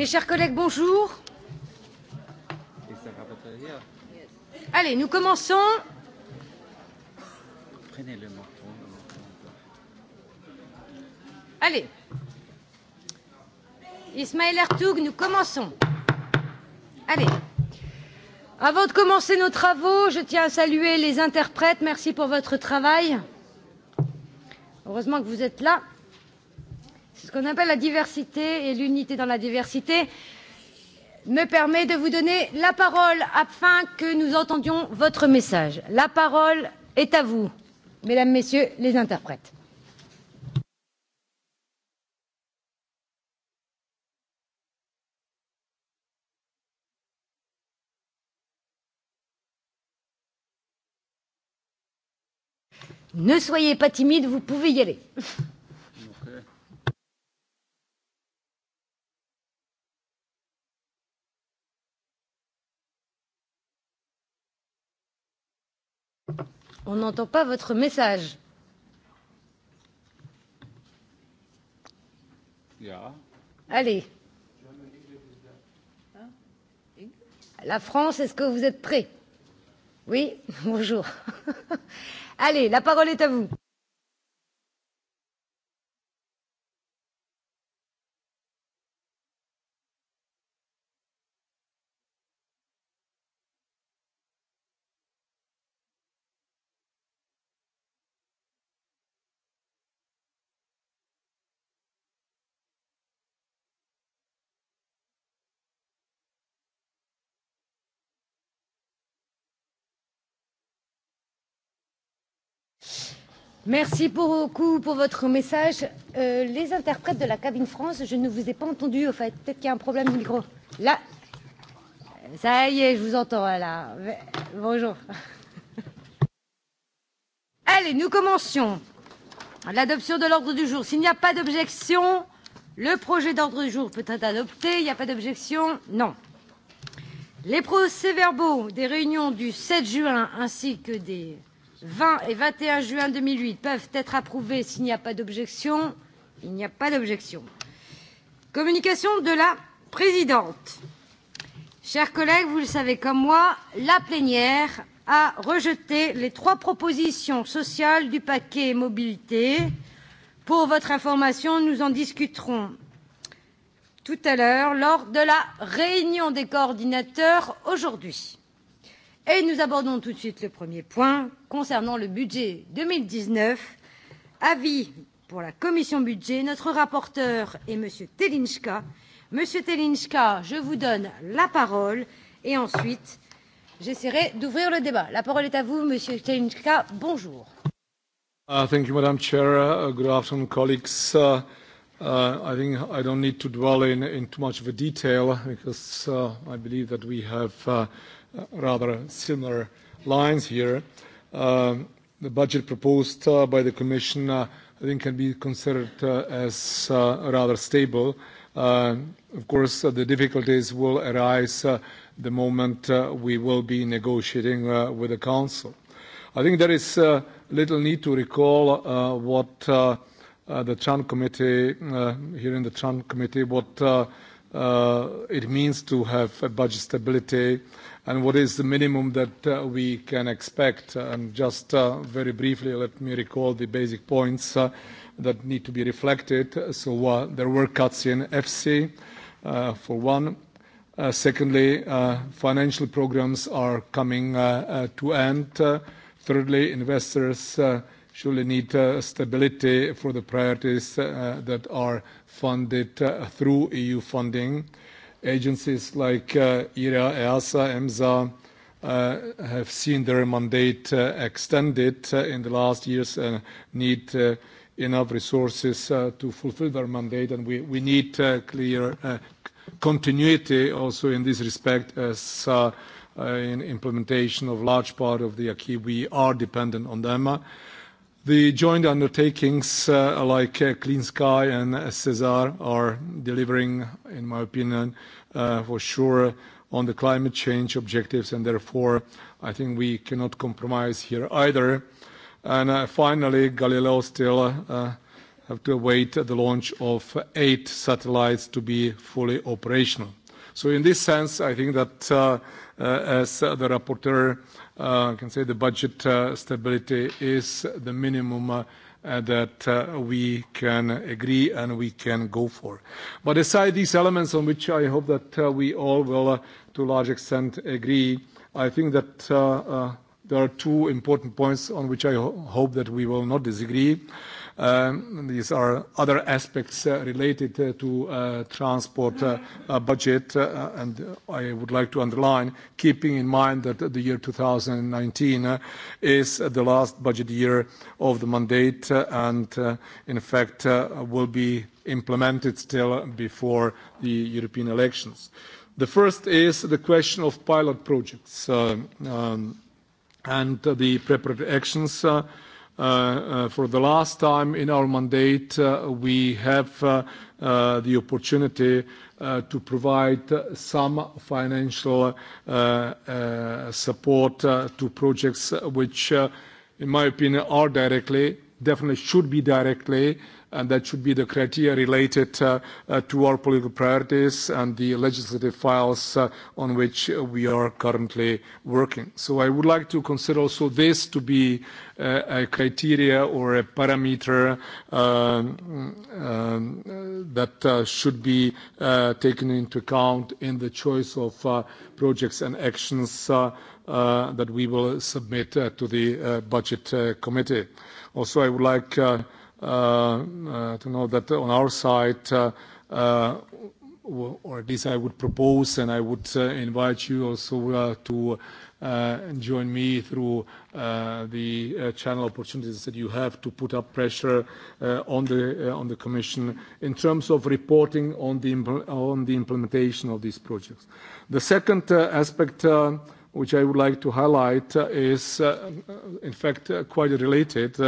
Mes chers collègues, bonjour. Allez, nous commençons. Prenez le menton. Allez. Ismaël Ertoug, nous commençons. Allez. Avant de commencer nos travaux, je tiens à saluer les interprètes. Merci pour votre travail. Heureusement que vous êtes là ce qu'on appelle la diversité et l'unité dans la diversité, me permet de vous donner la parole afin que nous entendions votre message. La parole est à vous, mesdames, messieurs les interprètes. Ne soyez pas timide, vous pouvez y aller. On n'entend pas votre message. Yeah. Allez. La France, est-ce que vous êtes prêts Oui, bonjour. Allez, la parole est à vous. Merci beaucoup pour votre message. Euh, les interprètes de la cabine France, je ne vous ai pas entendu. En fait, peut-être qu'il y a un problème du micro. Là, ça y est, je vous entends. Là, bonjour. Allez, nous commencions. L'adoption de l'ordre du jour. S'il n'y a pas d'objection, le projet d'ordre du jour peut être adopté. Il n'y a pas d'objection Non. Les procès-verbaux des réunions du 7 juin ainsi que des 20 et 21 juin 2008 peuvent être approuvés s'il n'y a pas d'objection. Il n'y a pas d'objection. Communication de la présidente. Chers collègues, vous le savez comme moi, la plénière a rejeté les trois propositions sociales du paquet mobilité. Pour votre information, nous en discuterons tout à l'heure lors de la réunion des coordinateurs aujourd'hui. Et nous abordons tout de suite le premier point concernant le budget 2019. Avis pour la commission budget. Notre rapporteur est M. Telinska. M. Telinska, je vous donne la parole et ensuite j'essaierai d'ouvrir le débat. La parole est à vous, M. Telinska. Bonjour. Uh, thank you, Madam Chair. Uh, good afternoon, colleagues. Uh, Uh, I think I don't need to dwell in, in too much of a detail because uh, I believe that we have uh, rather similar lines here. Um, the budget proposed uh, by the Commission, uh, I think, can be considered uh, as uh, rather stable. Uh, of course, uh, the difficulties will arise uh, the moment uh, we will be negotiating uh, with the Council. I think there is uh, little need to recall uh, what uh, uh, the Tran Committee, uh, here in the Tran Committee, what uh, uh, it means to have a budget stability and what is the minimum that uh, we can expect. And just uh, very briefly, let me recall the basic points uh, that need to be reflected. So uh, there were cuts in FC, uh, for one. Uh, secondly, uh, financial programs are coming uh, uh, to end. Uh, thirdly, investors uh, surely need uh, stability for the priorities uh, that are funded uh, through EU funding. Agencies like uh, IRA, EASA, EMSA uh, have seen their mandate uh, extended uh, in the last years and need uh, enough resources uh, to fulfill their mandate. And we, we need uh, clear uh, continuity also in this respect as uh, uh, in implementation of large part of the acquis. We are dependent on them. The joint undertakings uh, like uh, Clean Sky and SESAR are delivering, in my opinion, uh, for sure on the climate change objectives, and therefore, I think we cannot compromise here either. And uh, finally, Galileo still uh, have to await the launch of eight satellites to be fully operational. So in this sense, I think that, uh, as the rapporteur uh, I can say the budget uh, stability is the minimum uh, that uh, we can agree and we can go for. But aside these elements on which I hope that uh, we all will, uh, to a large extent, agree, I think that uh, uh, there are two important points on which I hope that we will not disagree. Um, these are other aspects uh, related uh, to uh, transport uh, budget, and I would like to underline, keeping in mind that the year 2019 is the last budget year of the mandate, and in fact, will be implemented still before the European elections. The first is the question of pilot projects um, um, and the preparatory actions. Uh, uh, for the last time in our mandate, uh, we have the opportunity to provide some financial support to projects which, in my opinion, are directly, definitely should be directly and that should be the criteria related uh, uh, to our political priorities and the legislative files uh, on which we are currently working. So I would like to consider also this to be uh a criteria or a parameter um, um, that uh should be uh taken into account in the choice of uh projects and actions uh uh that we will submit uh to the uh budget uh committee. Also, I would like uh Uh, uh, to know that on our side, uh, or at least I would propose, and I would invite you also to join me through the channel opportunities that you have to put up pressure on the on the Commission in terms of reporting on the on the implementation of these projects. The second aspect which I would like to highlight is, in fact, quite related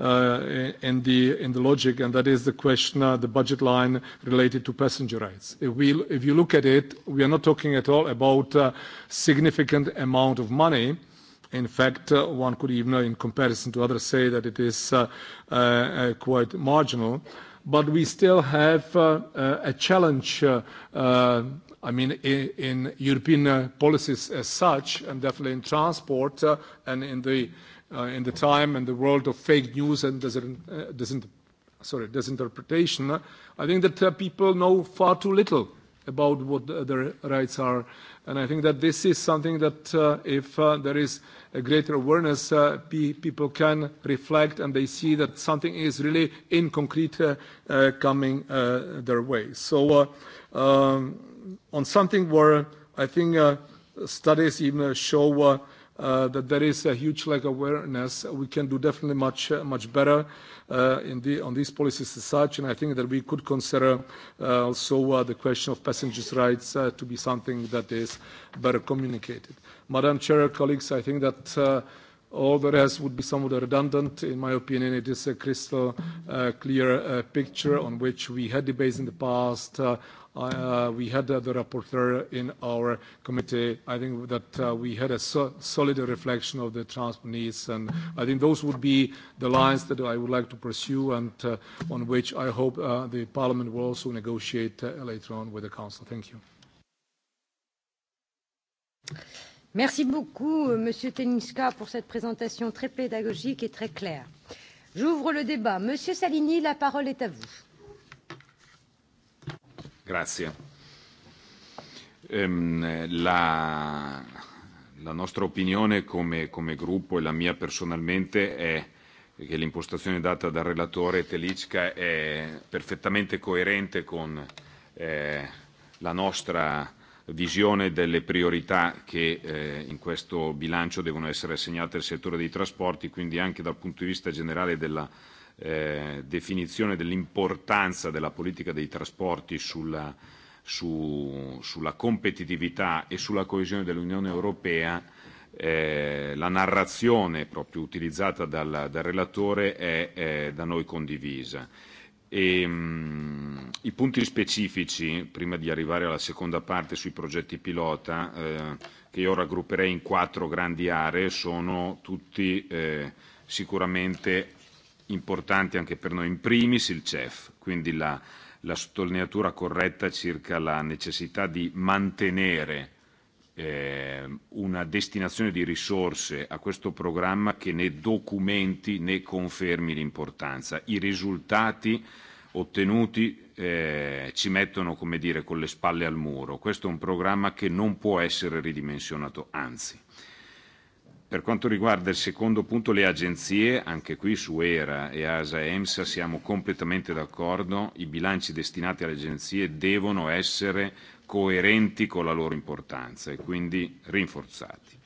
uh, in, the, in the logic, and that is the question, uh, the budget line related to passenger rights. If, we, if you look at it, we are not talking at all about a uh, significant amount of money. In fact, uh, one could even, uh, in comparison to others, say that it is uh, uh, uh, quite marginal. But we still have uh, uh, a challenge uh, uh, i mean, in, in European uh, policies as such, and definitely in transport and in the uh, in the time and the world of fake news and disin, uh, sorry, disinterpretation, uh, I think that uh, people know far too little about what uh, their rights are. And I think that this is something that uh, if uh, there is a greater awareness, uh, pe people can reflect and they see that something is really in concrete uh, uh, coming uh, their way. So uh, um, on something where I think uh, studies even show uh, uh, that there is a huge lack of awareness. We can do definitely much, uh, much better uh, in the, on these policies as such, and I think that we could consider uh, also uh, the question of passengers' rights uh, to be something that is better communicated. Madam Chair, colleagues, I think that uh, All the rest would be somewhat redundant. In my opinion, it is a crystal uh, clear uh, picture on which we had debates in the past. Uh, Uh, we had uh, the rapporteur in our committee. I think that uh, we had a solid reflection of the transport needs, and I think those would be the lines that I would like to pursue and uh, on which I hope uh, the parliament will also negotiate uh, later on with the council. Thank you. Merci beaucoup, euh, Monsieur Telinska, pour cette présentation très pédagogique et très claire. J'ouvre le débat. Monsieur Salini, la parole est à vous. Grazie. Ehm, la, la nostra opinione come, come gruppo e la mia personalmente è che l'impostazione data dal relatore Telicca è perfettamente coerente con eh, la nostra visione delle priorità che eh, in questo bilancio devono essere assegnate al settore dei trasporti, quindi anche dal punto di vista generale della eh, definizione dell'importanza della politica dei trasporti sulla, su, sulla competitività e sulla coesione dell'Unione Europea, eh, la narrazione proprio utilizzata dal, dal relatore è, è da noi condivisa. E, ehm, mh, I punti specifici, prima di arrivare alla seconda parte sui progetti pilota, eh, che io raggrupperei in quattro grandi aree, sono tutti eh, sicuramente importanti anche per noi, in primis il CEF, quindi la, la sottolineatura corretta circa la necessità di mantenere eh, una destinazione di risorse a questo programma che ne documenti né confermi l'importanza. I risultati ottenuti eh, ci mettono, come dire, con le spalle al muro. Questo è un programma che non può essere ridimensionato, anzi Per quanto riguarda il secondo punto, le agenzie, anche qui su ERA, ASA e EMSA e e siamo completamente d'accordo, i bilanci destinati alle agenzie devono essere coerenti con la loro importanza e quindi rinforzati.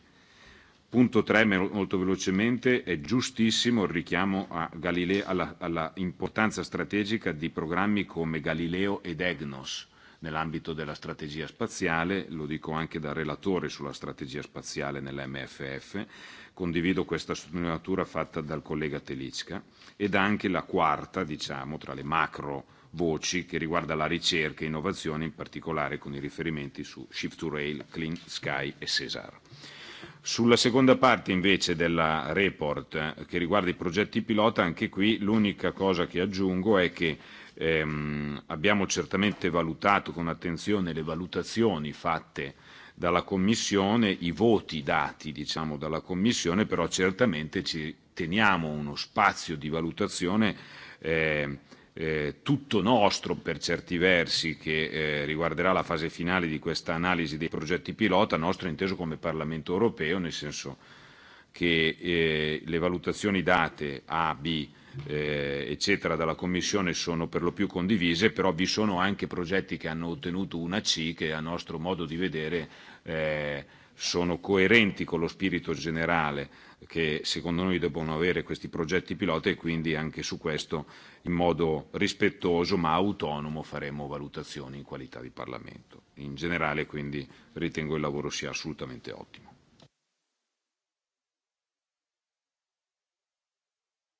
Punto 3, molto velocemente, è giustissimo il richiamo a Galileo, alla, alla importanza strategica di programmi come Galileo ed EGNOS nell'ambito della strategia spaziale, lo dico anche da relatore sulla strategia spaziale nell'MFF, condivido questa sottolineatura fatta dal collega Telicca ed anche la quarta, diciamo, tra le macro voci che riguarda la ricerca e innovazione, in particolare con i riferimenti su Shift to Rail, Clean Sky e Cesar. Sulla seconda parte invece della report eh, che riguarda i progetti pilota, anche qui l'unica cosa che aggiungo è che ehm, abbiamo certamente valutato con attenzione le valutazioni fatte dalla Commissione, i voti dati diciamo, dalla Commissione, però certamente ci teniamo uno spazio di valutazione eh, eh, tutto nostro per certi versi che eh, riguarderà la fase finale di questa analisi dei progetti pilota, nostro inteso come Parlamento europeo, nel senso che eh, le valutazioni date A, B, eh, eccetera dalla Commissione sono per lo più condivise, però vi sono anche progetti che hanno ottenuto una C che a nostro modo di vedere eh, sono coerenti con lo spirito generale che secondo noi devono avere questi progetti pilota e quindi anche su questo in modo rispettoso ma autonomo faremo valutazioni in qualità di Parlamento. In generale quindi ritengo il lavoro sia assolutamente ottimo.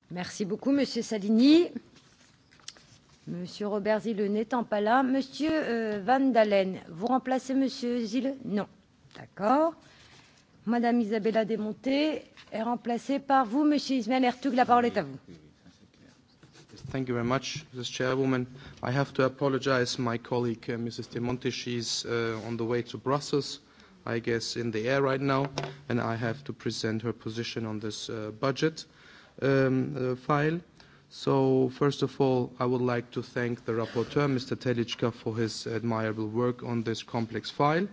Merci beaucoup monsieur Salini. Monsieur Robert Zille n'étant pas là, monsieur euh, Van Dalen, vous remplacez monsieur Zille Non. D'accord. Madame Isabella Desmonté est remplacée par vous, Monsieur Ismaël Ertug. La parole est à vous. Thank you very much, Mrs. Chairwoman. I have to apologize my colleague, uh, Mrs. Demonte. She's uh, on the way to Brussels, I guess, in the air right now, and I have to present her position on this uh, budget um, uh, file. So, first of all, I would like to thank the rapporteur, Mr. Telichka, for his admirable work on this complex file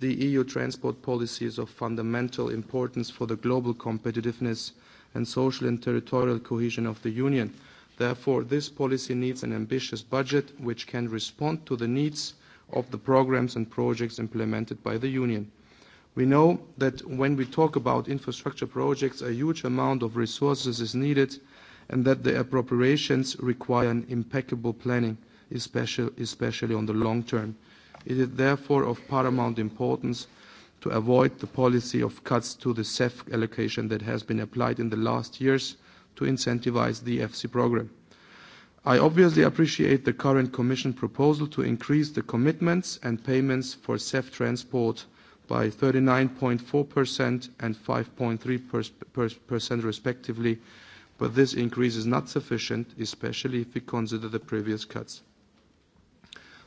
the EU transport policy is of fundamental importance for the global competitiveness and social and territorial cohesion of the Union. Therefore, this policy needs an ambitious budget which can respond to the needs of the programs and projects implemented by the Union. We know that when we talk about infrastructure projects, a huge amount of resources is needed and that the appropriations require an impeccable planning, especially, especially on the long term. It is therefore of paramount importance to avoid the policy of cuts to the CEF allocation that has been applied in the last years to incentivize the EFSI program. I obviously appreciate the current Commission proposal to increase the commitments and payments for CEF transport by 39.4% and 5.3% respectively, but this increase is not sufficient, especially if we consider the previous cuts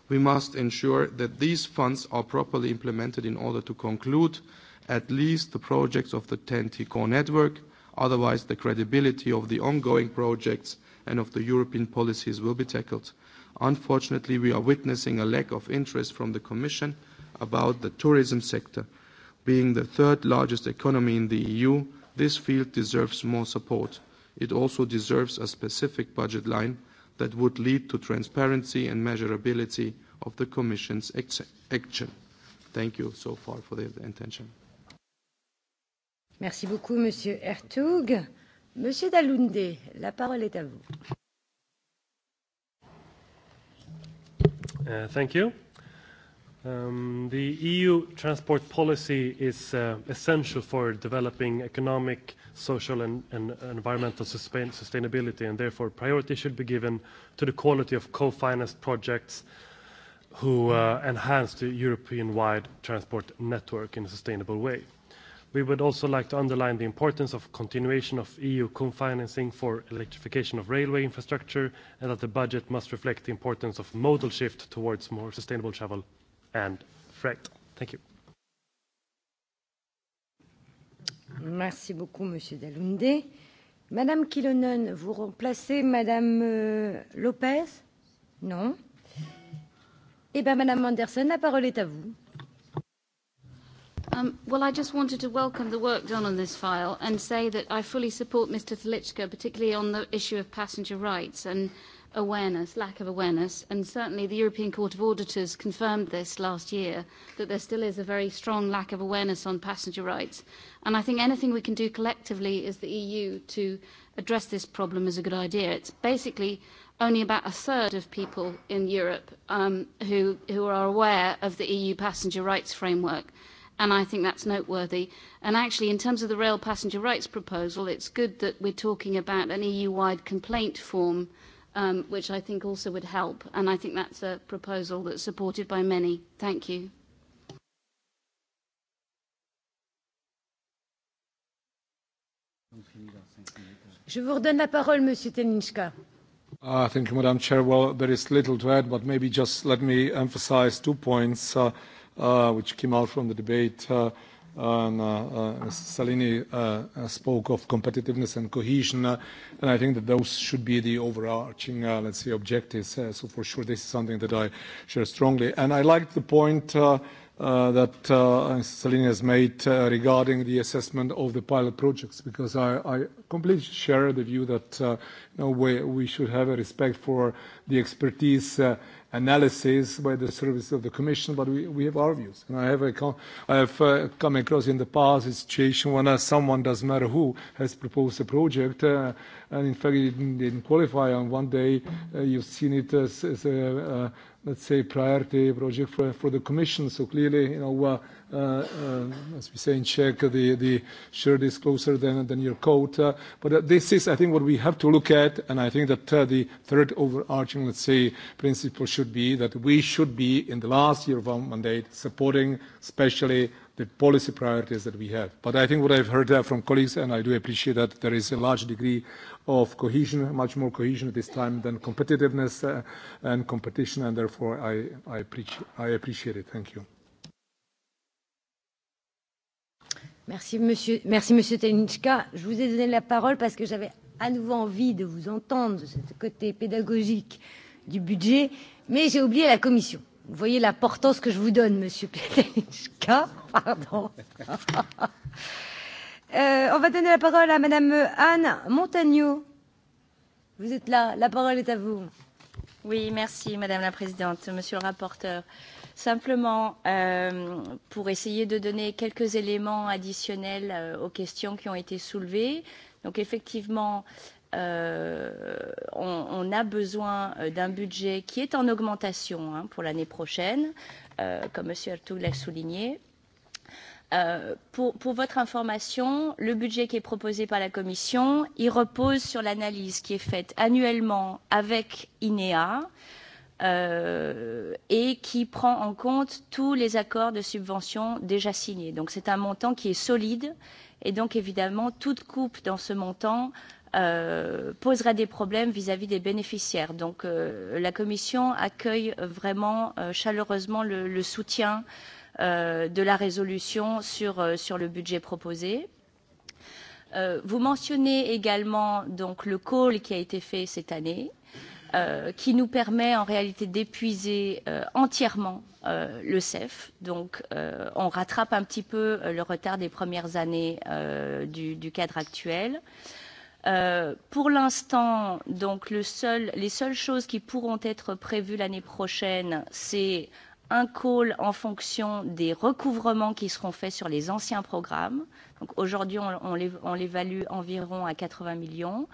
we must ensure that these funds are properly implemented in order to conclude at least the projects of the TEN-T core network. Otherwise, the credibility of the ongoing projects and of the European policies will be tackled. Unfortunately, we are witnessing a lack of interest from the Commission about the tourism sector. Being the third largest economy in the EU, this field deserves more support. It also deserves a specific budget line that would lead to transparency and measurability of the Commission's action. Thank you so far for the attention. Merci beaucoup, Monsieur Hertoug. Monsieur Dalunde, la parole est à vous. Uh, thank you. Um, the EU transport policy is uh, essential for developing economic, social and, environmental sustainability and therefore priority should be given to the quality of co-financed projects who uh, enhance the European-wide transport network in a sustainable way. We would also like to underline the importance of continuation of EU co-financing for electrification of railway infrastructure and that the budget must reflect the importance of modal shift towards more sustainable travel and freight. Thank you. Merci beaucoup, Monsieur Dalunde. Madame Kilonen, vous remplacez Madame euh, Lopez Non Eh bien, Madame Anderson, la parole est à vous. Um, well, I just wanted to welcome the work done on this file and say that I fully support Mr. Felichka, particularly on the issue of passenger rights. And awareness, lack of awareness, and certainly the European Court of Auditors confirmed this last year, that there still is a very strong lack of awareness on passenger rights. And I think anything we can do collectively as the EU to address this problem is a good idea. It's basically only about a third of people in Europe um, who, who are aware of the EU passenger rights framework and I think that's noteworthy. And actually, in terms of the rail passenger rights proposal, it's good that we're talking about an EU-wide complaint form um, which I think also would help. And I think that's a proposal that's supported by many. Thank you. Je vous redonne la parole, Monsieur Telinska. Uh, thank you, Madam Chair. Well, there is little to add, but maybe just let me emphasize two points uh, uh, which came out from the debate. Uh, uh, eh, Salini uh, eh, spoke of competitiveness and cohesion, uh, and I think that those should be the overarching, uh, let's say, objectives. Uh, so for sure, this is something that I share strongly. And I liked the point uh, uh, that uh, Salini has made uh, regarding the assessment of the pilot projects, because I, I completely share the view that uh, you know, we, we should have a respect for the expertise. Uh, analysis by the service of the Commission, but we, we have our views. And I have, a, I have uh, come across in the past a situation when uh, someone, doesn't matter who, has proposed a project, uh, and in fact it didn't, didn't qualify, and one day uh, you've seen it as, as a, uh, let's say, priority project for, for the Commission. So clearly, you know, uh, uh, as we say in Czech, the, the shirt is closer than, than your coat. Uh, but uh, this is, I think, what we have to look at. And I think that uh, the third overarching, let's say, principle should be that we should be, in the last year of our mandate, supporting especially the policy priorities that we have. But I think what I've heard from colleagues, and I do appreciate that there is a large degree of cohesion, much more cohesion at this time than competitiveness uh, and competition, and therefore I, I, I appreciate it. Thank you. Merci monsieur, merci monsieur Telinchka. Je vous ai donné la parole parce que j'avais à nouveau envie de vous entendre de ce côté pédagogique du budget, mais j'ai oublié la Commission. Vous voyez l'importance que je vous donne, Monsieur Petelinska. Pardon. euh, on va donner la parole à Madame Anne Montagneau. Vous êtes là, la parole est à vous. Oui, merci Madame la Présidente, Monsieur le rapporteur. Simplement, euh, pour essayer de donner quelques éléments additionnels euh, aux questions qui ont été soulevées. Donc effectivement, euh, euh, on, on a besoin euh, d'un budget qui est en augmentation hein, pour l'année prochaine, euh, comme M. Artoul l'a souligné. Euh, pour, pour votre information, le budget qui est proposé par la Commission, il repose sur l'analyse qui est faite annuellement avec INEA, euh, euh, et qui prend en compte tous les accords de subvention déjà signés. Donc c'est un montant qui est solide et donc évidemment toute coupe dans ce montant euh, posera des problèmes vis-à-vis -vis des bénéficiaires. Donc euh, la Commission accueille vraiment euh, chaleureusement le, le soutien euh, de la résolution sur, euh, sur le budget proposé. Euh, vous mentionnez également donc le call qui a été fait cette année Euh, qui nous permet en réalité d'épuiser euh, entièrement euh, le CEF. Donc euh, on rattrape un petit peu euh, le retard des premières années euh, du, du cadre actuel. Euh, pour l'instant, donc le seul, les seules choses qui pourront être prévues l'année prochaine, c'est un call en fonction des recouvrements qui seront faits sur les anciens programmes. aujourd'hui, on, on l'évalue environ à 80 millions.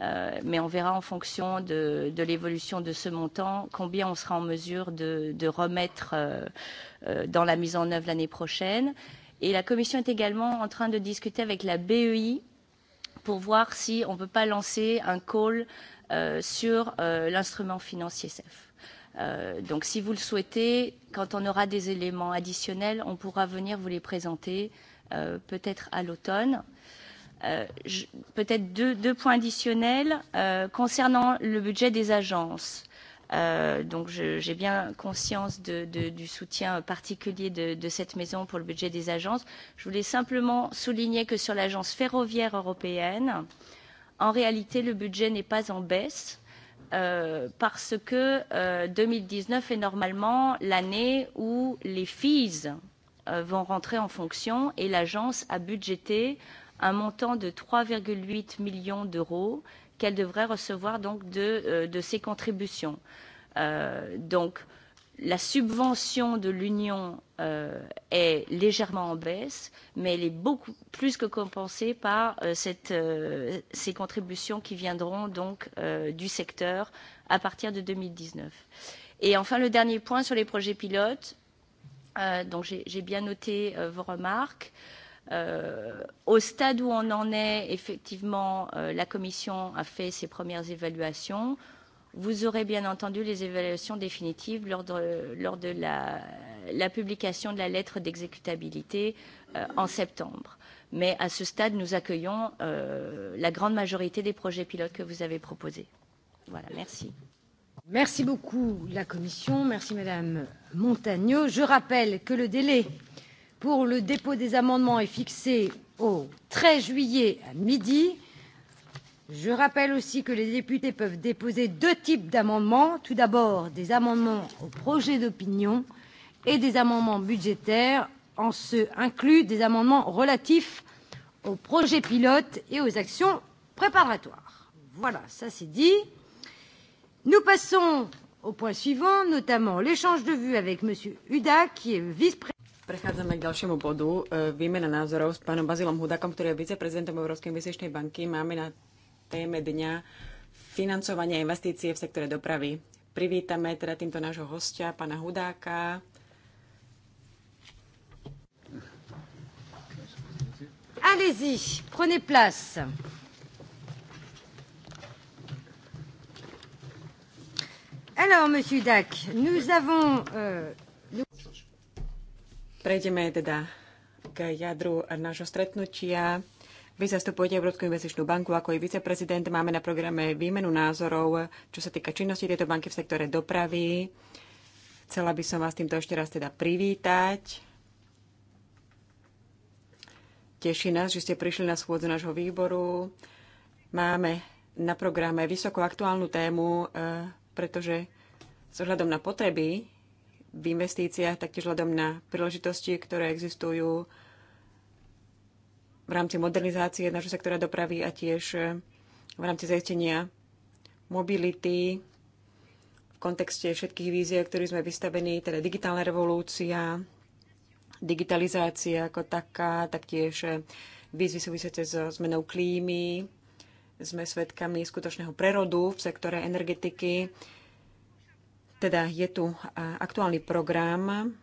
Euh, mais on verra en fonction de, de l'évolution de ce montant combien on sera en mesure de, de remettre euh, euh dans la mise en œuvre l'année prochaine. Et la Commission est également en train de discuter avec la BEI pour voir si on ne peut pas lancer un call euh, sur euh, l'instrument financier CEF. Euh, donc si vous le souhaitez, quand on aura des éléments additionnels, on pourra venir vous les présenter euh, peut-être à l'automne. Euh, Euh, peut-être deux, deux points additionnels euh, concernant le budget des agences. Euh, donc j'ai bien conscience de, de, du soutien particulier de, de cette maison pour le budget des agences. Je voulais simplement souligner que sur l'agence ferroviaire européenne, en réalité, le budget n'est pas en baisse. Euh, parce que euh, 2019 est normalement l'année où les fees euh, vont rentrer en fonction et l'agence a budgété euh, un montant de 3,8 millions d'euros qu'elle devrait recevoir donc de, euh, de ses contributions. Euh, donc la subvention de l'Union euh, est légèrement en baisse, mais elle est beaucoup plus que compensée par euh, cette, euh, ces contributions qui viendront donc euh, du secteur à partir de 2019. Et enfin, le dernier point sur les projets pilotes. Euh, donc j'ai bien noté euh, vos remarques. Euh, Euh, au stade où on en est, effectivement, euh, la Commission a fait ses premières évaluations. Vous aurez bien entendu les évaluations définitives lors de, lors de la, la publication de la lettre d'exécutabilité euh, en septembre. Mais à ce stade, nous accueillons euh, la grande majorité des projets pilotes que vous avez proposés. Voilà, merci. Merci beaucoup la Commission, merci Madame Montagneau. Je rappelle que le délai euh, pour le dépôt des amendements est fixé au 13 juillet à midi. Je rappelle aussi que les députés peuvent déposer deux types d'amendements. Tout d'abord, des amendements au projet d'opinion et des amendements budgétaires, en ce inclus des amendements relatifs aux projets pilotes et aux actions préparatoires. Voilà, ça c'est dit. Nous passons au point suivant, notamment l'échange de vues avec M. Huda, qui est vice-président. Prechádzame k ďalšiemu bodu. E, výmena názorov s pánom Bazilom Hudakom, ktorý je viceprezidentom Európskej investičnej banky. Máme na téme dňa a investície v sektore dopravy. Privítame teda týmto nášho hostia, pána Hudáka. Allez-y, prenez place. Alors, monsieur Dac, nous avons euh, Prejdeme teda k jadru nášho stretnutia. Vy zastupujete Európsku investičnú banku ako jej viceprezident. Máme na programe výmenu názorov, čo sa týka činnosti tejto banky v sektore dopravy. Chcela by som vás týmto ešte raz teda privítať. Teší nás, že ste prišli na schôdzu nášho výboru. Máme na programe vysoko aktuálnu tému, eh, pretože s ohľadom na potreby v investíciách, taktiež hľadom na príležitosti, ktoré existujú v rámci modernizácie nášho sektora dopravy a tiež eh, v rámci zaistenia mobility v kontexte všetkých vízie, ktorí sme vystavení, teda digitálna revolúcia, digitalizácia ako taká, taktiež eh, výzvy súvisiace so zmenou klímy. Sme svedkami skutočného prerodu v sektore energetiky. Teda je tu aktuálny program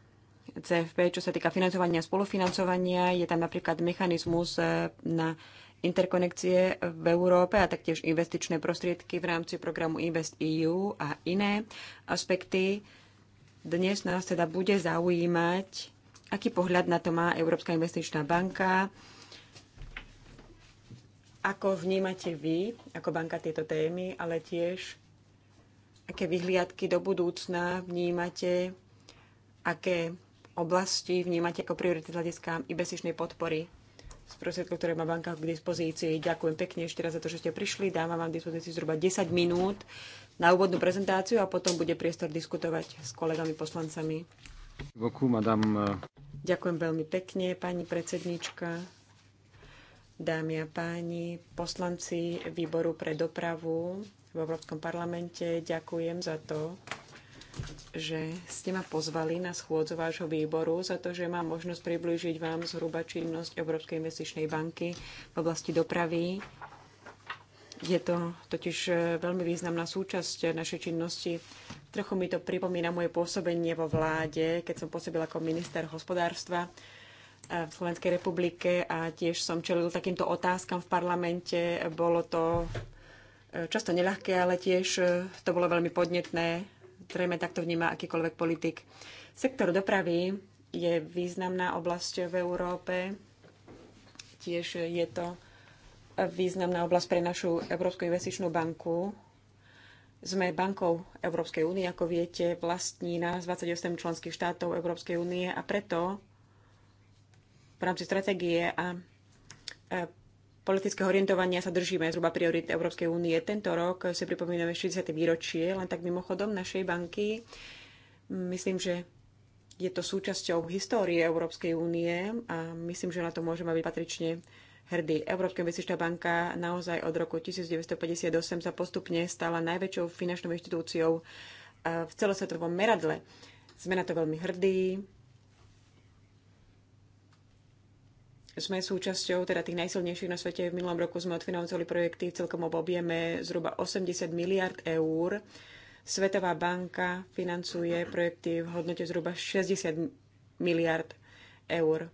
CFP, čo sa týka financovania a spolufinancovania. Je tam napríklad mechanizmus e, na interkonekcie v Európe a taktiež investičné prostriedky v rámci programu Invest EU a iné aspekty. Dnes nás teda bude zaujímať, aký pohľad na to má Európska investičná banka, ako vnímate vy ako banka tieto témy, ale tiež aké vyhliadky do budúcna vnímate, aké oblasti vnímate ako priority z hľadiska investičnej podpory z prostriedkov, ktoré má banka k dispozícii. Ďakujem pekne ešte raz za to, že ste prišli. Dávam vám dispozícii zhruba 10 minút na úvodnú prezentáciu a potom bude priestor diskutovať s kolegami poslancami. Eh. Ďakujem veľmi pekne, pani predsednička, dámy a páni, poslanci výboru pre dopravu v Európskom parlamente. Ďakujem za to, že ste ma pozvali na schôdzu vášho výboru, za to, že mám možnosť priblížiť vám zhruba činnosť Európskej investičnej banky v oblasti dopravy. Je to totiž e, veľmi významná súčasť našej činnosti. Trochu mi to pripomína moje pôsobenie vo vláde, keď som pôsobil ako minister hospodárstva e, v Slovenskej republike a tiež som čelil takýmto otázkam v parlamente. Bolo to často neľahké, ale tiež e, to bolo veľmi podnetné. Zrejme takto vníma akýkoľvek politik. Sektor dopravy je významná oblasť v Európe. Tiež je to významná oblasť pre našu Európsku investičnú banku. Sme bankou Európskej únie, ako viete, vlastní nás 28 členských štátov Európskej únie a preto v rámci stratégie a e, politického orientovania sa držíme zhruba priorit Európskej únie. Tento rok si pripomíname 60. výročie, len tak mimochodom našej banky. Myslím, že je to súčasťou histórie Európskej únie a myslím, že na to môžeme byť patrične hrdí. Európska investičná banka naozaj od roku 1958 sa postupne stala najväčšou finančnou inštitúciou eh, v celosvetovom meradle. Sme na to veľmi hrdí sme súčasťou teda tých najsilnejších na svete. V minulom roku sme odfinancovali projekty v celkom objeme zhruba 80 miliard eur. Svetová banka financuje projekty v hodnote zhruba 60 miliard eur.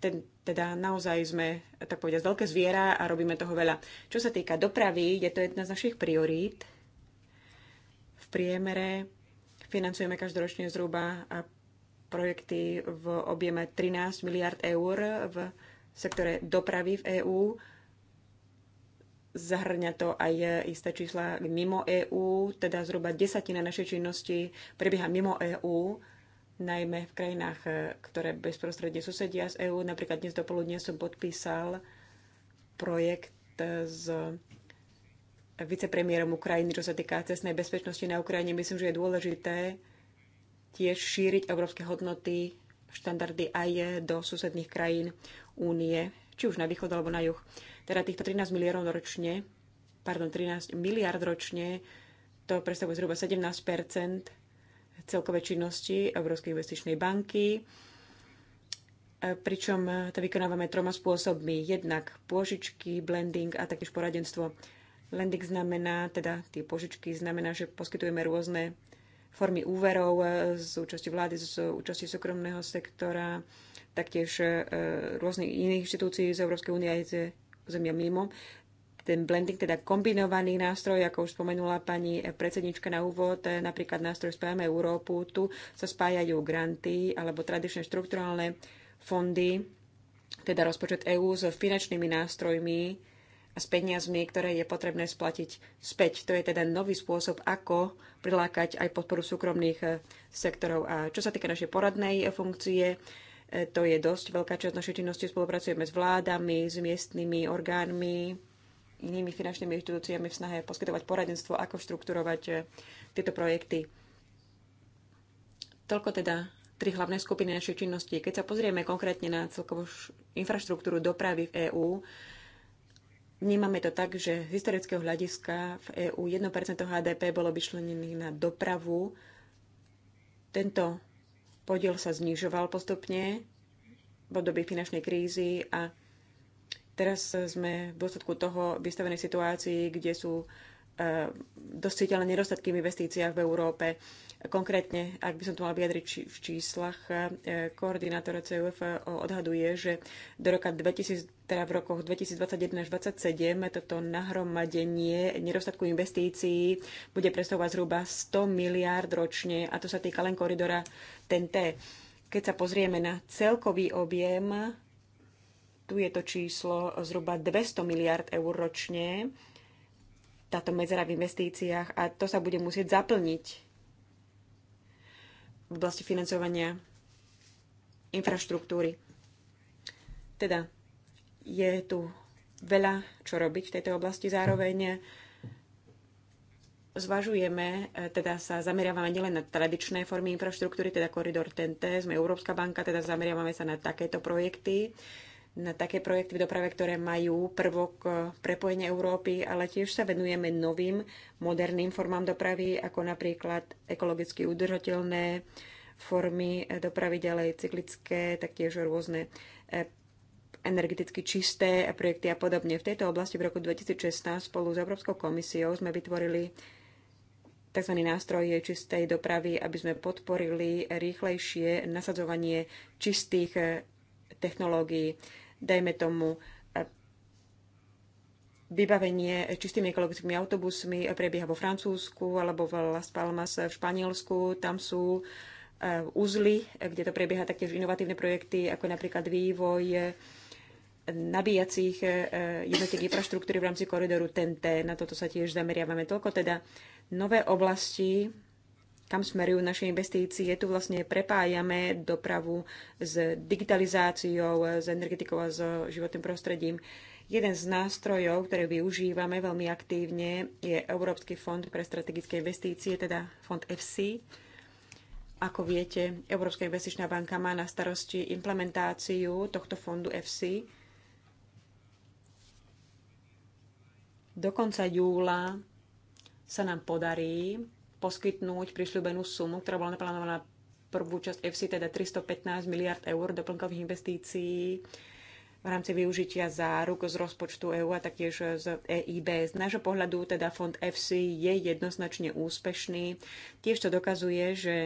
Ten, teda naozaj sme, tak povediať, veľké zviera a robíme toho veľa. Čo sa týka dopravy, je to jedna z našich priorít. V priemere financujeme každoročne zhruba projekty v objeme 13 miliard eur v sektore dopravy v EÚ. Zahrňa to aj isté čísla mimo EÚ, teda zhruba desatina našej činnosti prebieha mimo EÚ, najmä v krajinách, ktoré bezprostredne susedia z EÚ. Napríklad dnes dopoludne som podpísal projekt s vicepremiérom Ukrajiny, čo sa týka cestnej bezpečnosti na Ukrajine. Myslím, že je dôležité tiež šíriť európske hodnoty, štandardy aj do susedných krajín únie, či už na východ alebo na juh. Teda týchto 13 miliardov ročne, pardon, 13 miliard ročne, to predstavuje zhruba 17 celkovej činnosti Európskej investičnej banky, e, pričom to vykonávame troma spôsobmi. Jednak pôžičky, blending a taktiež poradenstvo. Lending znamená, teda tie požičky znamená, že poskytujeme rôzne formy úverov e, z účasti vlády, z účasti súkromného sektora, taktiež e, rôznych iných inštitúcií z Európskej únie aj z zemia mimo. Ten blending, teda kombinovaný nástroj, ako už spomenula pani predsednička na úvod, e, napríklad nástroj Spájame Európu, tu sa spájajú granty alebo tradičné štrukturálne fondy, teda rozpočet EÚ s finančnými nástrojmi a s peniazmi, ktoré je potrebné splatiť späť. To je teda nový spôsob, ako prilákať aj podporu súkromných e, sektorov. A čo sa týka našej poradnej funkcie, to je dosť veľká časť našej činnosti. Spolupracujeme s vládami, s miestnymi orgánmi, inými finančnými inštitúciami v snahe poskytovať poradenstvo, ako štrukturovať eh, tieto projekty. Toľko teda tri hlavné skupiny našej činnosti. Keď sa pozrieme konkrétne na celkovú infraštruktúru dopravy v EÚ, vnímame to tak, že z historického hľadiska v EÚ 1% HDP bolo vyčlenených na dopravu. Tento podiel sa znižoval postupne v období finančnej krízy a teraz sme v dôsledku toho vystavení situácii, kde sú Eh, dosť nedostatky v investíciách v Európe. Konkrétne, ak by som to mal vyjadriť či, v číslach, eh, koordinátor CUF odhaduje, že do roka 2000, teda v rokoch 2021 až 2027 toto nahromadenie nedostatku investícií bude predstavovať zhruba 100 miliárd ročne a to sa týka len koridora TNT. Keď sa pozrieme na celkový objem, tu je to číslo zhruba 200 miliárd eur ročne, táto medzera v investíciách a to sa bude musieť zaplniť v oblasti financovania infraštruktúry. Teda je tu veľa čo robiť v tejto oblasti. Zároveň zvažujeme, e, teda sa zameriavame nielen na tradičné formy infraštruktúry, teda koridor TNT, sme Európska banka, teda zameriavame sa na takéto projekty, na také projekty v doprave, ktoré majú prvok e, prepojenia Európy, ale tiež sa venujeme novým moderným formám dopravy, ako napríklad ekologicky udržateľné formy e, dopravy ďalej, cyklické, taktiež rôzne e, energeticky čisté projekty a podobne. V tejto oblasti v roku 2016 spolu s Európskou komisiou sme vytvorili tzv. nástroj čistej dopravy, aby sme podporili rýchlejšie nasadzovanie čistých technológií dajme tomu vybavenie čistými ekologickými autobusmi prebieha vo Francúzsku alebo v Las Palmas v Španielsku. Tam sú e, uzly, kde to prebieha taktiež inovatívne projekty, ako napríklad vývoj e, nabíjacích e, jednotiek infraštruktúry v rámci koridoru TNT. Na toto sa tiež zameriavame. Toľko teda nové oblasti kam smerujú naše investície? Tu vlastne prepájame dopravu s digitalizáciou, s energetikou a s životným prostredím. Jeden z nástrojov, ktoré využívame veľmi aktívne, je Európsky fond pre strategické investície, teda fond FC. Ako viete, Európska investičná banka má na starosti implementáciu tohto fondu FC. Do konca júla sa nám podarí poskytnúť prisľúbenú sumu, ktorá bola naplánovaná prvú časť FC, teda 315 miliard eur doplnkových investícií v rámci využitia záruk z rozpočtu EÚ a taktiež z EIB. Z nášho pohľadu teda fond FC je jednoznačne úspešný. Tiež to dokazuje, že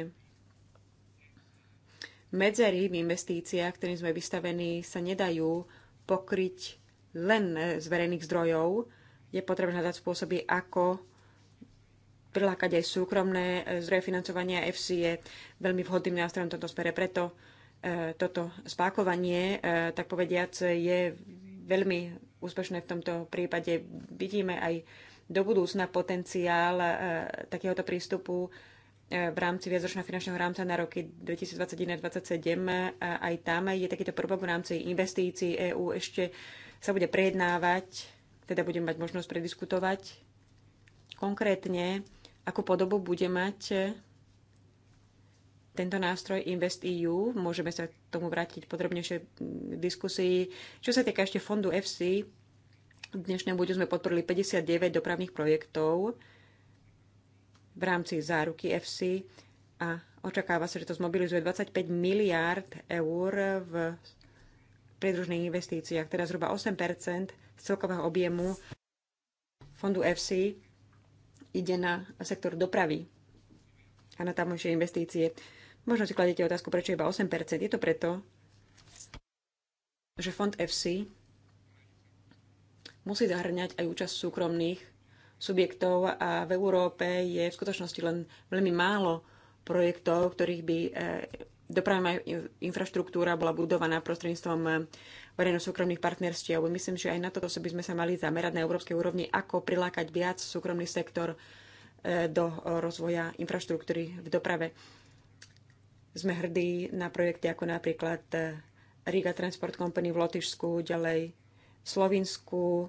medzery v investíciách, ktorým sme vystavení, sa nedajú pokryť len z verejných zdrojov. Je potrebné hľadať spôsoby, ako prilákať aj súkromné e, zdroje financovania. FC je veľmi vhodným nástrojom v tomto smere, preto e, toto spákovanie, e, tak povediac, je veľmi úspešné v tomto prípade. Vidíme aj do budúcna potenciál takéhoto prístupu v rámci viacročného finančného rámca na roky 2021-2027. Aj tam je takýto problém v rámci investícií EÚ ešte sa bude prejednávať, teda budeme mať možnosť prediskutovať konkrétne akú podobu bude mať e, tento nástroj InvestEU. Môžeme sa k tomu vrátiť podrobnejšie v diskusii. Čo sa týka ešte fondu FC, v dnešnom budu sme podporili 59 dopravných projektov v rámci záruky FC a očakáva sa, že to zmobilizuje 25 miliárd eur v pridružných investíciách, teda zhruba 8 z celkového objemu fondu FC ide na sektor dopravy a na tamojšie investície. Možno si kladete otázku, prečo iba 8%. Je to preto, že fond FC musí zahrňať aj účasť súkromných subjektov a v Európe je v skutočnosti len veľmi málo projektov, ktorých by eh, dopravná infraštruktúra bola budovaná prostredníctvom eh, verejno-súkromných partnerstiev. Myslím, že aj na toto by sme sa mali zamerať na európskej úrovni, ako prilákať viac súkromný sektor e, do rozvoja infraštruktúry v doprave. Sme hrdí na projekty ako napríklad e, Riga Transport Company v Lotyšsku, ďalej v Slovinsku, e,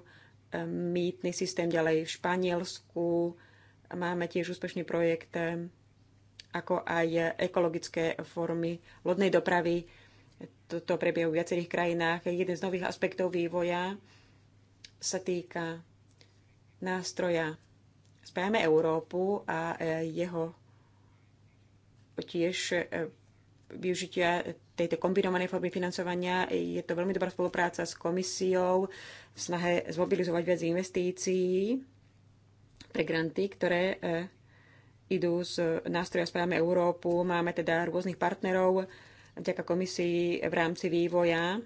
mýtny systém ďalej v Španielsku. Máme tiež úspešný projekt ako aj ekologické formy lodnej dopravy toto prebieha v viacerých krajinách. Jeden z nových aspektov vývoja sa týka nástroja Spájame Európu a e, jeho tiež e, využitia tejto kombinovanej formy financovania. Je to veľmi dobrá spolupráca s komisiou v snahe zmobilizovať viac investícií pre granty, ktoré e, idú z nástroja Spájame Európu. Máme teda rôznych partnerov, vďaka komisii v rámci vývoja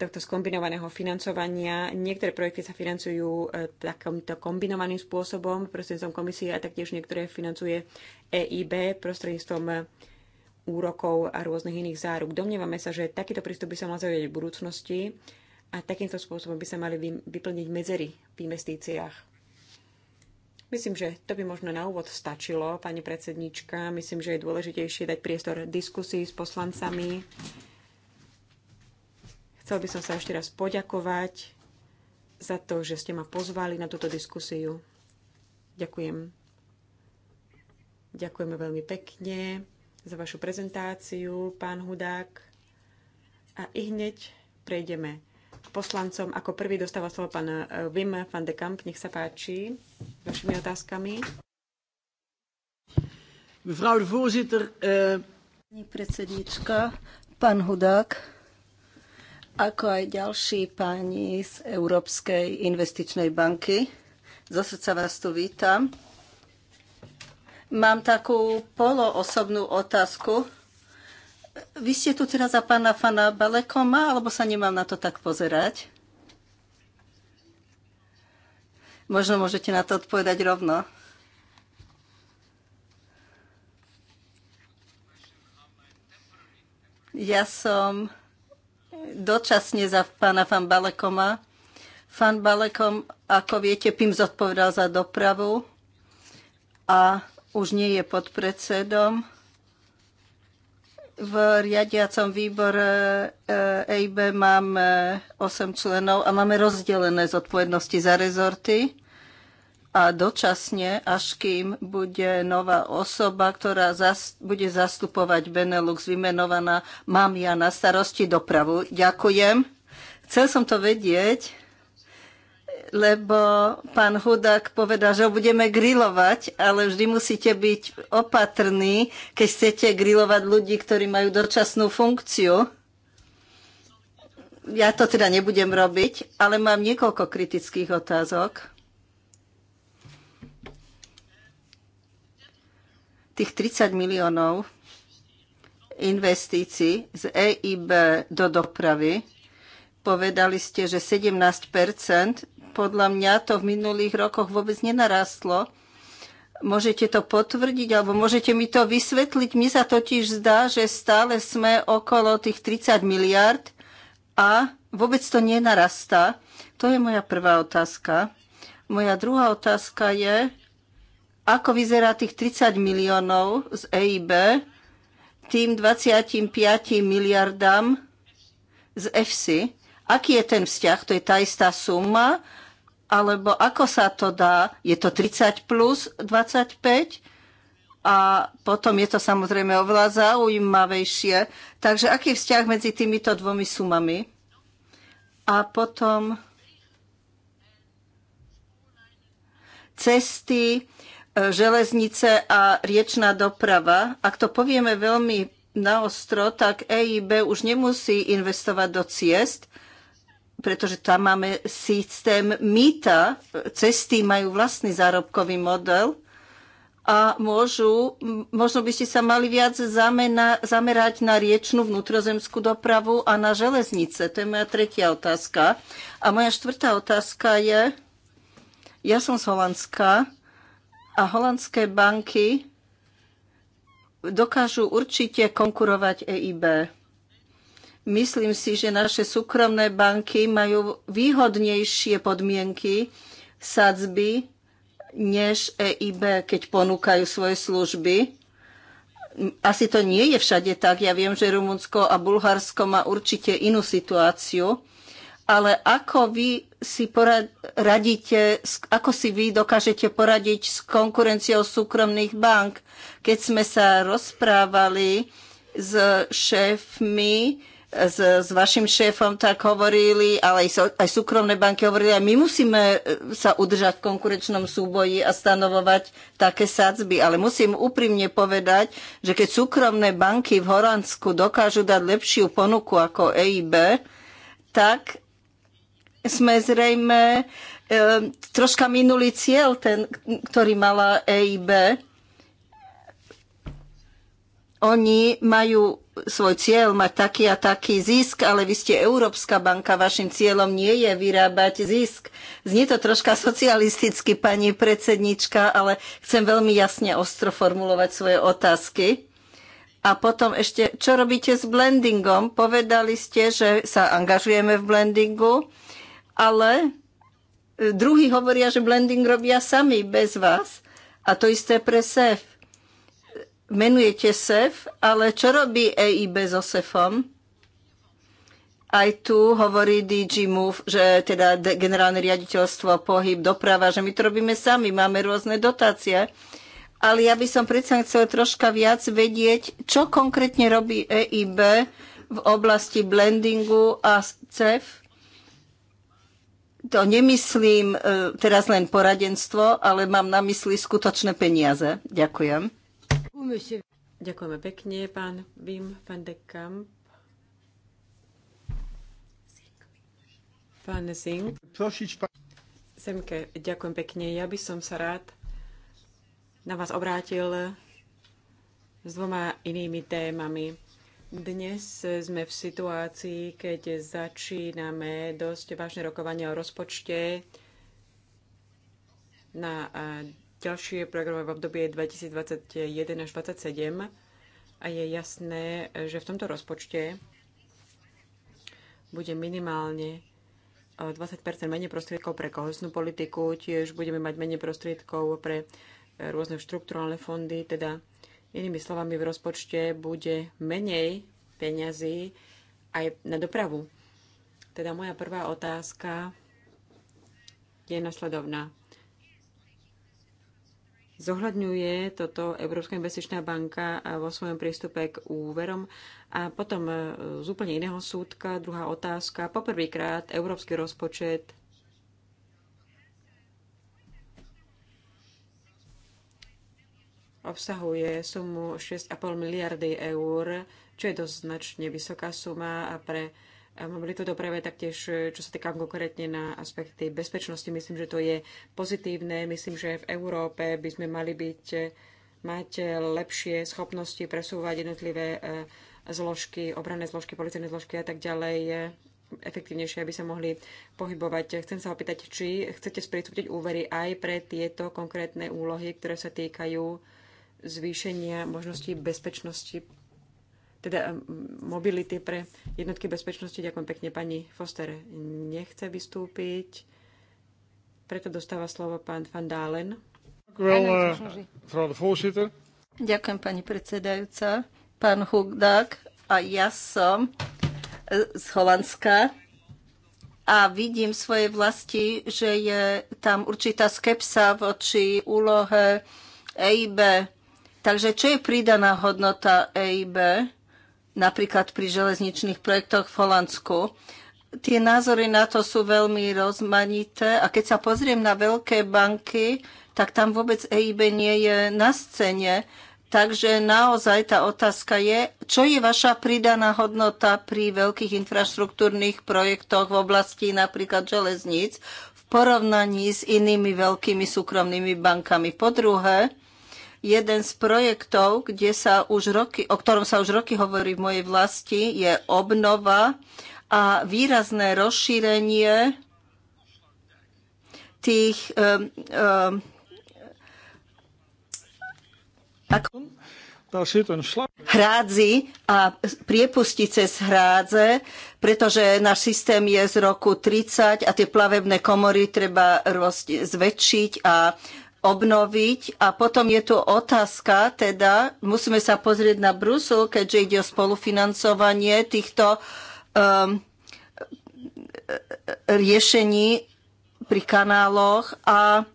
tohto skombinovaného financovania. Niektoré projekty sa financujú eh, takýmto kombinovaným spôsobom prostredníctvom komisie a taktiež niektoré financuje EIB prostredníctvom eh, úrokov a rôznych iných záruk. Domnievame sa, že takýto prístup by sa mal zaujať v budúcnosti a takýmto spôsobom by sa mali vyplniť medzery v investíciách. Myslím, že to by možno na úvod stačilo, pani predsednička. Myslím, že je dôležitejšie dať priestor diskusii s poslancami. Chcel by som sa ešte raz poďakovať za to, že ste ma pozvali na túto diskusiu. Ďakujem. Ďakujeme veľmi pekne za vašu prezentáciu, pán Hudák. A i hneď prejdeme poslancom. Ako prvý dostáva slovo pán eh, Wim van de Kamp. Nech sa páči vašimi otázkami. Mevrouw de voorzitter. Eh, Pani predsednička, pán Hudák, ako aj ďalší páni z Európskej investičnej banky. Zo srdca vás tu vítam. Mám takú poloosobnú otázku vy ste tu teraz za pána Fana Balekoma, alebo sa nemám na to tak pozerať? Možno môžete na to odpovedať rovno. Ja som dočasne za pána Fan Balekoma. Fan Balekom, ako viete, PIM zodpovedal za dopravu a už nie je podpredsedom v riadiacom výbore EIB eh, máme 8 členov a máme rozdelené zodpovednosti za rezorty a dočasne, až kým bude nová osoba, ktorá zas, bude zastupovať Benelux vymenovaná, mám ja na starosti dopravu. Ďakujem. Chcel som to vedieť, lebo pán Hudák povedal, že ho budeme grilovať, ale vždy musíte byť opatrní, keď chcete grilovať ľudí, ktorí majú dočasnú funkciu. Ja to teda nebudem robiť, ale mám niekoľko kritických otázok. Tých 30 miliónov investícií z EIB do dopravy, povedali ste, že 17 podľa mňa to v minulých rokoch vôbec nenarastlo. Môžete to potvrdiť alebo môžete mi to vysvetliť? Mi sa totiž zdá, že stále sme okolo tých 30 miliard a vôbec to nenarastá. To je moja prvá otázka. Moja druhá otázka je, ako vyzerá tých 30 miliónov z EIB tým 25 miliardám z EFSI. Aký je ten vzťah? To je tá istá suma, alebo ako sa to dá? Je to 30 plus 25? A potom je to samozrejme oveľa zaujímavejšie. Takže aký je vzťah medzi týmito dvomi sumami? A potom cesty, e, železnice a riečná doprava. Ak to povieme veľmi naostro, tak EIB už nemusí investovať do ciest, pretože tam máme systém mýta, cesty majú vlastný zárobkový model a môžu, možno by ste sa mali viac zamena, zamerať na riečnú vnútrozemskú dopravu a na železnice. To je moja tretia otázka. A moja štvrtá otázka je, ja som z Holandska a holandské banky dokážu určite konkurovať EIB Myslím si, že naše súkromné banky majú výhodnejšie podmienky sadzby než EIB, keď ponúkajú svoje služby. Asi to nie je všade tak. Ja viem, že Rumunsko a Bulharsko má určite inú situáciu, ale ako vy si poradíte, ako si vy dokážete poradiť s konkurenciou súkromných bank? Keď sme sa rozprávali s šéfmi, s, s vašim šéfom tak hovorili, ale aj, so, aj súkromné banky hovorili, aj my musíme e, sa udržať v konkurenčnom súboji a stanovovať také sadzby. Ale musím úprimne povedať, že keď súkromné banky v Horánsku dokážu dať lepšiu ponuku ako EIB, tak sme zrejme e, troška minuli cieľ, ten, ktorý mala EIB. Oni majú svoj cieľ mať taký a taký zisk, ale vy ste Európska banka, vašim cieľom nie je vyrábať zisk. Znie to troška socialisticky, pani predsednička, ale chcem veľmi jasne ostro formulovať svoje otázky. A potom ešte, čo robíte s blendingom? Povedali ste, že sa angažujeme v blendingu, ale e, druhí hovoria, že blending robia sami, bez vás. A to isté pre SEF menujete SEF, ale čo robí EIB so SEFom? Aj tu hovorí DG Move, že teda generálne riaditeľstvo, pohyb, doprava, že my to robíme sami, máme rôzne dotácie. Ale ja by som predsa chcel troška viac vedieť, čo konkrétne robí EIB v oblasti blendingu a CEF. To nemyslím e, teraz len poradenstvo, ale mám na mysli skutočné peniaze. Ďakujem. Ďakujeme pekne, pán Wim van de Kamp. Pán Zing. Semke, ďakujem pekne. Ja by som sa rád na vás obrátil s dvoma inými témami. Dnes sme v situácii, keď začíname dosť vážne rokovanie o rozpočte na ďalšie programové obdobie je 2021 až 2027 a je jasné, že v tomto rozpočte bude minimálne 20 e, menej prostriedkov pre kohesnú politiku, tiež budeme mať menej prostriedkov pre e, rôzne štruktúrálne fondy, teda inými slovami v rozpočte bude menej peňazí aj na dopravu. Teda moja prvá otázka je nasledovná Zohľadňuje toto Európska investičná banka vo svojom prístupe k úverom. A potom e, z úplne iného súdka, druhá otázka. Poprvýkrát európsky rozpočet obsahuje sumu 6,5 miliardy eur, čo je dosť značne vysoká suma a pre mobilitu doprave, taktiež čo sa týka konkrétne na aspekty bezpečnosti. Myslím, že to je pozitívne. Myslím, že v Európe by sme mali byť, mať lepšie schopnosti presúvať jednotlivé e, zložky, obranné zložky, policajné zložky a tak ďalej e, efektívnejšie, aby sa mohli pohybovať. Chcem sa opýtať, či chcete sprístupniť úvery aj pre tieto konkrétne úlohy, ktoré sa týkajú zvýšenia možností bezpečnosti teda mobility pre jednotky bezpečnosti. Ďakujem pekne pani Foster. Nechce vystúpiť, preto dostáva slovo pán Van Dalen. Eh, Ďakujem pani predsedajúca. Pán Hugdák a ja som eh, z Holandska a vidím v svojej vlasti, že je tam určitá skepsa voči úlohe EIB. Takže čo je pridaná hodnota EIB? napríklad pri železničných projektoch v Holandsku. Tie názory na to sú veľmi rozmanité a keď sa pozriem na veľké banky, tak tam vôbec EIB nie je na scéne. Takže naozaj tá otázka je, čo je vaša pridaná hodnota pri veľkých infraštruktúrnych projektoch v oblasti napríklad železníc v porovnaní s inými veľkými súkromnými bankami. Po druhé, Jeden z projektov, kde sa už roky, o ktorom sa už roky hovorí v mojej vlasti, je obnova a výrazné rozšírenie tých um, um, hrádzi a priepusti cez hrádze, pretože náš systém je z roku 30 a tie plavebné komory treba zväčšiť a obnoviť. A potom je tu otázka, teda musíme sa pozrieť na Brusel, keďže ide o spolufinancovanie týchto um, riešení pri kanáloch a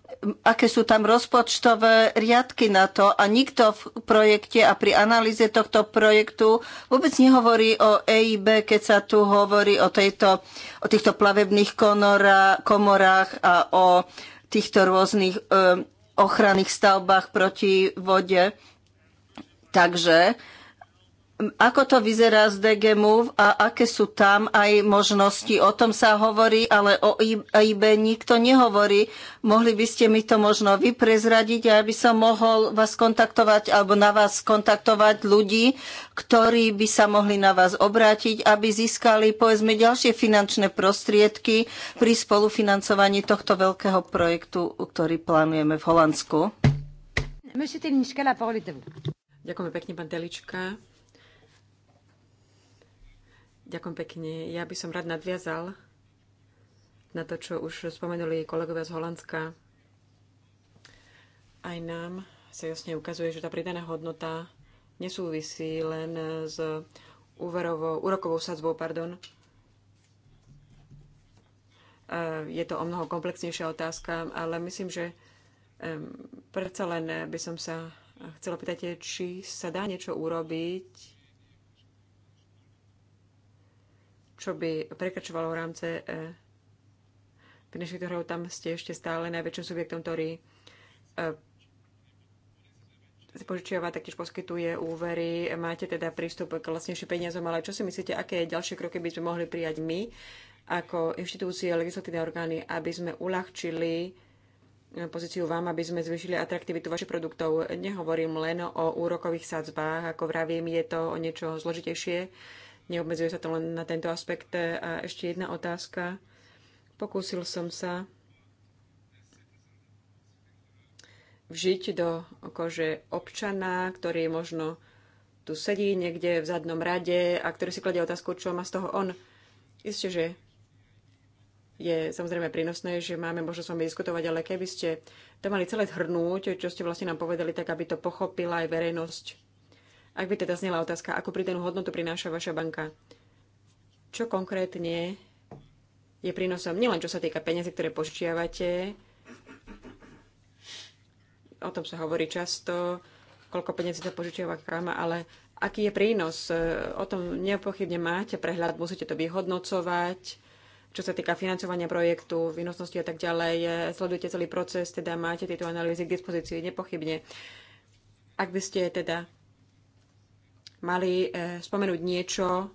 aké sú tam rozpočtové riadky na to a nikto v projekte a pri analýze tohto projektu vôbec nehovorí o EIB, keď sa tu hovorí o, tejto, o týchto plavebných komorách a o týchto rôznych e, ochranných stavbách proti vode. Takže ako to vyzerá z DG Move a aké sú tam aj možnosti? O tom sa hovorí, ale o IB nikto nehovorí. Mohli by ste mi to možno vyprezradiť a ja by som mohol vás kontaktovať alebo na vás kontaktovať ľudí, ktorí by sa mohli na vás obrátiť, aby získali povedzme ďalšie finančné prostriedky pri spolufinancovaní tohto veľkého projektu, ktorý plánujeme v Holandsku. Ďakujem pekne, pán Telička. Ďakujem pekne. Ja by som rád nadviazal na to, čo už spomenuli kolegovia z Holandska. Aj nám sa jasne ukazuje, že tá pridaná hodnota nesúvisí len s úverovou, úrokovou sadzbou, pardon. E, je to o mnoho komplexnejšia otázka, ale myslím, že predsa len by som sa chcela pýtať, či sa dá niečo urobiť čo by prekračovalo v rámce e, finančných trhov, tam ste ešte stále najväčším subjektom, ktorý e, požičiava, taktiež poskytuje úvery, máte teda prístup k vlastnejším peniazom, ale čo si myslíte, aké ďalšie kroky by sme mohli prijať my ako inštitúcie, legislatívne orgány, aby sme uľahčili e, pozíciu vám, aby sme zvýšili atraktivitu vašich produktov. Nehovorím len o úrokových sadzbách, ako vravím, je to o niečo zložitejšie Neobmedzuje sa to len na tento aspekt. E, a ešte jedna otázka. Pokúsil som sa vžiť do kože občana, ktorý možno tu sedí niekde v zadnom rade a ktorý si kladie otázku, čo má z toho on. Isté, že je samozrejme prínosné, že máme možnosť s vami diskutovať, ale keby ste to mali celé zhrnúť, čo ste vlastne nám povedali, tak aby to pochopila aj verejnosť ak by teda znela otázka, ako pridanú hodnotu prináša vaša banka, čo konkrétne je prínosom nielen čo sa týka peniazy, ktoré požičiavate, o tom sa hovorí často, koľko peniazy sa požičiava krama, ale aký je prínos, e, o tom nepochybne máte prehľad, musíte to vyhodnocovať, čo sa týka financovania projektu, výnosnosti a tak ďalej, e, sledujete celý proces, teda máte tieto analýzy k dispozícii nepochybne. Ak by ste teda mali e, spomenúť niečo,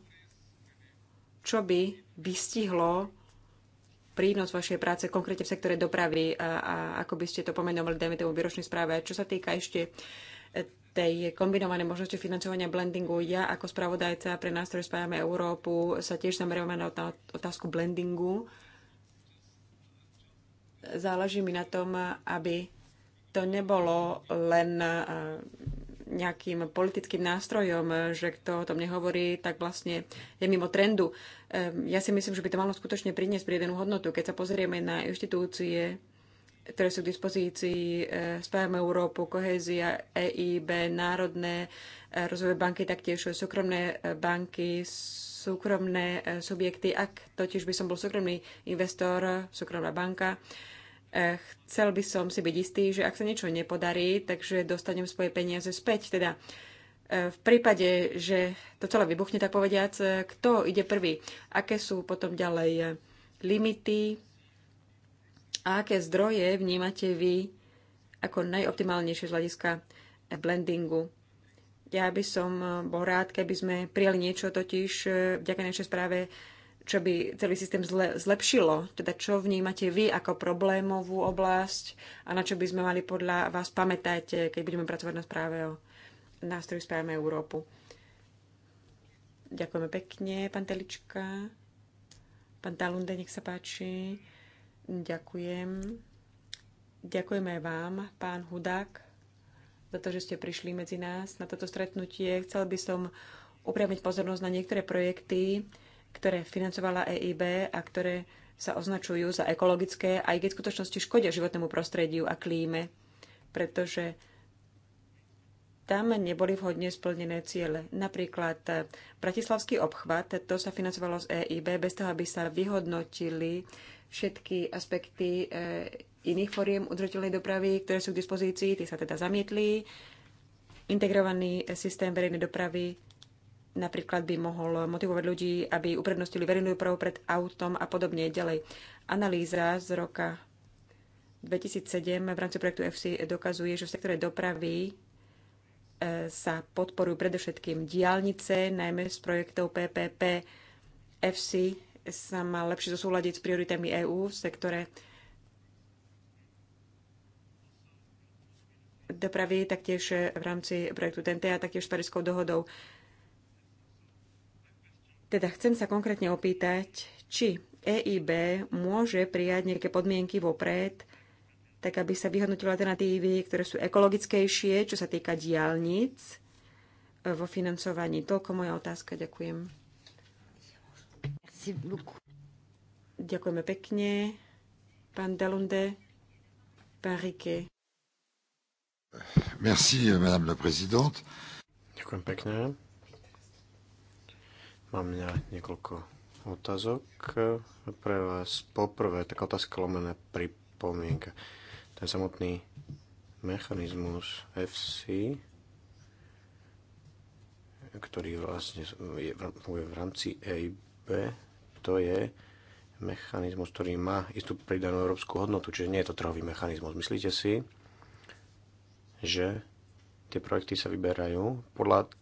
čo by vystihlo prínos vašej práce konkrétne v sektore dopravy a, a ako by ste to pomenovali, dajme tomu výročnej správe. Čo sa týka ešte e, tej kombinovanej možnosti financovania blendingu, ja ako spravodajca pre nástroj Spájame Európu sa tiež zameriavame na otázku blendingu. Záleží mi na tom, aby to nebolo len e, nejakým politickým nástrojom, že kto o tom nehovorí, tak vlastne je mimo trendu. Ehm, ja si myslím, že by to malo skutočne priniesť pridanú hodnotu. Keď sa pozrieme na inštitúcie, ktoré sú k dispozícii, ehm, Spájame Európu, Kohézia, EIB, Národné ehm, rozvojové banky, taktiež súkromné banky, súkromné subjekty. Ak totiž by som bol súkromný investor, súkromná banka, Eh, chcel by som si byť istý, že ak sa niečo nepodarí, takže dostanem svoje peniaze späť. Teda eh, v prípade, že to celé vybuchne, tak povediac, eh, kto ide prvý, aké sú potom ďalej limity a aké zdroje vnímate vy ako najoptimálnejšie z hľadiska blendingu. Ja by som bol rád, keby sme prijali niečo totiž vďaka našej správe čo by celý systém zle, zlepšilo? Teda čo vnímate vy ako problémovú oblasť a na čo by sme mali podľa vás pamätať, eh, keď budeme pracovať na správe o nástroji správame Európu? Ďakujeme pekne, pán Telička. Pán Talunde, nech sa páči. Ďakujem. Ďakujeme aj vám, pán Hudák, za to, že ste prišli medzi nás na toto stretnutie. Chcel by som upriamiť pozornosť na niektoré projekty, ktoré financovala EIB a ktoré sa označujú za ekologické, aj keď v skutočnosti škodia životnému prostrediu a klíme, pretože tam neboli vhodne splnené ciele. Napríklad e, Bratislavský obchvat, to sa financovalo z EIB bez toho, aby sa vyhodnotili všetky aspekty e, iných foriem udržateľnej dopravy, ktoré sú k dispozícii, tie sa teda zamietli. Integrovaný e, systém verejnej dopravy Napríklad by mohol motivovať ľudí, aby uprednostili verejnú dopravu pred autom a podobne ďalej. Analýza z roka 2007 v rámci projektu FC dokazuje, že v sektore dopravy e, sa podporujú predovšetkým diálnice, najmä z projektov PPP. FC sa má lepšie zosúľadiť s prioritami EÚ v sektore dopravy, taktiež v rámci projektu TNT a taktiež s Parískou dohodou. Teda chcem sa konkrétne opýtať, či EIB môže prijať nejaké podmienky vopred, tak aby sa vyhodnotili alternatívy, ktoré sú ekologickejšie, čo sa týka diálnic e, vo financovaní. Toľko moja otázka. Ďakujem. Ďakujeme pekne. Pán Dalunde, pán Rike. Merci, madame la présidente. Ďakujem pekne. Mám ja niekoľko otázok pre vás. Poprvé, taká otázka lomená pripomienka. Ten samotný mechanizmus FC, ktorý vlastne funguje v rámci EIB, to je mechanizmus, ktorý má istú pridanú európsku hodnotu, čiže nie je to trhový mechanizmus. Myslíte si, že tie projekty sa vyberajú podľa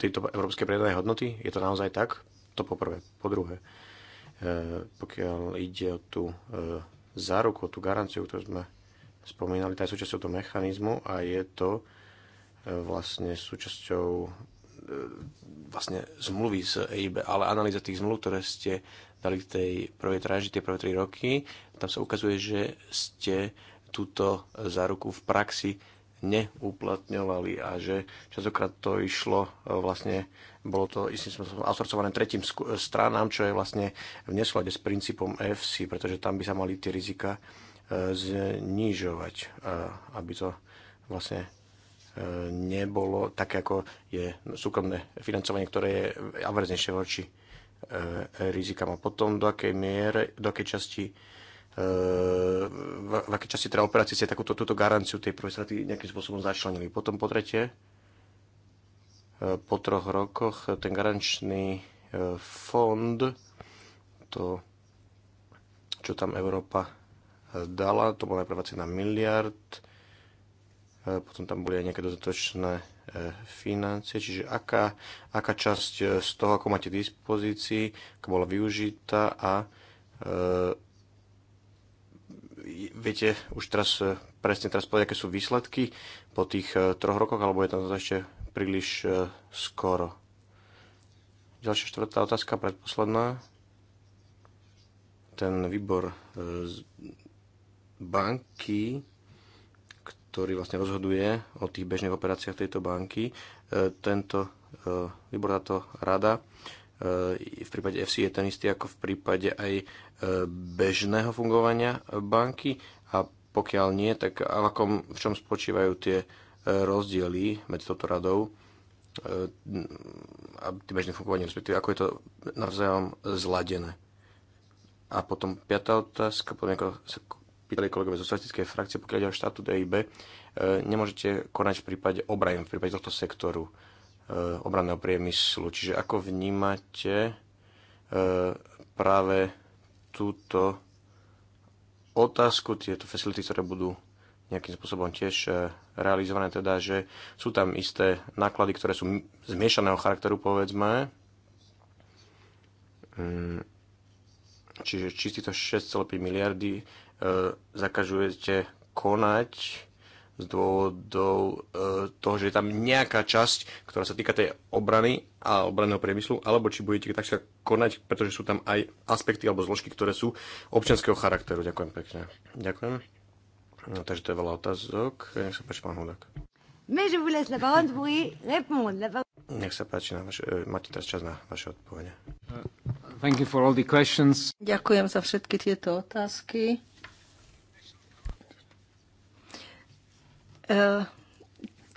tejto európskej predanej hodnoty? Je to naozaj tak? To poprvé. Po druhé, e, pokiaľ ide o tú e, záruku, o tú garanciu, ktorú sme spomínali, tá je súčasťou toho mechanizmu a je to e, vlastne súčasťou vlastne zmluvy z EIB, ale analýza tých zmluv, ktoré ste dali k tej prvej tráži, tie prvé tri roky, tam sa ukazuje, že ste túto záruku v praxi neuplatňovali a že častokrát to išlo e, vlastne, bolo to istým spôsobom outsourcované tretím e, stranám, čo je vlastne v neslade s princípom FC, pretože tam by sa mali tie rizika e, znižovať, aby to vlastne nebolo také, ako je súkromné financovanie, ktoré je averznejšie voči rizikám. A potom do akej miere, do akej časti Eh, v, v akej časti teda operácie ste takúto túto garanciu tej prvej straty nejakým spôsobom začlenili. Potom po tretie, eh, po troch rokoch eh, ten garančný fond, to, čo tam Európa dala, to bolo najprv 21 miliard, potom tam boli aj nejaké dodatočné financie, čiže aká, aká časť z toho, ako máte dispozícii, ako bola využitá a e, viete už teraz e, presne teraz povedať, aké sú výsledky po tých e, troch rokoch, alebo je tam to ešte príliš e, skoro? Ďalšia štvrtá otázka, predposledná. Ten výbor z banky, ktorý vlastne rozhoduje o tých bežných operáciách tejto banky, tento výbor, táto rada v prípade FC je ten istý ako v prípade aj bežného fungovania banky a pokiaľ nie, tak akom, v čom spočívajú tie e, rozdiely medzi touto radou e, a tým bežným fungovaním, respektíve ako je to navzájom zladené. A potom piatá otázka, potom ako sa pýtali kolegovia zo socialistickej frakcie, pokiaľ ide o štátu DIB, e, nemôžete konať v prípade obrany, v prípade tohto sektoru obranného priemyslu. Čiže ako vnímate práve túto otázku, tieto facility, ktoré budú nejakým spôsobom tiež e, realizované, teda, že sú tam isté náklady, ktoré sú zmiešaného charakteru, povedzme. Mm, čiže čistý to 6,5 miliardy e, zakažujete konať z dôvodov e, toho, že je tam nejaká časť, ktorá sa týka tej obrany a obranného priemyslu, alebo či budete tak sa konať, pretože sú tam aj aspekty alebo zložky, ktoré sú občianského charakteru. Ďakujem pekne. Ďakujem. No, takže to je veľa otázok. Nech sa páči, pán Hudák. Nech sa páči, na vaše, e, máte teraz čas na vaše odpovede. Uh, Ďakujem za všetky tieto otázky. E,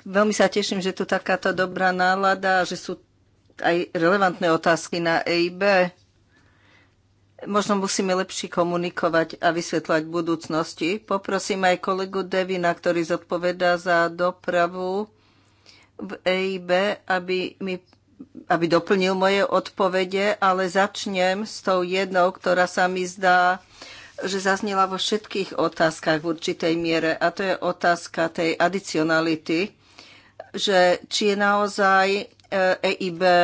veľmi sa teším, že tu takáto dobrá nálada, že sú aj relevantné otázky na EIB. Možno musíme lepšie komunikovať a vysvetľať v budúcnosti. Poprosím aj kolegu Devina, ktorý zodpovedá za dopravu v EIB, aby, mi, aby doplnil moje odpovede, ale začnem s tou jednou, ktorá sa mi zdá že zaznela vo všetkých otázkach v určitej miere a to je otázka tej adicionality, že či je naozaj EIB e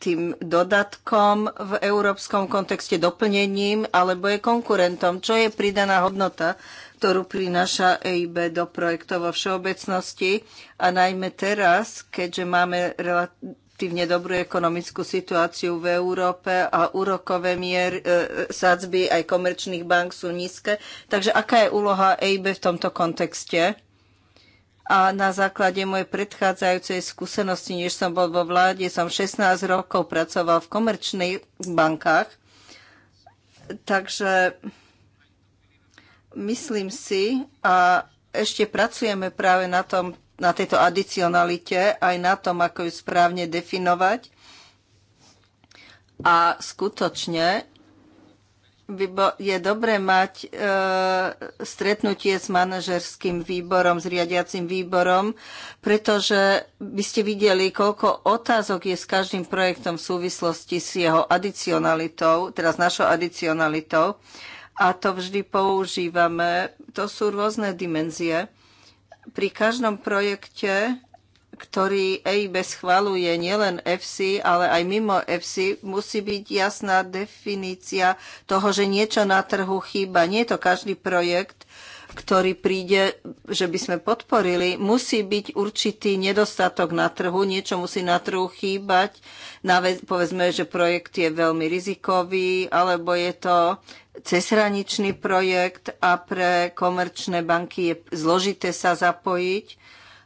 tým dodatkom v európskom kontexte doplnením alebo je konkurentom. Čo je pridaná hodnota, ktorú prináša EIB do projektov vo všeobecnosti a najmä teraz, keďže máme relatívne dobrú ekonomickú situáciu v Európe a úrokové mier e, sadzby aj komerčných bank sú nízke. Takže aká je úloha EIB v tomto kontexte? A na základe mojej predchádzajúcej skúsenosti, než som bol vo vláde, som 16 rokov pracoval v komerčných bankách. Takže myslím si, a ešte pracujeme práve na tom na tejto adicionalite, aj na tom, ako ju správne definovať. A skutočne by bo, je dobré mať e, stretnutie s manažerským výborom, s riadiacim výborom, pretože by ste videli, koľko otázok je s každým projektom v súvislosti s jeho adicionalitou, teda s našou adicionalitou. A to vždy používame. To sú rôzne dimenzie. Pri každom projekte, ktorý EIB schvaluje nielen FC, ale aj mimo FC, musí byť jasná definícia toho, že niečo na trhu chýba. Nie je to každý projekt, ktorý príde, že by sme podporili, musí byť určitý nedostatok na trhu, niečo musí na trhu chýbať, na, povedzme, že projekt je veľmi rizikový, alebo je to cezhraničný projekt a pre komerčné banky je zložité sa zapojiť?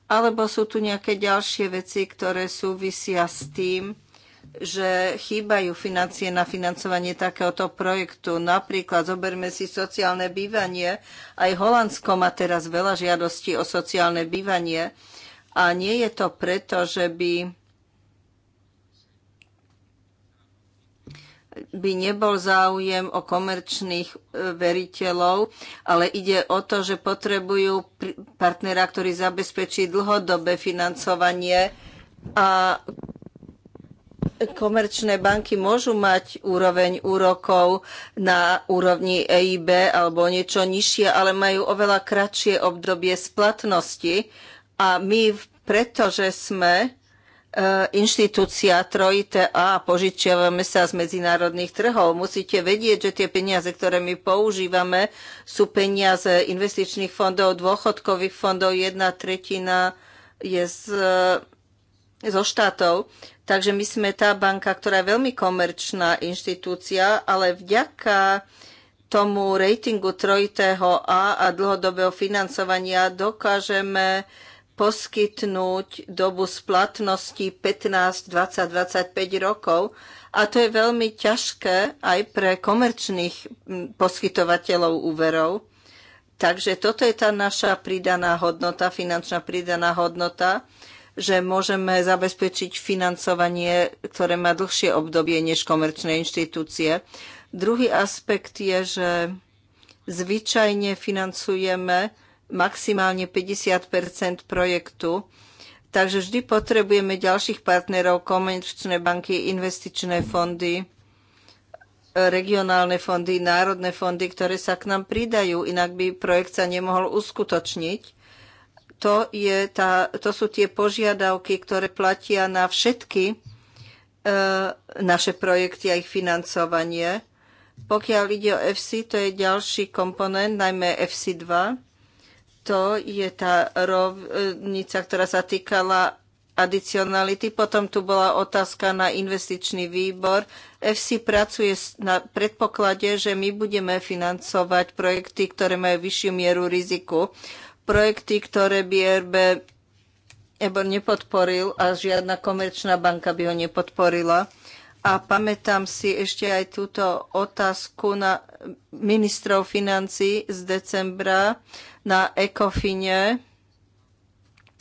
Alebo sú tu nejaké ďalšie veci, ktoré súvisia s tým, že chýbajú financie na financovanie takéhoto projektu. Napríklad zoberme si sociálne bývanie. Aj Holandsko má teraz veľa žiadostí o sociálne bývanie. A nie je to preto, že by by nebol záujem o komerčných e, veriteľov, ale ide o to, že potrebujú partnera, ktorý zabezpečí dlhodobé financovanie a komerčné banky môžu mať úroveň úrokov na úrovni EIB alebo niečo nižšie, ale majú oveľa kratšie obdobie splatnosti. A my, pretože sme E, inštitúcia trojité A, požičiavame sa z medzinárodných trhov. Musíte vedieť, že tie peniaze, ktoré my používame, sú peniaze investičných fondov, dôchodkových fondov, jedna tretina je z, e, zo štátov. Takže my sme tá banka, ktorá je veľmi komerčná inštitúcia, ale vďaka tomu ratingu trojitého A a dlhodobého financovania dokážeme uh, poskytnúť dobu splatnosti 15, 20, 25 rokov a to je veľmi ťažké aj pre komerčných poskytovateľov úverov. Takže toto je tá naša pridaná hodnota, finančná pridaná hodnota, že môžeme zabezpečiť financovanie, ktoré má dlhšie obdobie než komerčné inštitúcie. Druhý aspekt je, že zvyčajne financujeme maximálne 50 projektu. Takže vždy potrebujeme ďalších partnerov, komerčné banky, investičné fondy, regionálne fondy, národné fondy, ktoré sa k nám pridajú, inak by projekt sa nemohol uskutočniť. To, je tá, to sú tie požiadavky, ktoré platia na všetky e, naše projekty a ich financovanie. Pokiaľ ide o FC, to je ďalší komponent, najmä FC2 to je tá rovnica, ktorá sa týkala adicionality. Potom tu bola otázka na investičný výbor. FC pracuje na predpoklade, že my budeme financovať projekty, ktoré majú vyššiu mieru riziku. Projekty, ktoré by RB EBOR nepodporil a žiadna komerčná banka by ho nepodporila. A pamätám si ešte aj túto otázku na ministrov financí z decembra na ECOFINE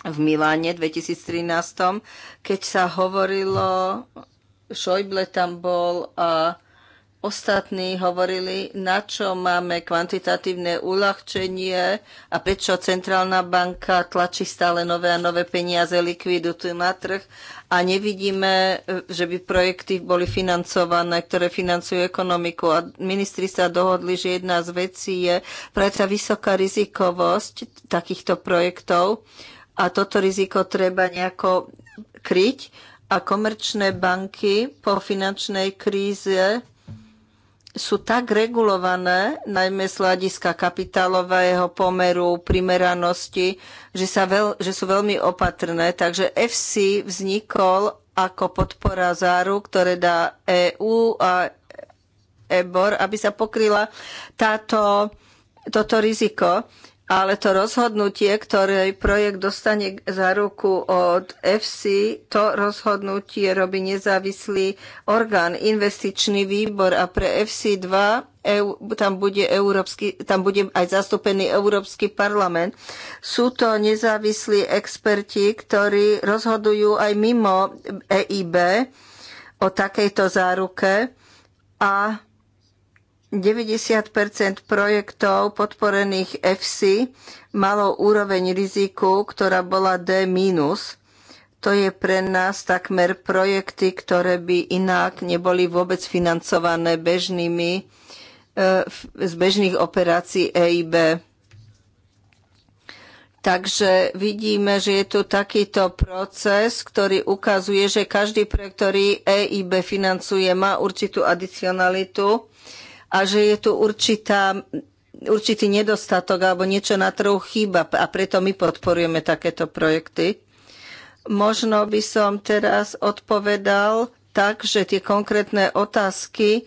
v Miláne 2013, keď sa hovorilo, Šojble tam bol a ostatní hovorili, na čo máme kvantitatívne uľahčenie a prečo centrálna banka tlačí stále nové a nové peniaze likviditu na trh a nevidíme, že by projekty boli financované, ktoré financujú ekonomiku. A ministri sa dohodli, že jedna z vecí je práve tá vysoká rizikovosť takýchto projektov a toto riziko treba nejako kryť a komerčné banky po finančnej kríze sú tak regulované, najmä z hľadiska kapitálového pomeru, primeranosti, že, sa veľ, že sú veľmi opatrné. Takže FC vznikol ako podpora záru, ktoré dá EÚ a EBOR, aby sa pokryla táto, toto riziko ale to rozhodnutie, ktoré projekt dostane za ruku od FC, to rozhodnutie robí nezávislý orgán, investičný výbor a pre FC2 tam, bude Európsky, tam bude aj zastúpený Európsky parlament. Sú to nezávislí experti, ktorí rozhodujú aj mimo EIB o takejto záruke a 90 projektov podporených FC malo úroveň riziku, ktorá bola D-. To je pre nás takmer projekty, ktoré by inak neboli vôbec financované bežnými, e, z bežných operácií EIB. Takže vidíme, že je tu takýto proces, ktorý ukazuje, že každý projekt, ktorý EIB financuje, má určitú adicionalitu a že je tu určitá, určitý nedostatok alebo niečo na trhu chýba a preto my podporujeme takéto projekty. Možno by som teraz odpovedal tak, že tie konkrétne otázky e,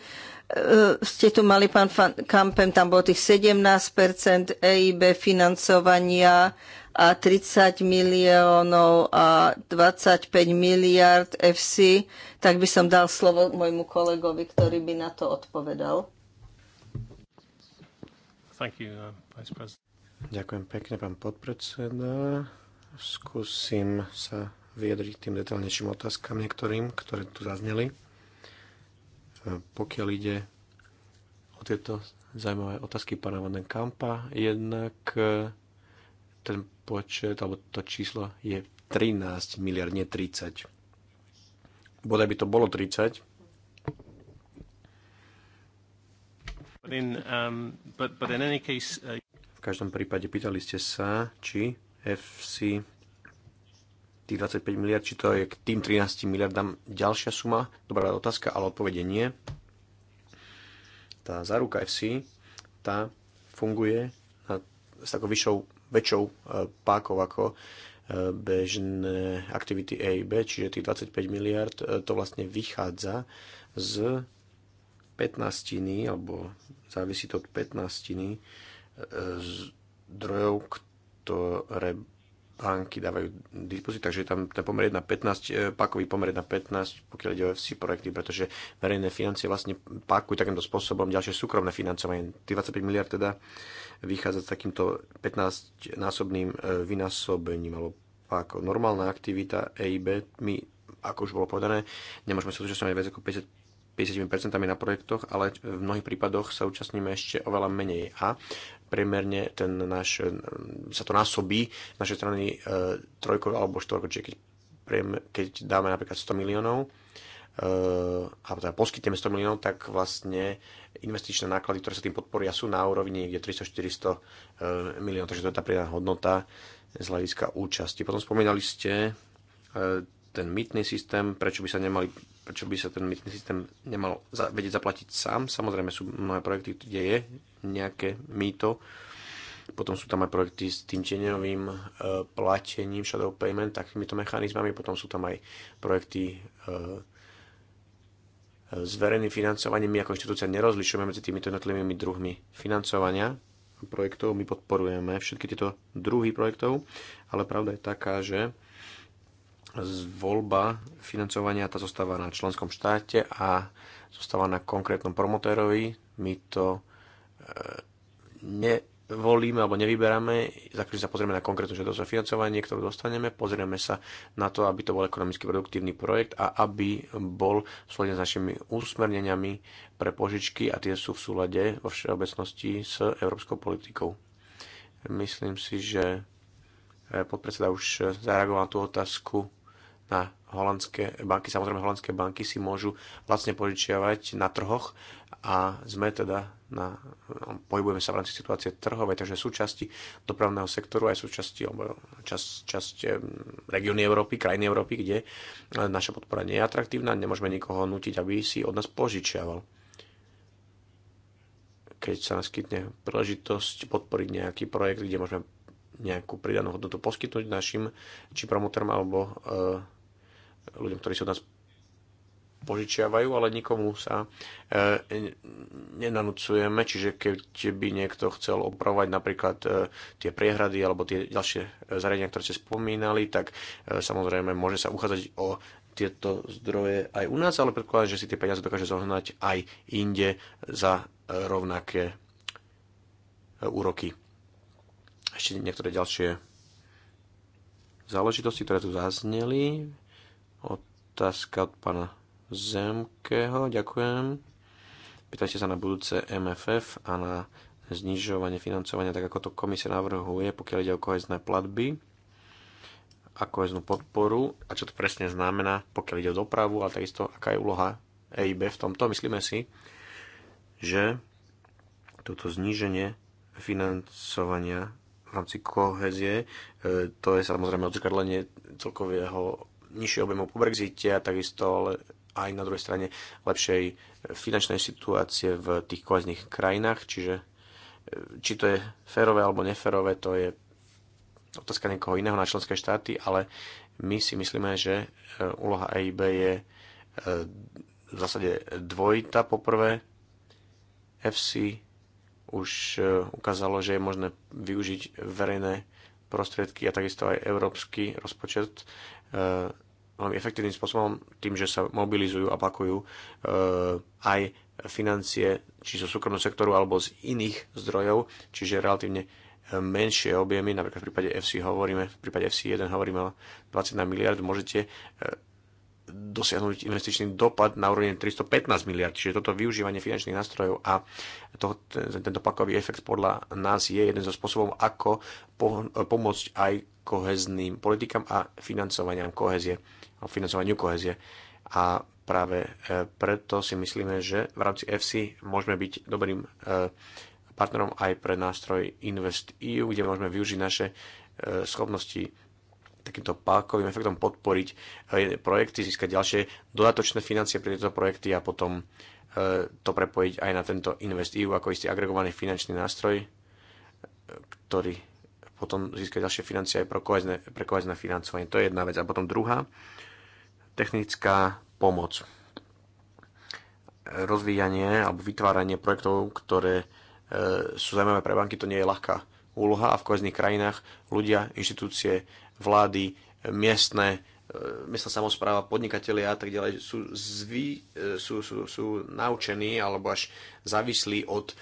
ste tu mali, pán Kampem, tam bolo tých 17 EIB financovania a 30 miliónov a 25 miliard FC, tak by som dal slovo môjmu kolegovi, ktorý by na to odpovedal. Thank you, uh, Vice Ďakujem pekne, pán podpredseda. Skúsim sa vyjadriť tým detaľnejším otázkam niektorým, ktoré tu zazneli. E, pokiaľ ide o tieto zaujímavé otázky pána Van Kampa, jednak e, ten počet, alebo to číslo je 13 miliard, nie 30. Bodaj by to bolo 30, Um, uh, v každom prípade pýtali ste sa, či FC tých 25 miliard, či to je k tým 13 miliardám ďalšia suma? Dobrá otázka, ale odpovede nie. Tá záruka FC, tá funguje na, s takou vyššou, väčšou e, pákou ako e, bežné aktivity EIB, čiže tých 25 miliard, e, to vlastne vychádza z 15 alebo závisí to od 15 e, zdrojov, ktoré banky dávajú dispozit, takže je tam ten pomer 1 15, pakový pomer 1 15, pokiaľ ide o FC projekty, pretože verejné financie vlastne pakujú takýmto spôsobom ďalšie súkromné financovanie. 25 miliard teda vychádza s takýmto 15-násobným e, vynásobením alebo ako normálna aktivita EIB, my, ako už bolo povedané, nemôžeme sa zúčastňovať viac ako 50 50% na projektoch, ale v mnohých prípadoch sa účastníme ešte oveľa menej a priemerne ten náš, sa to násobí z našej strany e, trojko alebo štvorko, čiže keď, keď dáme napríklad 100 miliónov, e, a teda poskytneme 100 miliónov, tak vlastne investičné náklady, ktoré sa tým podporia, sú na úrovni niekde 300-400 e, miliónov, takže to je tá pridaná hodnota z hľadiska účasti. Potom spomínali ste e, ten mýtny systém, prečo by sa nemali prečo by sa ten mýtny systém nemal za, vedieť zaplatiť sám. Samozrejme sú mnohé projekty, kde je nejaké mýto. Potom sú tam aj projekty s tým tieňovým e, platením, shadow payment, takýmito mechanizmami. Potom sú tam aj projekty e, e s verejným financovaním. My ako inštitúcia nerozlišujeme medzi týmito jednotlivými druhmi financovania projektov. My podporujeme všetky tieto druhy projektov, ale pravda je taká, že voľba financovania tá zostáva na členskom štáte a zostáva na konkrétnom promotérovi. My to e, nevolíme alebo nevyberáme, za ktorým sa pozrieme na konkrétnu žiadosť o financovanie, ktorú dostaneme, pozrieme sa na to, aby to bol ekonomicky produktívny projekt a aby bol v s našimi úsmerneniami pre požičky a tie sú v súlade vo všeobecnosti s európskou politikou. Myslím si, že e, podpredseda už zareagoval na tú otázku na holandské banky. Samozrejme, holandské banky si môžu vlastne požičiavať na trhoch a sme teda na, pohybujeme sa v rámci situácie trhovej, takže sú časti dopravného sektoru aj sú časti, alebo čas, regióny Európy, krajiny Európy, kde eh, naša podpora nie je atraktívna, nemôžeme nikoho nutiť, aby si od nás požičiaval. Keď sa naskytne príležitosť podporiť nejaký projekt, kde môžeme nejakú pridanú hodnotu poskytnúť našim či promotorom alebo e, ľuďom, ktorí sa od nás požičiavajú, ale nikomu sa e, nenanúcujeme, čiže keď by niekto chcel opravovať napríklad e, tie priehrady alebo tie ďalšie e, zariadenia, ktoré ste spomínali, tak e, samozrejme môže sa uchádzať o tieto zdroje aj u nás, ale predpokladám, že si tie peniaze dokáže zohnať aj inde za e, rovnaké e, úroky. Ešte niektoré ďalšie záležitosti, ktoré tu zazneli. Otázka od pána Zemkeho, ďakujem. Pýtajte sa na budúce MFF a na znižovanie financovania, tak ako to komisia navrhuje, pokiaľ ide o kohezné platby a koheznú podporu a čo to presne znamená, pokiaľ ide o dopravu, a takisto aká je úloha EIB v tomto. Myslíme si, že toto zníženie financovania v rámci kohezie, e, to je samozrejme odzrkadlenie celkového nižšie objemov po Brexite a takisto ale aj na druhej strane lepšej e, finančnej situácie v tých kohezných krajinách, čiže e, či to je férové alebo neférové, to je otázka niekoho iného na členské štáty, ale my si myslíme, že e, úloha EIB je v zásade dvojita. Poprvé, FC už ukázalo, že je možné využiť verejné prostriedky a takisto aj európsky rozpočet Eh, veľmi efektívnym spôsobom tým, že sa mobilizujú a pakujú eh, aj financie, či zo súkromného sektoru alebo z iných zdrojov, čiže relatívne eh, menšie objemy, napríklad v prípade FC hovoríme, v prípade FC1 hovoríme o 21 miliard, môžete dosiahnuť investičný dopad na úrovni 315 miliard. Čiže toto využívanie finančných nástrojov a to, ten, tento pakový efekt podľa nás je jeden zo spôsobov, ako pomôcť aj kohezným politikám a financovaniam kohezie, a financovaniu kohezie. A práve e, preto si myslíme, že v rámci FC môžeme byť dobrým e, partnerom aj pre nástroj Invest EU, kde môžeme využiť naše e, schopnosti takýmto pákovým efektom podporiť projekty, získať ďalšie dodatočné financie pre tieto projekty a potom to prepojiť aj na tento Invest EU ako istý agregovaný finančný nástroj, ktorý potom získať ďalšie financie aj pre kohezné, pre kohezné financovanie. To je jedna vec. A potom druhá, technická pomoc. Rozvíjanie alebo vytváranie projektov, ktoré e, sú zaujímavé pre banky, to nie je ľahká úloha a v kohezných krajinách ľudia, inštitúcie, vlády, miestne mesta samozpráva, podnikatelia a tak ďalej sú, zvy, e, sú, sú, sú naučení alebo až závislí od e,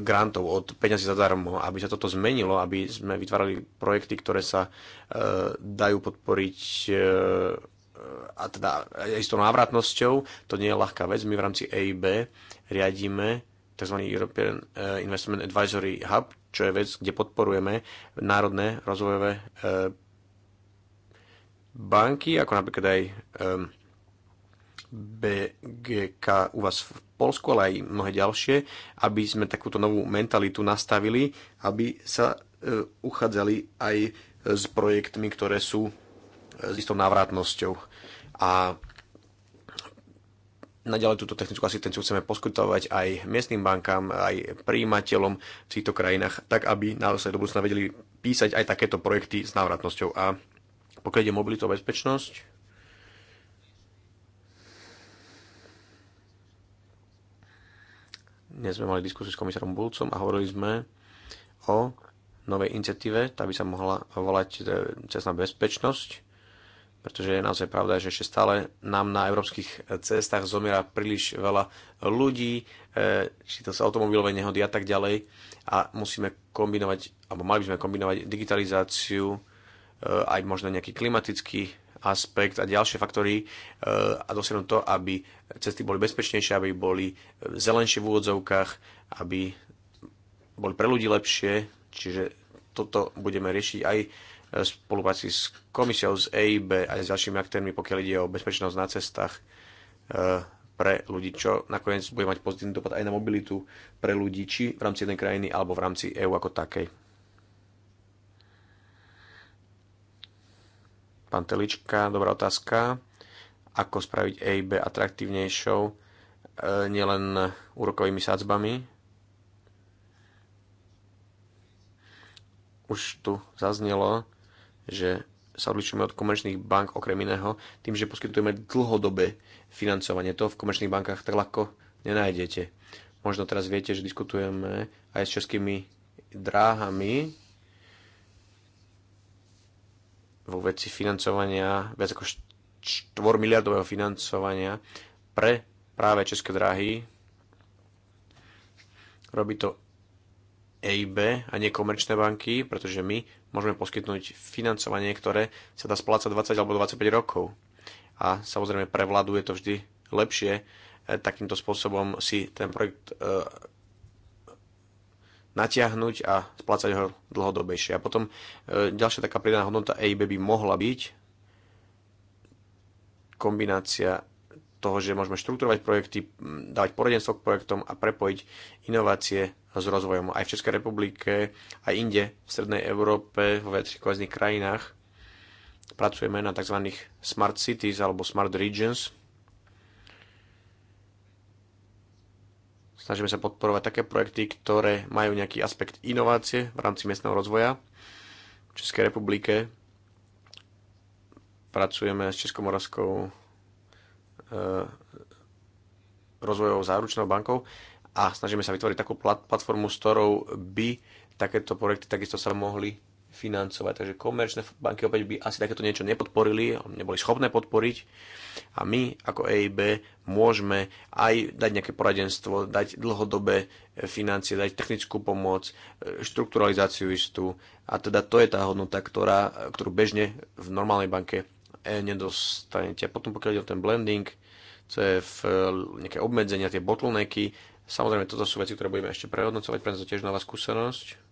grantov, od peňazí zadarmo. Aby sa toto zmenilo, aby sme vytvárali projekty, ktoré sa e, dajú podporiť a teda aj s tou návratnosťou, to nie je ľahká vec. My v rámci EIB riadíme tzv. European Investment Advisory Hub, čo je vec, kde podporujeme národné rozvojové banky, ako napríklad aj BGK u vás v Polsku, ale aj mnohé ďalšie, aby sme takúto novú mentalitu nastavili, aby sa e, uchádzali aj s projektmi, ktoré sú e, s istou návratnosťou. A naďalej túto technickú asistenciu chceme poskytovať aj miestnym bankám, aj príjimateľom v týchto krajinách, tak aby naozaj do budúcna vedeli písať aj takéto projekty s návratnosťou. A pokiaľ ide mobilitu a bezpečnosť, dnes sme mali diskusiu s komisárom Bulcom a hovorili sme o novej iniciatíve, tá by sa mohla volať e, cestná bezpečnosť, pretože je naozaj pravda, že ešte stále nám na európskych cestách zomiera príliš veľa ľudí, e, či to sa automobilové nehody a tak ďalej a musíme kombinovať, alebo mali by sme kombinovať digitalizáciu Eh, aj možno nejaký klimatický aspekt a ďalšie faktory eh, a dosiahnuť to, aby cesty boli bezpečnejšie, aby boli eh, zelenšie v úvodzovkách, aby boli pre ľudí lepšie, čiže toto budeme riešiť aj v spolupráci s komisiou, s EIB aj s ďalšími aktérmi, pokiaľ ide o bezpečnosť na cestách pre ľudí, čo nakoniec bude mať pozitívny dopad aj na mobilitu pre ľudí, či v rámci jednej krajiny alebo v rámci EÚ ako takej. Pán Telička, dobrá otázka. Ako spraviť EIB atraktívnejšou e, nielen úrokovými sádzbami? Už tu zaznelo, že sa odlišujeme od komerčných bank okrem iného tým, že poskytujeme dlhodobé financovanie. To v komerčných bankách tak ľahko nenájdete. Možno teraz viete, že diskutujeme aj s českými dráhami vo veci financovania, viac ako 4 miliardového financovania pre práve České dráhy. Robí to EIB a nie komerčné banky, pretože my môžeme poskytnúť financovanie, ktoré sa dá splácať 20 alebo 25 rokov. A samozrejme pre vládu je to vždy lepšie takýmto spôsobom si ten projekt natiahnuť a splácať ho dlhodobejšie. A potom e, ďalšia taká pridaná hodnota EIB by mohla byť kombinácia toho, že môžeme štruktúrovať projekty, dávať poradenstvo k projektom a prepojiť inovácie s rozvojom. Aj v Českej republike, aj inde, v Strednej Európe, vo viacerých kváznych krajinách pracujeme na tzv. smart cities alebo smart regions, Snažíme sa podporovať také projekty, ktoré majú nejaký aspekt inovácie v rámci miestneho rozvoja. V Českej republike pracujeme s Českomoravskou e, rozvojovou záručnou bankou a snažíme sa vytvoriť takú platformu, s ktorou by takéto projekty takisto sa mohli financovať. Takže komerčné banky opäť by asi takéto niečo nepodporili, neboli schopné podporiť. A my ako EIB môžeme aj dať nejaké poradenstvo, dať dlhodobé financie, dať technickú pomoc, e, štrukturalizáciu istú. A teda to je tá hodnota, ktorá, ktorú bežne v normálnej banke e, nedostanete. A potom pokiaľ ide o ten blending, to v e, nejaké obmedzenia, tie bottlenecky, Samozrejme, toto sú veci, ktoré budeme ešte prehodnocovať, to tiež nová skúsenosť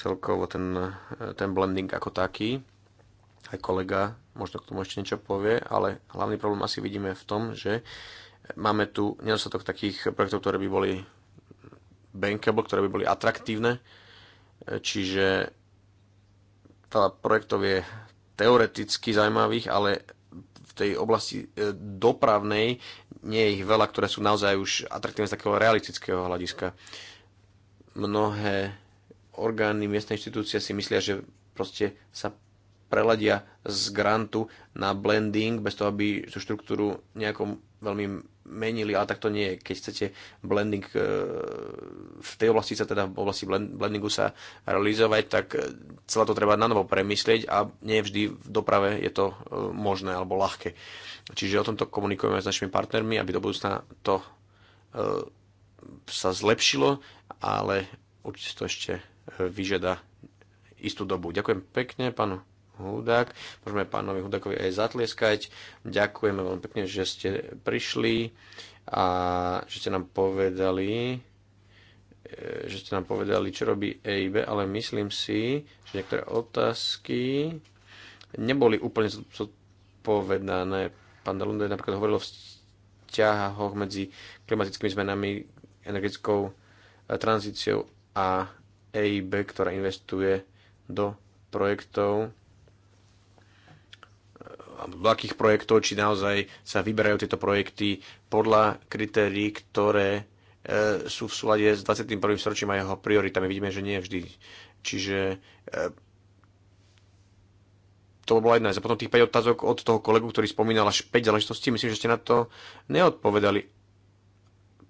celkovo ten, ten blending ako taký. Aj kolega možno k tomu ešte niečo povie, ale hlavný problém asi vidíme v tom, že máme tu nedostatok takých projektov, ktoré by boli bankable, ktoré by boli atraktívne, čiže veľa projektov je teoreticky zaujímavých, ale v tej oblasti e, dopravnej nie je ich veľa, ktoré sú naozaj už atraktívne z takého realistického hľadiska. Mnohé orgány, miestne inštitúcie si myslia, že proste sa preladia z grantu na blending, bez toho, aby tú štruktúru nejako veľmi menili, ale tak to nie je. Keď chcete blending, e, v tej oblasti sa teda v oblasti blendingu sa realizovať, tak celé to treba na novo premyslieť a nie vždy v doprave je to e, možné alebo ľahké. Čiže o tomto komunikujeme s našimi partnermi, aby do budúcna to e, sa zlepšilo, ale určite to ešte vyžiada istú dobu. Ďakujem pekne, pán Hudák. Môžeme pánovi Hudákovi aj zatlieskať. Ďakujeme veľmi pekne, že ste prišli a že ste nám povedali, e, že ste nám povedali, čo robí EIB, ale myslím si, že niektoré otázky neboli úplne zodpovedané. Pán Dalunde napríklad hovoril o vzťahoch medzi klimatickými zmenami, energetickou e, tranzíciou a EIB, ktorá investuje do projektov, alebo do akých projektov, či naozaj sa vyberajú tieto projekty podľa kritérií, ktoré e, sú v súlade s 21. storočím a jeho prioritami. Vidíme, že nie vždy. Čiže e, to bola jedna. A potom tých 5 otázok od toho kolegu, ktorý spomínal až 5 záležitostí. Myslím, že ste na to neodpovedali.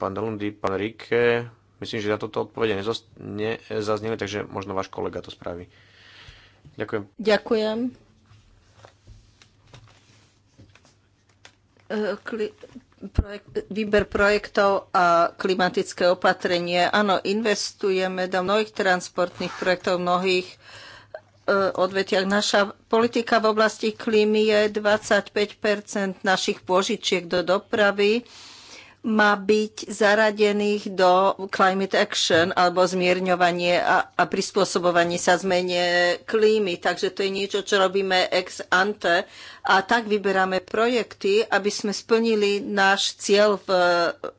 Pán Dalundy, pán Rike, Myslím, že na toto odpovede nezazneli, takže možno váš kolega to spraví. Ďakujem. Ďakujem. E, Projekt, výber projektov a klimatické opatrenie. Áno, investujeme do mnohých transportných projektov, mnohých e, odvetiach. Naša politika v oblasti klímy je 25 našich požičiek do dopravy má byť zaradených do climate action alebo zmierňovanie a, a prispôsobovanie sa zmene klímy. Takže to je niečo, čo robíme ex ante a tak vyberáme projekty, aby sme splnili náš cieľ v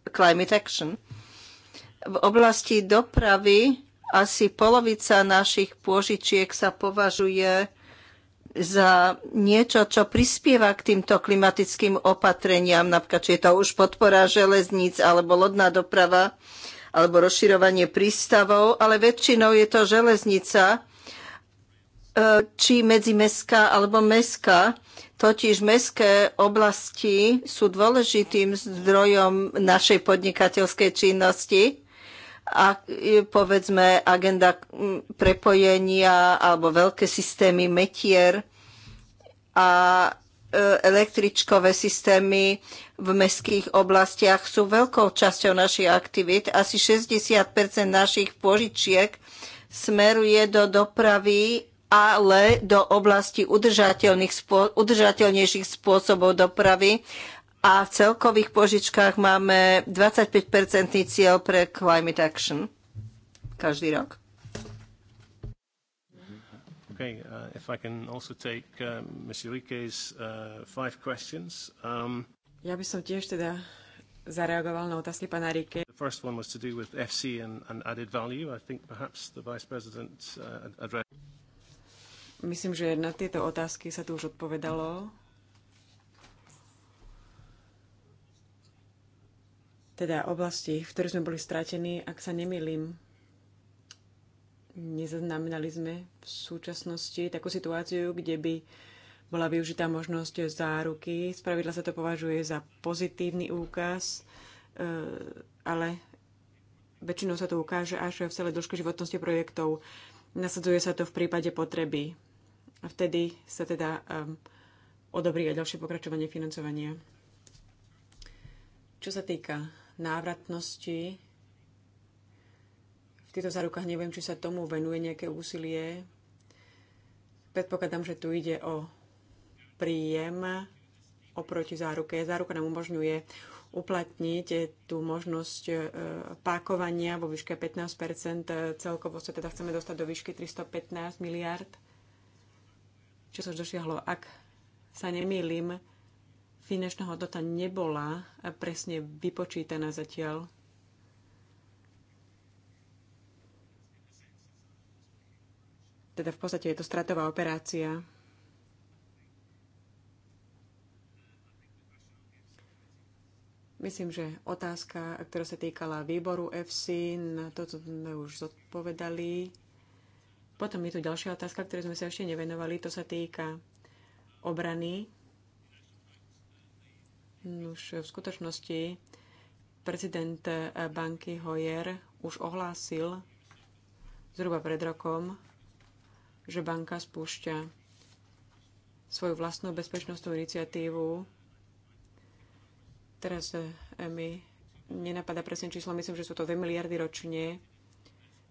climate action. V oblasti dopravy asi polovica našich pôžičiek sa považuje za niečo, čo prispieva k týmto klimatickým opatreniam, napríklad či je to už podpora železníc alebo lodná doprava alebo rozširovanie prístavov, ale väčšinou je to železnica, e, či medzimestská alebo mestská. Totiž mestské oblasti sú dôležitým zdrojom našej podnikateľskej činnosti a povedzme agenda mm, prepojenia alebo veľké systémy metier a e, električkové systémy v mestských oblastiach sú veľkou časťou našich aktivít. Asi 60 našich požičiek smeruje do dopravy, ale do oblasti udržateľných, udržateľnejších spôsobov dopravy a v celkových požičkách máme 25-percentný cieľ pre climate action každý rok. Okay, uh, if I can also take uh, Ms. uh, five questions. Um, ja by som tiež teda zareagoval na otázky pana Rike. The first one was to do with FC and, and added value. I think perhaps the Vice President uh, addressed Myslím, že na tieto otázky sa tu už odpovedalo teda oblasti, v ktorých sme boli stratení, ak sa nemýlim, nezaznamenali sme v súčasnosti takú situáciu, kde by bola využitá možnosť záruky. Spravidla sa to považuje za pozitívny úkaz, eh, ale väčšinou sa to ukáže až v celej dĺžke životnosti projektov. Nasadzuje sa to v prípade potreby. A vtedy sa teda um, odobrí aj ďalšie pokračovanie financovania. Čo sa týka návratnosti. V týchto zárukách neviem, či sa tomu venuje nejaké úsilie. Predpokladám, že tu ide o príjem oproti záruke. Záruka nám umožňuje uplatniť tú možnosť e, pákovania vo výške 15 Celkovo sa teda chceme dostať do výšky 315 miliard, čo sa už dosiahlo, ak sa nemýlim finančná hodnota nebola presne vypočítaná zatiaľ. Teda v podstate je to stratová operácia. Myslím, že otázka, ktorá sa týkala výboru FC, na to sme už zodpovedali. Potom je tu ďalšia otázka, ktorej sme sa ešte nevenovali. To sa týka obrany už v skutočnosti prezident banky Hoyer už ohlásil zhruba pred rokom, že banka spúšťa svoju vlastnú bezpečnostnú iniciatívu. Teraz eh, mi nenapadá presne číslo, myslím, že sú to 2 miliardy ročne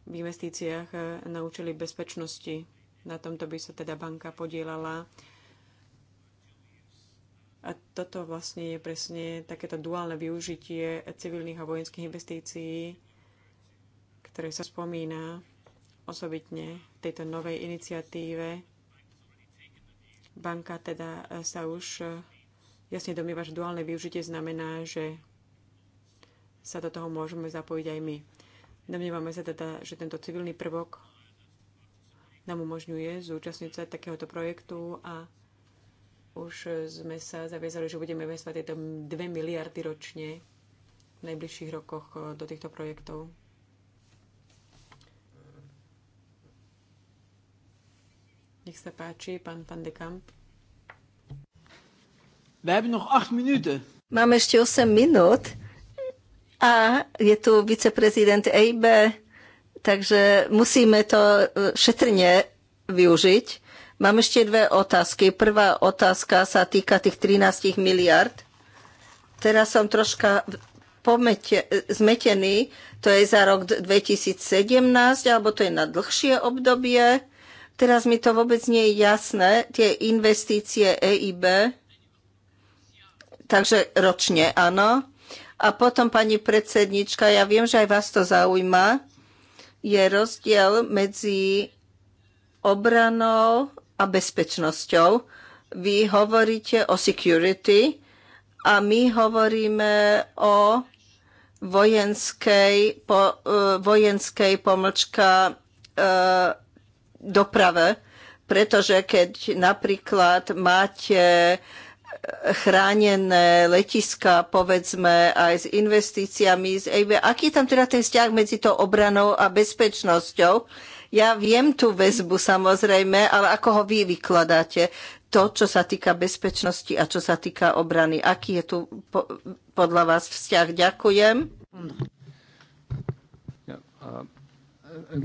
v investíciách eh, na účely bezpečnosti. Na tomto by sa teda banka podielala toto vlastne je presne takéto duálne využitie civilných a vojenských investícií, ktoré sa spomína osobitne v tejto novej iniciatíve. Banka teda sa už jasne domýva, že duálne využitie znamená, že sa do toho môžeme zapojiť aj my. Domnievame sa teda, že tento civilný prvok nám umožňuje zúčastniť sa takéhoto projektu a už sme sa zaviazali, že budeme investovať tieto 2 miliardy ročne v najbližších rokoch eh, do týchto projektov. Nech sa páči, pán Van de Kamp. Máme ešte 8 minút a je tu viceprezident EIB, takže musíme to eh, šetrne využiť. Mám ešte dve otázky. Prvá otázka sa týka tých 13 miliard. Teraz som troška pomete, zmetený. To je za rok 2017, alebo to je na dlhšie obdobie. Teraz mi to vôbec nie je jasné. Tie investície EIB, takže ročne, áno. A potom, pani predsednička, ja viem, že aj vás to zaujíma, je rozdiel medzi obranou a bezpečnosťou. Vy hovoríte o security a my hovoríme o vojenskej, po, e, vojenskej pomlčka e, doprave, pretože keď napríklad máte e, chránené letiska, povedzme, aj s investíciami, z EIB. Aký je tam teda ten vzťah medzi tou obranou a bezpečnosťou? Ja viem tú väzbu samozrejme, ale ako ho vy vykladáte? To, čo sa týka bezpečnosti a čo sa týka obrany. Aký je tu po, podľa vás vzťah? Ďakujem. Uh,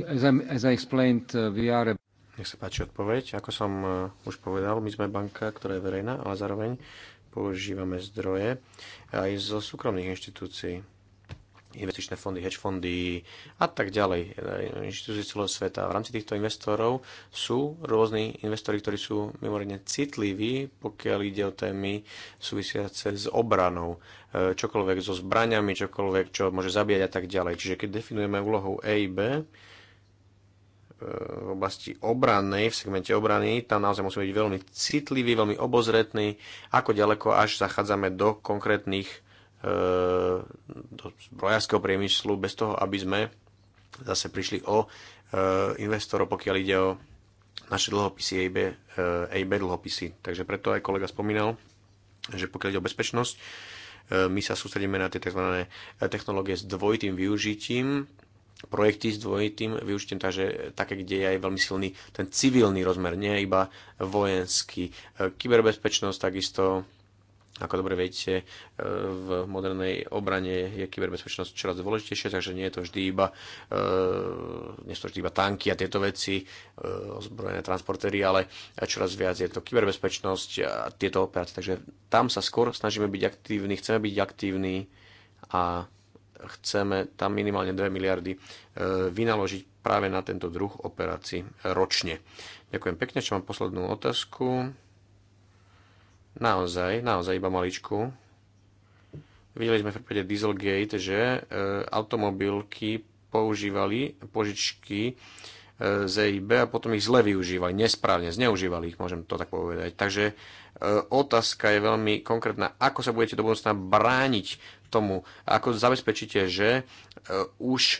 uh, Nech sa páči odpoveď. Ako som uh, už povedal, my sme banka, ktorá je verejná, ale zároveň používame zdroje aj zo súkromných inštitúcií investičné fondy, hedge fondy a tak ďalej. Inštitúcie celého sveta. V rámci týchto investorov sú rôzni investori, ktorí sú mimoriadne citliví, pokiaľ ide o témy súvisiace s obranou. E, čokoľvek so zbraniami, čokoľvek, čo môže zabíjať a tak ďalej. Čiže keď definujeme úlohu EIB, e, v oblasti obrannej, v segmente obrany, tam naozaj musíme byť veľmi citlivý, veľmi obozretný, ako ďaleko až zachádzame do konkrétnych E, do zbrojárskeho priemyslu bez toho, aby sme zase prišli o e, investorov, pokiaľ ide o naše dlhopisy EIB, EIB dlhopisy. Takže preto aj kolega spomínal, že pokiaľ ide o bezpečnosť, e, my sa sústredíme na tie tzv. technológie s dvojitým využitím, projekty s dvojitým využitím, takže také, kde je aj veľmi silný ten civilný rozmer, nie iba vojenský. Kyberbezpečnosť takisto, ako dobre viete, e, v modernej obrane je kyberbezpečnosť čoraz dôležitejšia, takže nie je to vždy iba, e, nie sú to vždy iba tanky a tieto veci, e, ozbrojené transportéry, ale čoraz viac je to kyberbezpečnosť a tieto operácie. Takže tam sa skôr snažíme byť aktívni, chceme byť aktívni a chceme tam minimálne 2 miliardy vynaložiť práve na tento druh operácií ročne. Ďakujem pekne, čo mám poslednú otázku. Naozaj, naozaj iba maličku. Videli sme v prípade Dieselgate, že e, automobilky používali požičky e, z EIB a potom ich zle využívali, nesprávne, zneužívali ich, môžem to tak povedať. Takže e, otázka je veľmi konkrétna. Ako sa budete do budúcna brániť tomu? Ako zabezpečíte, že e, už e,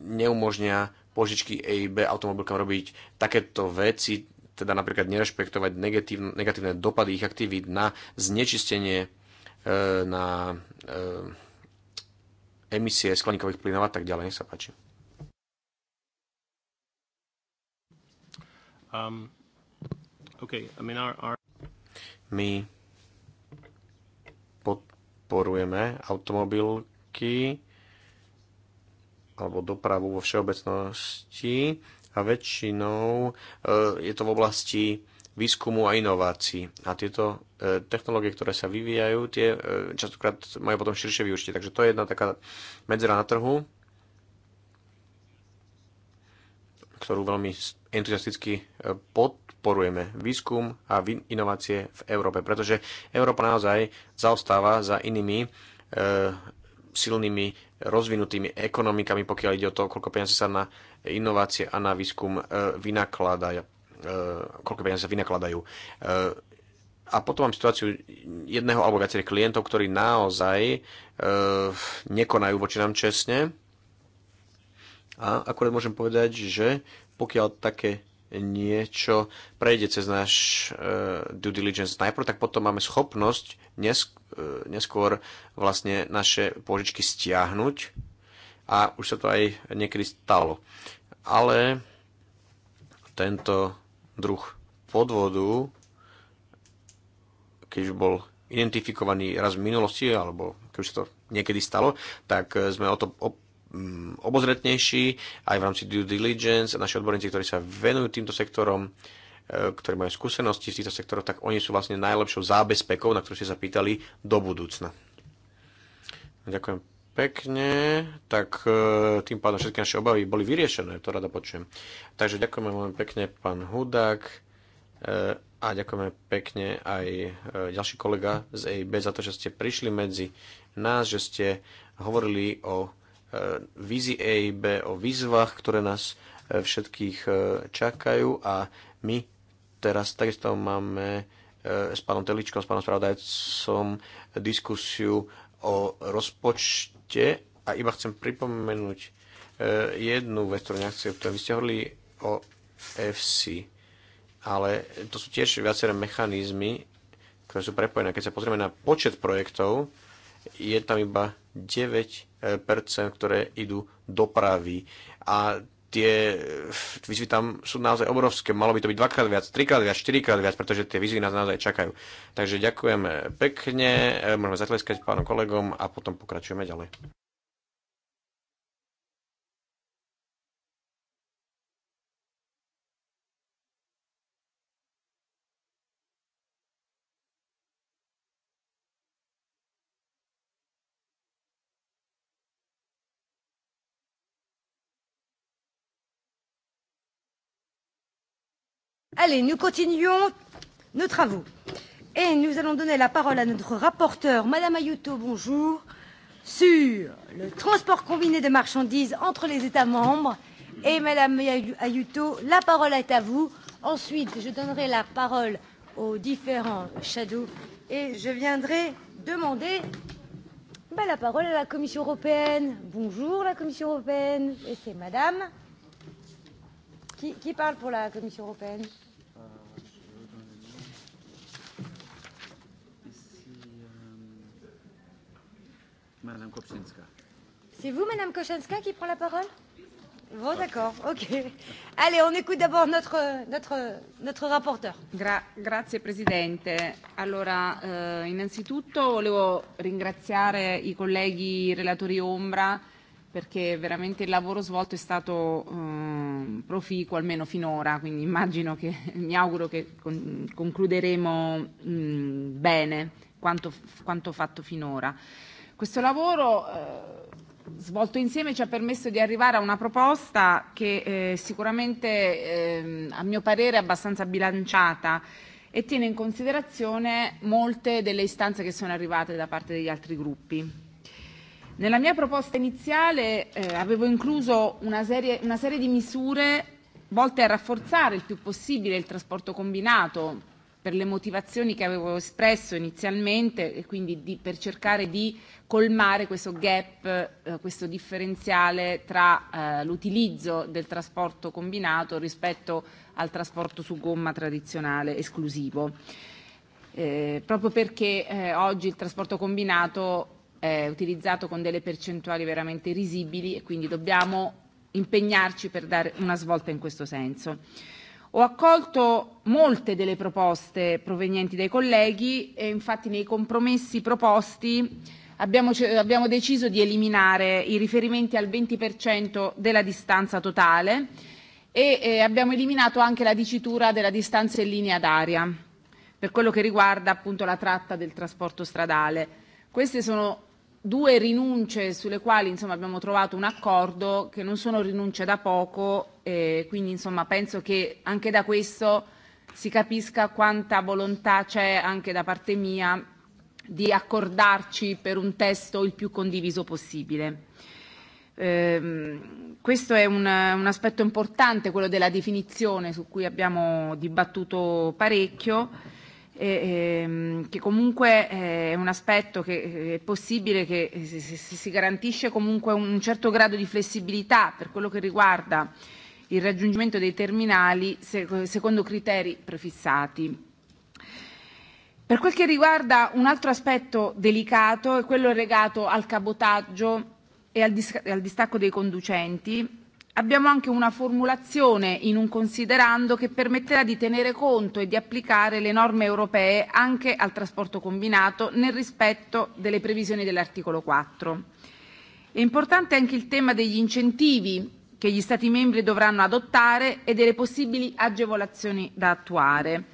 neumožňa požičky EIB automobilkám robiť takéto veci, teda napríklad nerešpektovať negatívne, negatívne dopady ich aktivít na znečistenie, e, na e, emisie skleníkových plynov a tak ďalej. Nech sa páči. Um, okay. I mean, our, our... My podporujeme automobilky alebo dopravu vo všeobecnosti a väčšinou e, je to v oblasti výskumu a inovácií. A tieto e, technológie, ktoré sa vyvíjajú, tie e, častokrát majú potom širšie využitie. Takže to je jedna taká medzera na trhu, ktorú veľmi entuziasticky podporujeme. Výskum a inovácie v Európe, pretože Európa naozaj zaostáva za inými silnými rozvinutými ekonomikami, pokiaľ ide o to, koľko peniazy sa na inovácie a na výskum e, vynakladajú. E, koľko peniazy sa vynakladajú. E, a potom mám situáciu jedného alebo viacerých klientov, ktorí naozaj nekonajú voči nám čestne. A akorát môžem povedať, že pokiaľ také niečo prejde cez náš uh, due diligence najprv, tak potom máme schopnosť nesk- uh, e, neskôr vlastne naše požičky stiahnuť a už sa to aj niekedy stalo. Ale tento druh podvodu, keď už bol identifikovaný raz v minulosti, alebo keď už sa to niekedy stalo, tak sme o to Mm, obozretnejší aj v rámci due diligence. Naši odborníci, ktorí sa venujú týmto sektorom, e, ktorí majú skúsenosti v týchto sektoroch, tak oni sú vlastne najlepšou zábezpekou, na ktorú ste sa pýtali, do budúcna. Ďakujem pekne. Tak e, tým pádom všetky naše obavy boli vyriešené, to rada počujem. Takže ďakujeme veľmi pekne, pán Hudák. E, a ďakujeme pekne aj ďalší kolega z EIB za to, že ste prišli medzi nás, že ste hovorili o Eh, vizi EIB, o výzvach, ktoré nás eh, všetkých eh, čakajú a my teraz takisto máme s pánom Teličkom, s pánom spravodajcom diskusiu o rozpočte a iba chcem pripomenúť jednu vec, ktorú ktorú Vy ste hovorili o FC, ale to sú tiež viaceré mechanizmy, ktoré sú prepojené. Keď sa pozrieme na počet projektov, je tam iba 9%, e, ktoré idú dopravy. A tie e, výzvy tam sú naozaj obrovské. Malo by to byť dvakrát viac, trikrát viac, štyrikrát viac, pretože tie výzvy nás naozaj čakajú. Takže ďakujeme pekne, e, môžeme zatleskať pánom kolegom a potom pokračujeme ďalej. Allez, nous continuons nos travaux. Et nous allons donner la parole à notre rapporteur, Madame Ayuto, bonjour, sur le transport combiné de marchandises entre les États membres. Et Madame Ayuto, la parole est à vous. Ensuite, je donnerai la parole aux différents shadows et je viendrai demander ben, la parole à la Commission européenne. Bonjour la Commission européenne. Et c'est Madame qui, qui parle pour la Commission européenne. Madame Kopczynska. C'est vous, Madame Koscinska, qui prend la parole Bon, d'accord, ok. Allez, on écoute d'abord notre, notre, notre rapporteur. Gra grazie Presidente. Allora, euh, innanzitutto volevo ringraziare i colleghi relatori Ombra perché veramente il lavoro svolto è stato eh, proficuo, almeno finora, quindi immagino che, mi auguro che con, concluderemo mh, bene quanto, quanto fatto finora. Questo lavoro eh, svolto insieme ci ha permesso di arrivare a una proposta che eh, sicuramente, eh, a mio parere, è abbastanza bilanciata e tiene in considerazione molte delle istanze che sono arrivate da parte degli altri gruppi. Nella mia proposta iniziale eh, avevo incluso una serie, una serie di misure volte a rafforzare il più possibile il trasporto combinato, per le motivazioni che avevo espresso inizialmente e quindi di, per cercare di colmare questo gap, eh, questo differenziale tra eh, l'utilizzo del trasporto combinato rispetto al trasporto su gomma tradizionale esclusivo. Eh, proprio perché eh, oggi il trasporto combinato è utilizzato con delle percentuali veramente risibili e quindi dobbiamo impegnarci per dare una svolta in questo senso. Ho accolto molte delle proposte provenienti dai colleghi e infatti nei compromessi proposti abbiamo, abbiamo deciso di eliminare i riferimenti al 20% della distanza totale e eh, abbiamo eliminato anche la dicitura della distanza in linea d'aria per quello che riguarda appunto la tratta del trasporto stradale. Queste sono due rinunce sulle quali insomma, abbiamo trovato un accordo che non sono rinunce da poco, e quindi insomma, penso che anche da questo si capisca quanta volontà c'è anche da parte mia di accordarci per un testo il più condiviso possibile. Ehm, questo è un, un aspetto importante, quello della definizione, su cui abbiamo dibattuto parecchio e, e, che comunque è un aspetto che eh, è possibile che si, si garantisce comunque un certo grado di flessibilità per quello che riguarda il raggiungimento dei terminali secondo criteri prefissati. Per quel che riguarda un altro aspetto delicato e è quello legato al cabotaggio e al, dis- al distacco dei conducenti Abbiamo anche una formulazione in un considerando che permetterà di tenere conto e di applicare le norme europee anche al trasporto combinato nel rispetto delle previsioni dell'articolo 4. È importante anche il tema degli incentivi che gli Stati membri dovranno adottare e delle possibili agevolazioni da attuare.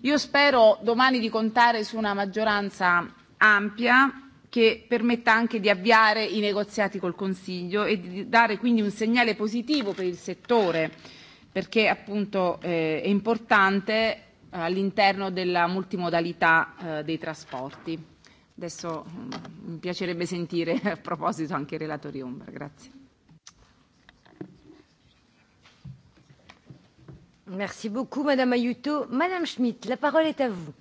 Io spero domani di contare su una maggioranza ampia che permetta anche di avviare i negoziati col Consiglio e di dare quindi un segnale positivo per il settore, perché appunto eh, è importante all'interno della multimodalità eh, dei trasporti. Adesso mh, mm, mi piacerebbe sentire a proposito anche i relatori Ombra. Grazie. Merci beaucoup, Madame Ayuto. Madame Schmidt, la parola è a voi.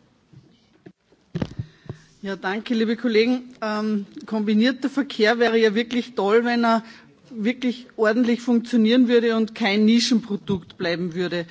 Ja, danke, liebe Kollegen. Ähm, kombinierter Verkehr wäre ja wirklich toll, wenn er wirklich ordentlich funktionieren würde und kein Nischenprodukt bleiben würde.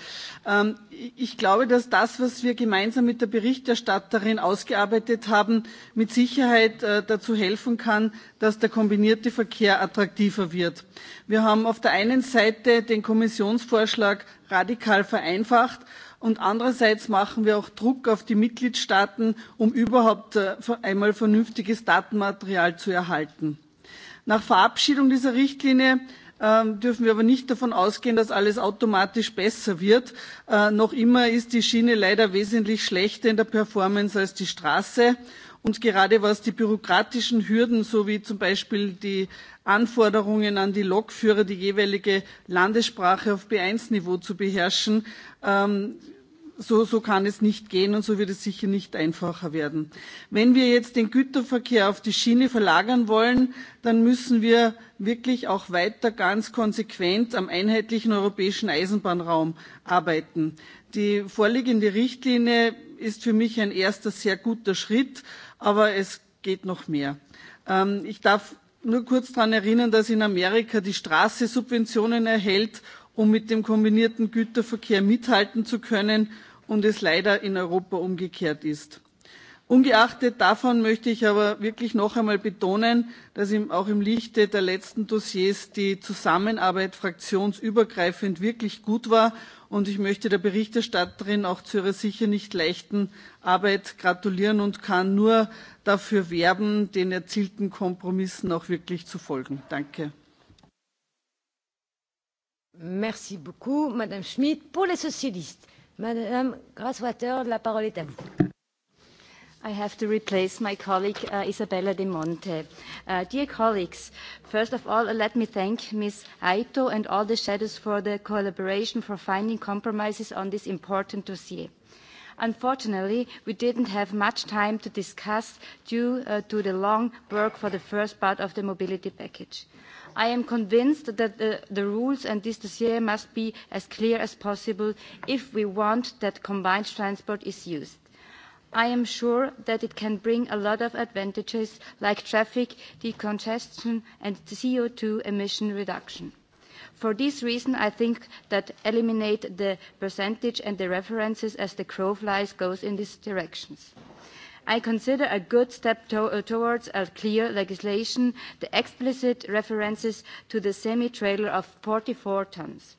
Ähm, ich glaube, dass das, was wir gemeinsam mit der Berichterstatterin ausgearbeitet haben, mit Sicherheit äh, dazu helfen kann, dass der kombinierte Verkehr attraktiver wird. Wir haben auf der einen Seite den Kommissionsvorschlag radikal vereinfacht und andererseits machen wir auch Druck auf die Mitgliedstaaten, um überhaupt äh, einmal vernünftiges Datenmaterial zu erhalten. Nach Verabschiedung dieser Richtlinie ähm, dürfen wir aber nicht davon ausgehen, dass alles automatisch besser wird. Äh, noch immer ist die Schiene leider wesentlich schlechter in der Performance als die Straße. Und gerade was die bürokratischen Hürden wie zum Beispiel die Anforderungen an die Lokführer, die jeweilige Landessprache auf B1-Niveau zu beherrschen, ähm, so, so kann es nicht gehen und so wird es sicher nicht einfacher werden. Wenn wir jetzt den Güterverkehr auf die Schiene verlagern wollen, dann müssen wir wirklich auch weiter ganz konsequent am einheitlichen europäischen Eisenbahnraum arbeiten. Die vorliegende Richtlinie ist für mich ein erster sehr guter Schritt, aber es geht noch mehr. Ähm, ich darf nur kurz daran erinnern, dass in Amerika die Straße Subventionen erhält um mit dem kombinierten Güterverkehr mithalten zu können und es leider in Europa umgekehrt ist. Ungeachtet davon möchte ich aber wirklich noch einmal betonen, dass auch im Lichte der letzten Dossiers die Zusammenarbeit fraktionsübergreifend wirklich gut war. Und ich möchte der Berichterstatterin auch zu ihrer sicher nicht leichten Arbeit gratulieren und kann nur dafür werben, den erzielten Kompromissen auch wirklich zu folgen. Danke. I have to replace my colleague uh, Isabella De Monte. Uh, dear colleagues, first of all, uh, let me thank Ms. Aito and all the shadows for the collaboration for finding compromises on this important dossier. Unfortunately, we didn't have much time to discuss due to the long work for the first part of the mobility package. I am convinced that the, the rules and this dossier must be as clear as possible if we want that combined transport is used. I am sure that it can bring a lot of advantages like traffic decongestion and co two emission reduction. For this reason, I think that eliminate the percentage and the references as the crow flies goes in these directions. I consider a good step to uh, towards a clear legislation the explicit references to the semi-trailer of 44 tons.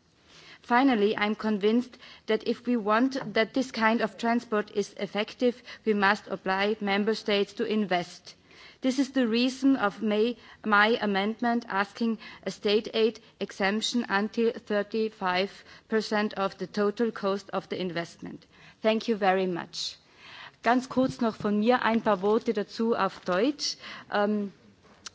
Finally, I am convinced that if we want that this kind of transport is effective, we must oblige member states to invest. This is the reason of my, my amendment asking a state aid exemption until 35% of the total cost of the investment. Thank you very much. Ganz kurz noch von mir ein paar Worte dazu auf Deutsch. Ähm,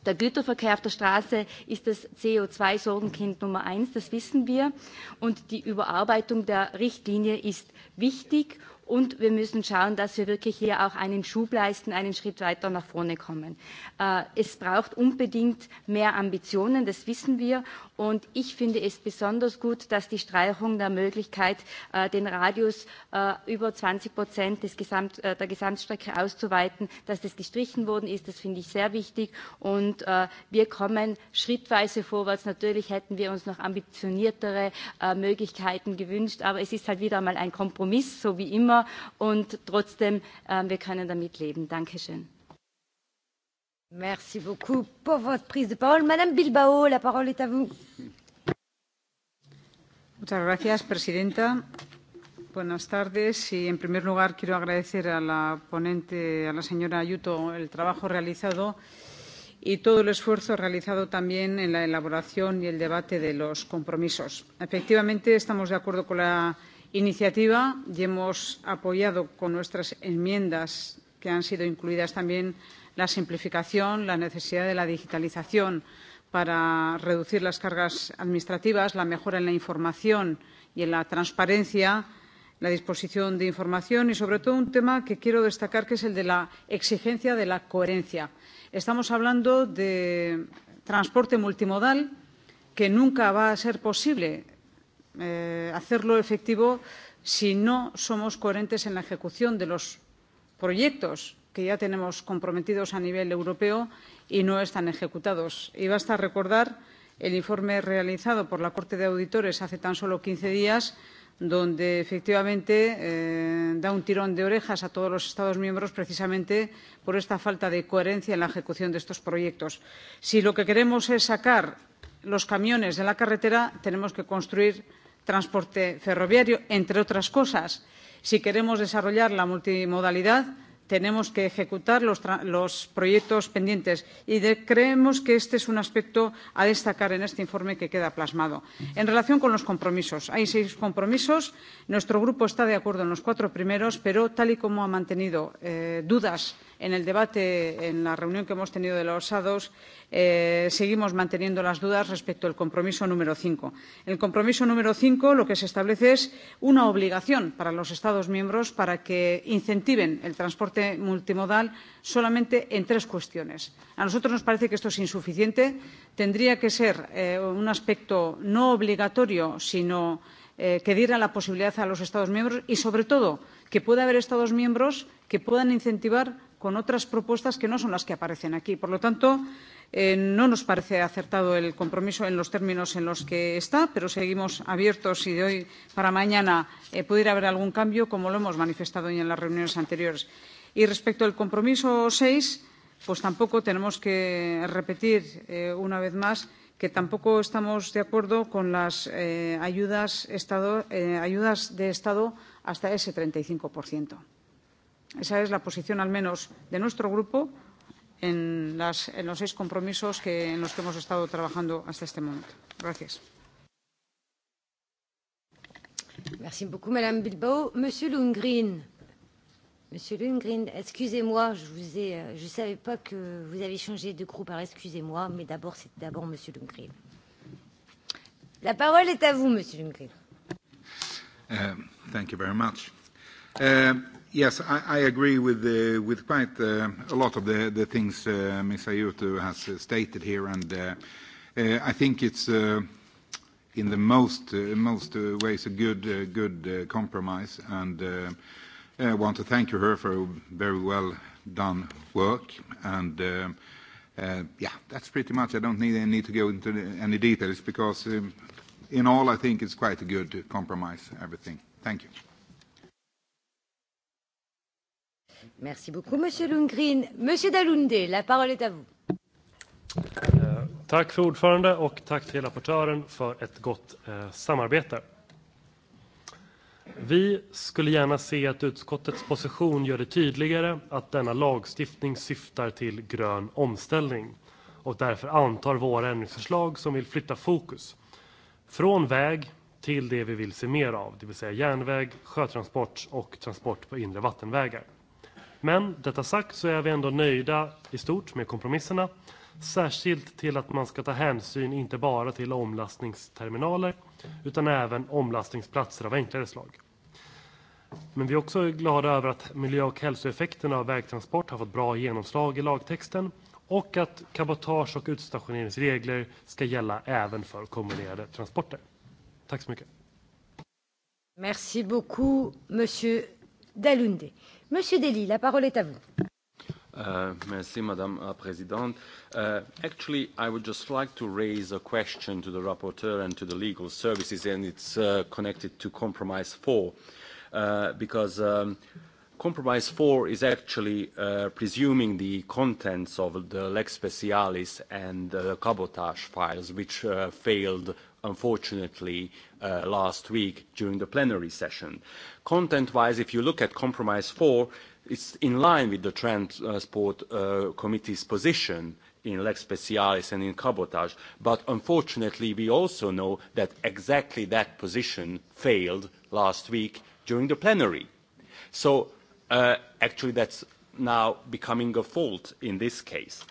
Der Güterverkehr auf der Straße ist das CO2-Sorgenkind Nummer eins, das wissen wir. Und die Überarbeitung der Richtlinie ist wichtig. Und wir müssen schauen, dass wir wirklich hier auch einen Schub leisten, einen Schritt weiter nach vorne kommen. Äh, es braucht unbedingt mehr Ambitionen, das wissen wir. Und ich finde es besonders gut, dass die Streichung der Möglichkeit, äh, den Radius äh, über 20 Prozent Gesamt, äh, der Gesamtstrecke auszuweiten, dass das gestrichen worden ist. Das finde ich sehr wichtig. Und äh, wir kommen schrittweise vorwärts. Natürlich hätten wir uns noch ambitioniertere äh, Möglichkeiten gewünscht, aber es ist halt wieder mal ein Kompromiss, so wie immer. Und trotzdem, äh, wir können damit leben. Dankeschön. Merci beaucoup pour votre prise de parole. Madame Bilbao, la parole est à vous. Muchas gracias, presidenta. Buenas tardes. Y en primer lugar, quiero agradecer a la ponente, a la señora Ayuto, el trabajo realizado y todo el esfuerzo realizado también en la elaboración y el debate de los compromisos. Efectivamente, estamos de acuerdo con la iniciativa y hemos apoyado con nuestras enmiendas que han sido incluidas también la simplificación, la necesidad de la digitalización para reducir las cargas administrativas, la mejora en la información y en la transparencia, la disposición de información y, sobre todo, un tema que quiero destacar, que es el de la exigencia de la coherencia. Estamos hablando de transporte multimodal que nunca va a ser posible eh, hacerlo efectivo si no somos coherentes en la ejecución de los proyectos que ya tenemos comprometidos a nivel europeo y no están ejecutados. Y basta recordar el informe realizado por la Corte de Auditores hace tan solo quince días, donde efectivamente eh, da un tirón de orejas a todos los Estados miembros precisamente por esta falta de coherencia en la ejecución de estos proyectos. Si lo que queremos es sacar los camiones de la carretera, tenemos que construir transporte ferroviario, entre otras cosas. Si queremos desarrollar la multimodalidad, tenemos que ejecutar los, los proyectos pendientes y de, creemos que este es un aspecto a destacar en este informe que queda plasmado. En relación con los compromisos, hay seis compromisos. Nuestro grupo está de acuerdo en los cuatro primeros, pero tal y como ha mantenido eh, dudas en el debate, en la reunión que hemos tenido de los ados, eh, seguimos manteniendo las dudas respecto al compromiso número cinco. En el compromiso número cinco lo que se establece es una obligación para los Estados miembros para que incentiven el transporte multimodal solamente en tres cuestiones. A nosotros nos parece que esto es insuficiente. Tendría que ser eh, un aspecto no obligatorio, sino eh, que diera la posibilidad a los Estados miembros y, sobre todo, que pueda haber Estados miembros que puedan incentivar con otras propuestas que no son las que aparecen aquí. Por lo tanto, eh, no nos parece acertado el compromiso en los términos en los que está, pero seguimos abiertos y de hoy para mañana eh, pudiera haber algún cambio, como lo hemos manifestado en las reuniones anteriores. Y respecto al compromiso seis, pues tampoco tenemos que repetir eh, una vez más que tampoco estamos de acuerdo con las eh, ayudas, estado, eh, ayudas de Estado hasta ese 35%. y esa es la posición al menos de nuestro grupo en, las, en los seis compromisos que, en los que hemos estado trabajando hasta este momento. Gracias. Merci beaucoup, Madame Bilbao. Monsieur Lundgren, Monsieur Lundgren, excusez-moi, je vous ai, euh, je savais pas que vous avez changé de groupe, alors excusez-moi, mais d'abord, c'est d'abord Monsieur Lundgren. La parole est à vous, Monsieur Lundgren. Uh, thank you very much. Uh, Yes, I, I agree with, uh, with quite uh, a lot of the, the things uh, Ms. Aiuto has uh, stated here, and uh, uh, I think it's in the most, most ways a good, good compromise, and I want to thank her for very well done work. And yeah, that's pretty much. I don't need, need to go into any details because um, in all, I think it's quite a good compromise, everything. Thank you. Merci beaucoup, Monsieur Lundgren. Monsieur Dalunde, la parole est à vous. Eh, tack för ordförande och tack till rapportören för ett gott eh, samarbete. Vi skulle gärna se att utskottets position gör det tydligare att denna lagstiftning syftar till grön omställning och därför antar våra ändringsförslag som vill flytta fokus från väg till det vi vill se mer av, det vill säga järnväg, sjötransport och transport på inre vattenvägar. Men detta sagt så är vi ändå nöjda i stort med kompromisserna. Särskilt till att man ska ta hänsyn inte bara till omlastningsterminaler utan även omlastningsplatser av enklare slag. Men vi är också glada över att miljö och hälsoeffekterna av vägtransport har fått bra genomslag i lagtexten och att kabotage och utstationeringsregler ska gälla även för kombinerade transporter. Tack så mycket. Merci beaucoup, monsieur Dalunde. Monsieur Dely, la parole est à vous. Uh, merci, Madame la Présidente. Uh, actually, I would just like to raise a question to the rapporteur and to the legal services, and it's uh, connected to Compromise 4, uh, because um, Compromise 4 is actually uh, presuming the contents of the Lex Specialis and the uh, Cabotage files, which uh, failed unfortunately, uh, last week during the plenary session. Content-wise, if you look at Compromise 4, it's in line with the Transport uh, Committee's position in lex specialis and in cabotage. But unfortunately, we also know that exactly that position failed last week during the plenary. So uh, actually, that's now becoming a fault in this case.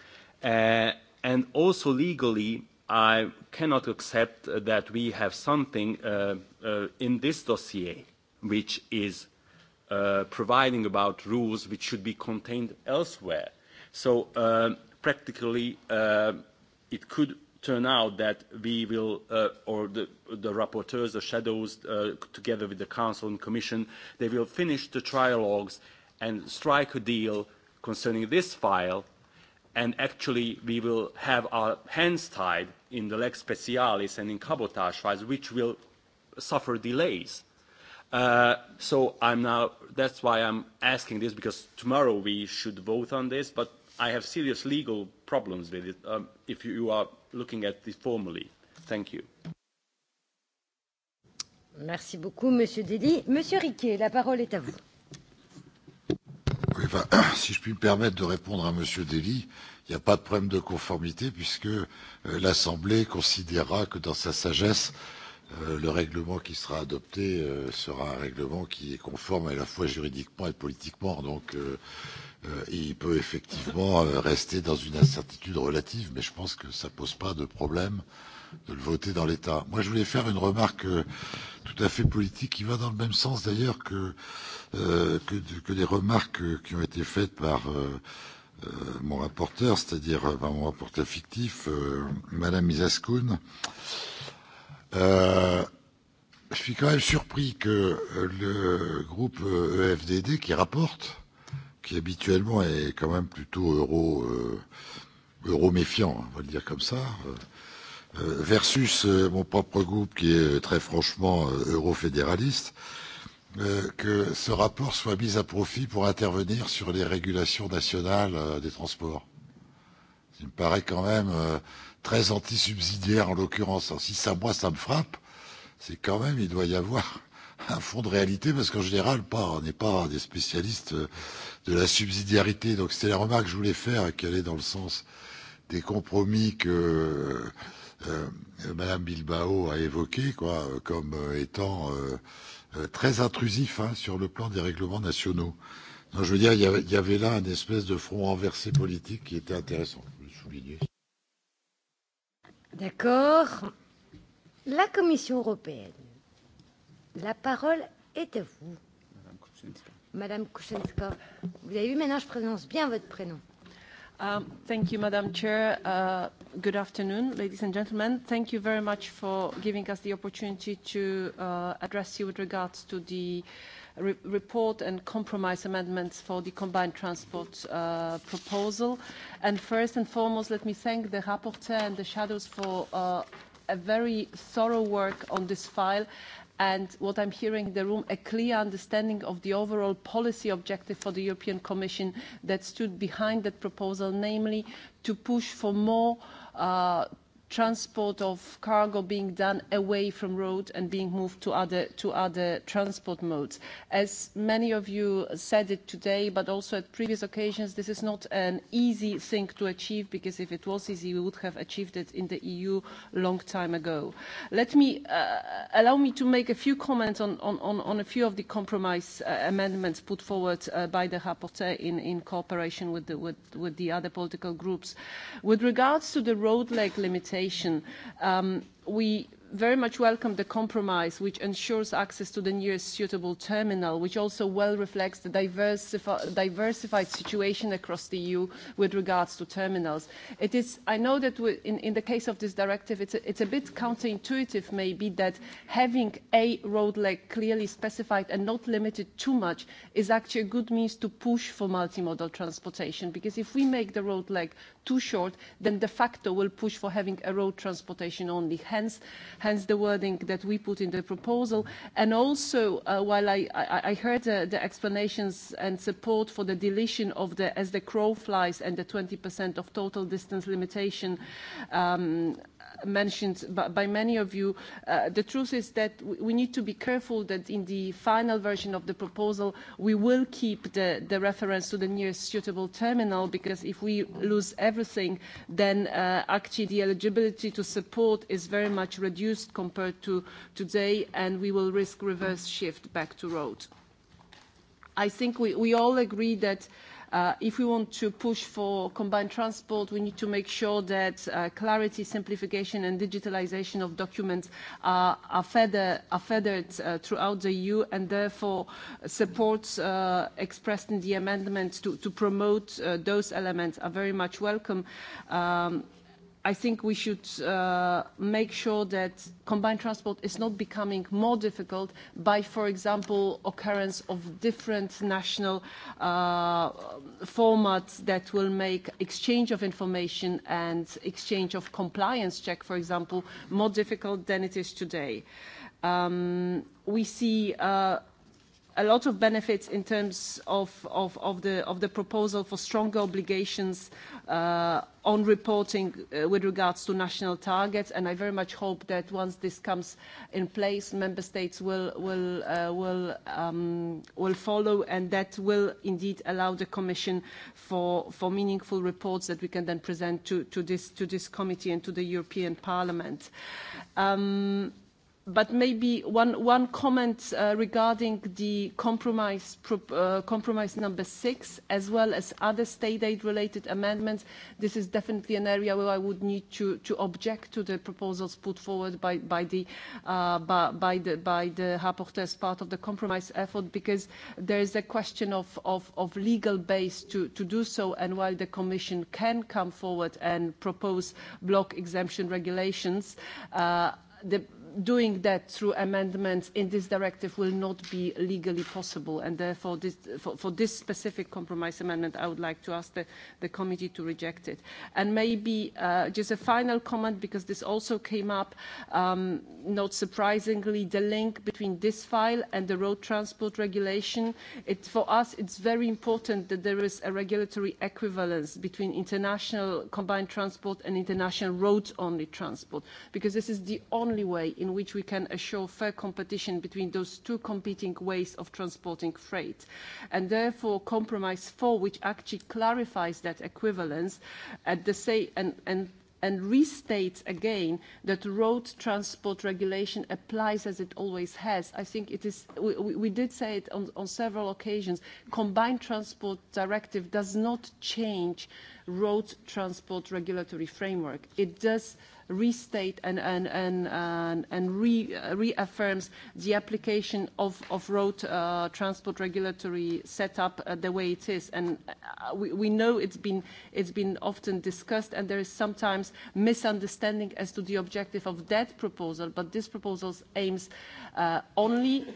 Uh, and also legally, i cannot accept that we have something uh, uh, in this dossier which is uh, providing about rules which should be contained elsewhere. So uh, practically, uh, it could turn out that we will, uh, or the, the rapporteurs, the shadows, uh, together with the Council and Commission, they will finish the trialogues and strike a deal concerning this file and actually we will have our hands tied in the lex specialis and in cabotage files, which will suffer delays. Uh, so I'm now, that's why I'm asking this, because tomorrow we should vote on this, but I have serious legal problems with it um, if you are looking at this formally. Thank you. Merci beaucoup, Monsieur Dely. Monsieur Riquet, la parole est à vous. Oui, eh ben, si je puis me permettre de répondre à M. Dely, il n'y a pas de problème de conformité puisque euh, l'Assemblée considérera que dans sa sagesse, euh, le règlement qui sera adopté euh, sera un règlement qui est conforme à la fois juridiquement et politiquement. Donc, euh, euh, il peut effectivement euh, rester dans une incertitude relative, mais je pense que ça ne pose pas de problème euh, de le voter dans l'État. Moi, je voulais faire une remarque euh, tout à fait politique qui va dans le même sens d'ailleurs que, euh, que, que les remarques euh, qui ont été faites par euh, euh, mon rapporteur, c'est-à-dire euh, par mon rapporteur fictif, euh, Madame Isaskoun. Euh, je suis quand même surpris que le groupe EFDD e qui rapporte, qui habituellement est quand même plutôt euro, euh, euro méfiant, on va le dire comme ça, Euh, versus euh, mon propre groupe qui est euh, très franchement eurofédéraliste, que ce rapport soit mis à profit pour intervenir sur les régulations nationales des transports. Il me paraît quand même très anti-subsidiaire en l'occurrence. Si ça, moi, ça me frappe, c'est quand même, il doit y avoir un fond de réalité, parce qu'en général, pas, on n'est pas des spécialistes de la subsidiarité. Donc c'était la remarque que je voulais faire, et allait dans le sens des compromis que Euh, euh, Madame Bilbao a évoqué quoi, comme euh, étant euh, euh, très intrusif hein, sur le plan des règlements nationaux. Non, je veux dire, il y, avait, il y avait là une espèce de front renversé politique qui était intéressant. Je le souligner. D'accord. La Commission européenne, la parole est à vous. Madame Kuchenska. Madame Kuchenska, vous avez vu, maintenant je prononce bien votre prénom. Um, thank you, Madam Chair. Uh, good afternoon, ladies and gentlemen. Thank you very much for giving us the opportunity to uh, address you with regards to the report and compromise amendments for the combined transport uh, proposal. And first and foremost, let me thank the rapporteur and the shadows for uh, a very thorough work on this file and what I'm hearing in the room, a clear understanding of the overall policy objective for the European Commission that stood behind that proposal, namely to push for more uh, transport of cargo being done away from road and being moved to other, to other transport modes. As many of you said it today, but also at previous occasions, this is not an easy thing to achieve because if it was easy, we would have achieved it in the EU a long time ago. Let me, uh, allow me to make a few comments on, on, on, a few of the compromise uh, amendments put forward uh, by the rapporteur in, in cooperation with the, with, with the other political groups. With regards to the road leg limitation, conversation. Um, we very much welcome the compromise which ensures access to the nearest suitable terminal, which also well reflects the diversifi diversified situation across the EU with regards to terminals. It is, I know that we, in, in the case of this directive, it's a, it's a bit counterintuitive maybe that having a road leg clearly specified and not limited too much is actually a good means to push for multimodal transportation, because if we make the road leg too short, then de facto we'll push for having a road transportation only. Hence, hence the wording that we put in the proposal. And also, uh, while I, I, I heard uh, the explanations and support for the deletion of the as the crow flies and the 20% of total distance limitation um, mentioned by, by many of you, uh, the truth is that we need to be careful that in the final version of the proposal, we will keep the, the reference to the nearest suitable terminal, because if we lose everything, then uh, actually the eligibility to support is very much reduced compared to today, and we will risk reverse shift back to road. I think we, we all agree that uh, Uh, if we want to push for combined transport, we need to make sure that uh, clarity, simplification, and digitalization of documents are, are, further, are furthered uh, throughout the EU, and therefore supports expressed in the amendments to, to promote those elements are very much welcome. Um, i think we should uh, make sure that combined transport is not becoming more difficult by, for example, occurrence of different national uh, formats that will make exchange of information and exchange of compliance check, for example, more difficult than it is today. Um, we see uh, a lot of benefits in terms of, of, of, the, of the proposal for stronger obligations uh, on reporting uh, with regards to national targets. And I very much hope that once this comes in place, member states will, will, uh, will, um, will follow, and that will indeed allow the Commission for, for meaningful reports that we can then present to, to, this, to this committee and to the European Parliament. Um, but maybe one, one comment uh, regarding the compromise, uh, compromise number six, as well as other state aid-related amendments. This is definitely an area where I would need to, to object to the proposals put forward by, by, the, uh, by, by the, by the rapporteur as part of the compromise effort, because there is a question of, of, of legal base to, to do so, and while the Commission can come forward and propose block exemption regulations, uh, the doing that through amendments in this directive will not be legally possible, and therefore, this, for, for this specific compromise amendment, I would like to ask the, the committee to reject it. And maybe uh, just a final comment, because this also came up, um, not surprisingly, the link between this file and the road transport regulation. It, for us, it's very important that there is a regulatory equivalence between international combined transport and international road-only transport, because this is the only way in which we can assure fair competition between those two competing ways of transporting freight. And therefore, Compromise 4, which actually clarifies that equivalence at the and, and and restates again that road transport regulation applies as it always has. I think it is, we, we did say it on, on several occasions, combined transport directive does not change road transport regulatory framework. It does restate and, and, and, and re, uh, reaffirms the application of, of road uh, transport regulatory setup uh, the way it is. And uh, we, we know it's been, it's been often discussed and there is sometimes misunderstanding as to the objective of that proposal, but this proposal aims uh, only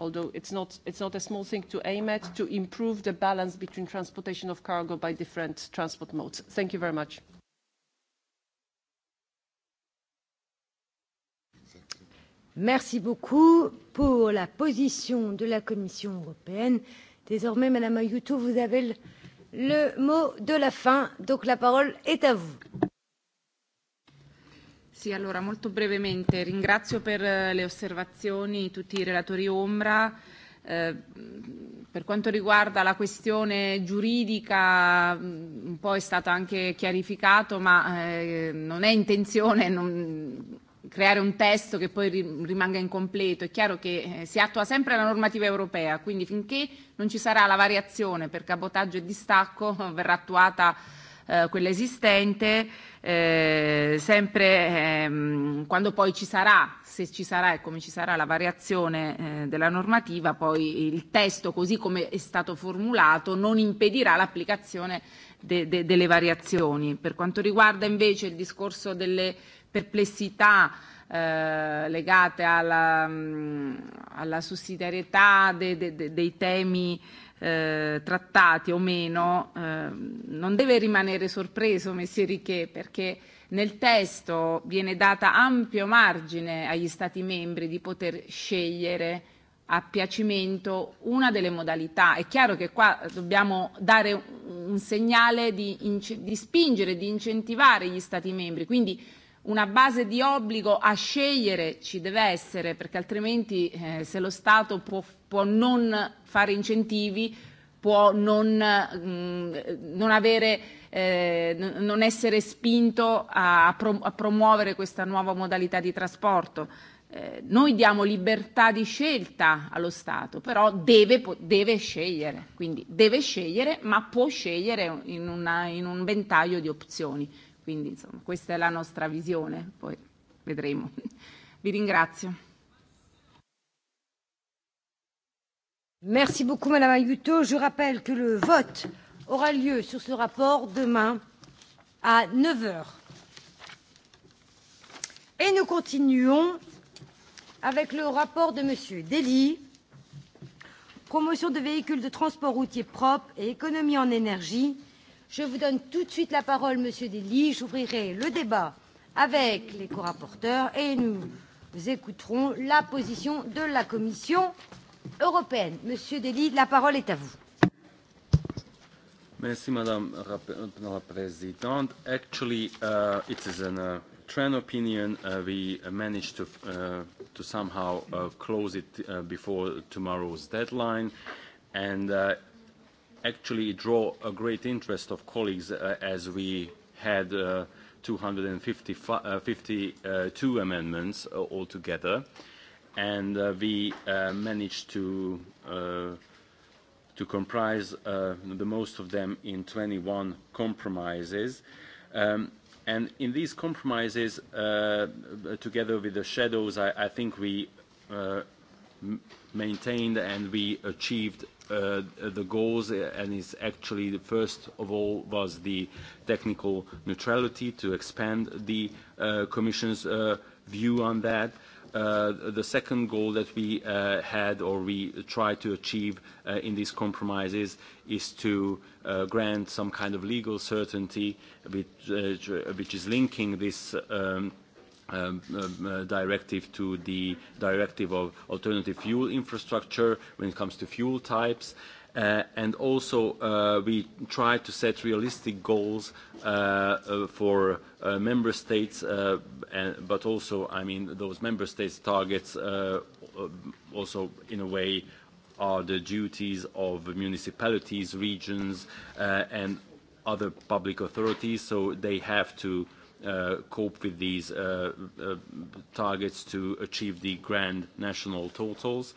although it's not, it's not a small thing to aim at, to improve the balance between transportation of cargo by different transport modes. Thank you very much. Merci beaucoup pour la position de la Commission européenne. Désormais, Madame Ayuto, vous avez le, le mot de la fin, donc la parole est à vous. Sì, allora molto brevemente ringrazio per eh, le osservazioni tutti i relatori ombra. Eh, per quanto riguarda la questione giuridica mm, un po' è stato anche chiarificato, ma eh, non è intenzione non, creare un testo che poi rimanga incompleto. È chiaro che eh, si attua sempre la normativa europea, quindi finché non ci sarà la variazione per cabotaggio e distacco verrà attuata eh, quella esistente, eh, sempre eh, quando poi ci sarà, se ci sarà e come ci sarà la variazione eh, della normativa, poi il testo così come è stato formulato non impedirà l'applicazione de- de- delle variazioni. Per quanto riguarda invece il discorso delle perplessità eh, legate alla, mh, mm, alla sussidiarietà de, de, de, dei temi eh, trattati o meno, eh, non deve rimanere sorpreso Messie perché nel testo viene data ampio margine agli Stati membri di poter scegliere a piacimento una delle modalità. È chiaro che qua dobbiamo dare un segnale di, di spingere, di incentivare gli Stati membri, quindi una base di obbligo a scegliere ci deve essere, perché altrimenti eh, se lo Stato può, può non fare incentivi, può non, mh, mm, non, avere, eh, non essere spinto a, pro, a promuovere questa nuova modalità di trasporto. Eh, noi diamo libertà di scelta allo Stato, però deve, deve scegliere, quindi deve scegliere, ma può scegliere in, una, in un ventaglio di opzioni. Quindi insomma, questa è la nostra visione, poi vedremo. Vi ringrazio. Merci beaucoup, Madame Ayuto. Je rappelle que le vote aura lieu sur ce rapport demain à 9 heures. Et nous continuons avec le rapport de Monsieur Dely. Promotion de véhicules de transport routier propres et économie en énergie je vous donne tout de suite la parole, Monsieur Dely. J'ouvrirai le débat avec les corapporteurs et nous écouterons la position de la Commission européenne. Monsieur Dely, la parole est à vous. Merci, Madame la Présidente. Actually, uh, it is an uh, trend opinion. Uh, we managed to, uh, to somehow uh, close it uh, before tomorrow's deadline. And uh, actually draw a great interest of colleagues uh, as we had uh, 252 uh, amendments uh, altogether and uh, we uh, managed to uh, to comprise uh, the most of them in 21 compromises um, and in these compromises uh, together with the shadows I, I think we uh, maintained and we achieved uh, the goals uh, and is actually the first of all was the technical neutrality to expand the uh, Commission's uh, view on that. Uh, the second goal that we uh, had or we tried to achieve uh, in these compromises is to uh, grant some kind of legal certainty which, uh, which is linking this um, Um, um uh, directive to the directive of alternative fuel infrastructure when it comes to fuel types. Uh, and also, uh, we try to set realistic goals for member states, and, but also, I mean, those member states' targets also, in a way, are the duties of municipalities, regions, and other public authorities, so they have to uh, cope with these uh, uh, targets to achieve the grand national totals.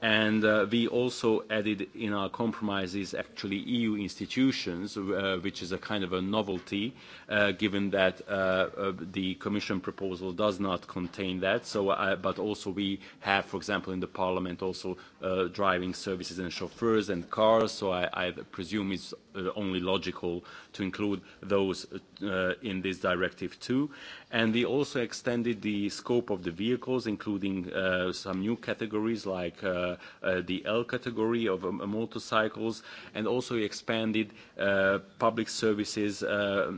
And uh, we also added in our compromises actually EU institutions, uh, which is a kind of a novelty, uh, given that uh, uh, the Commission proposal does not contain that. So, uh, but also we have, for example, in the Parliament also uh, driving services and chauffeurs and cars. So I, I presume it's Uh, only logical to include those uh, uh in this directive too. And we also extended the scope of the vehicles, including uh, some new categories like uh, uh, the L category of um, motorcycles, and also expanded uh, public services. Uh,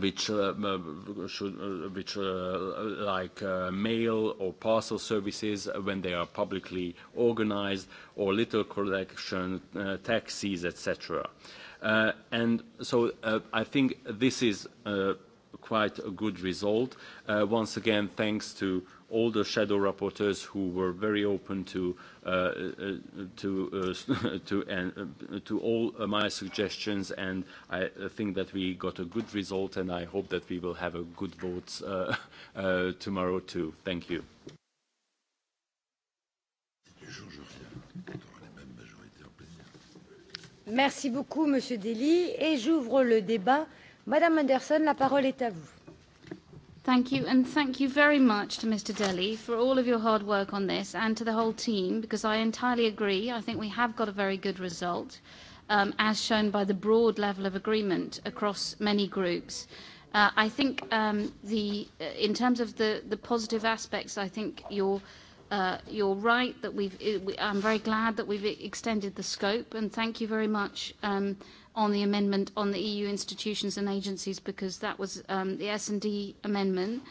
which uh, uh should uh, which uh, like uh, mail or parcel services when they are publicly organized or little collection uh, taxis etc Uh, and so uh, I think this is uh, quite a good result. Uh, once again, thanks to all the shadow rapporteurs who were very open to uh, uh to uh, to and uh, to all my suggestions, and I think that we got a good result, and I hope that we will have a good vote uh, uh, tomorrow too. Thank you. Merci beaucoup, Monsieur Dely. Et j'ouvre le débat. Madame Anderson, la parole est à vous. Thank you, and thank you very much to Mr. Delhi for all of your hard work on this and to the whole team, because I entirely agree. I think we have got a very good result, um, as shown by the broad level of agreement across many groups. Uh, I think um, the, uh, in terms of the, the positive aspects, I think your Uh, you're right that we've, we, I'm very glad that we've e, extended the scope, and thank you very much um, on the amendment on the EU institutions and agencies because that was um, the S&D amendment.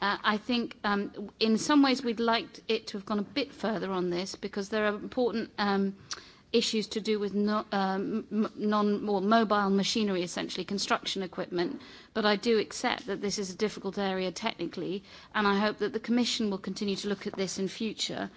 Uh, I think um, in some ways we'd liked it to have gone a bit further on this because there are important um, uh, issues to do with no, um, non more mobile machinery, essentially construction equipment. But I do accept that this is a difficult area technically, and I hope that the Commission will continue to look at this in future.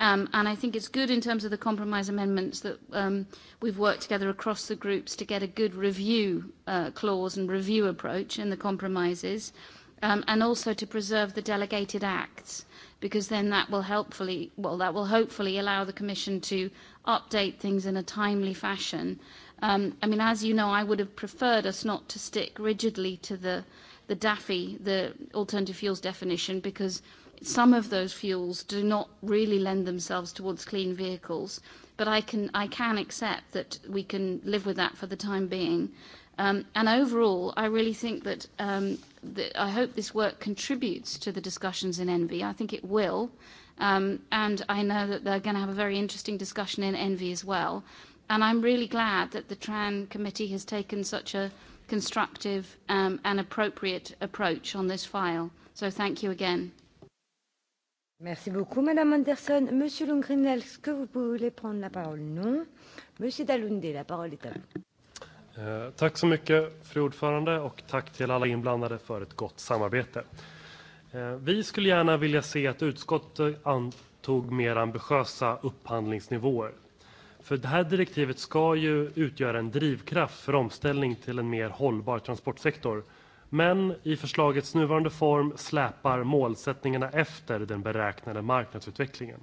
Um, and I think it's good in terms of the compromise amendments that um, we've worked together across the groups to get a good review uh, clause and review approach in the compromises. Uh, um, and also to preserve the delegated acts because then that will helpfully well that will hopefully allow the commission to update things in a timely fashion um, I mean as you know I would have preferred us not to stick rigidly to the the DAFI the alternative fuels definition because some of those fuels do not really lend themselves towards clean vehicles but I can I can accept that we can live with that for the time being Um, and overall, I really think that, um, that I hope this work contributes to the discussions in Envy. I think it will. Um, and I know that they're going to have a very interesting discussion in Envy as well. And I'm really glad that the TRAN committee has taken such a constructive um, and appropriate approach on this file. So thank you again. Merci beaucoup, Madame Anderson. Monsieur Lundgren, est-ce que vous voulez prendre la parole Non. Monsieur Dalunde, la parole est à vous. Eh, tack så mycket, fru ordförande, och tack till alla inblandade för ett gott samarbete. Eh, vi skulle gärna vilja se att utskottet antog mer ambitiösa upphandlingsnivåer. För det här direktivet ska ju utgöra en drivkraft för omställning till en mer hållbar transportsektor. Men i förslagets nuvarande form släpar målsättningarna efter den beräknade marknadsutvecklingen.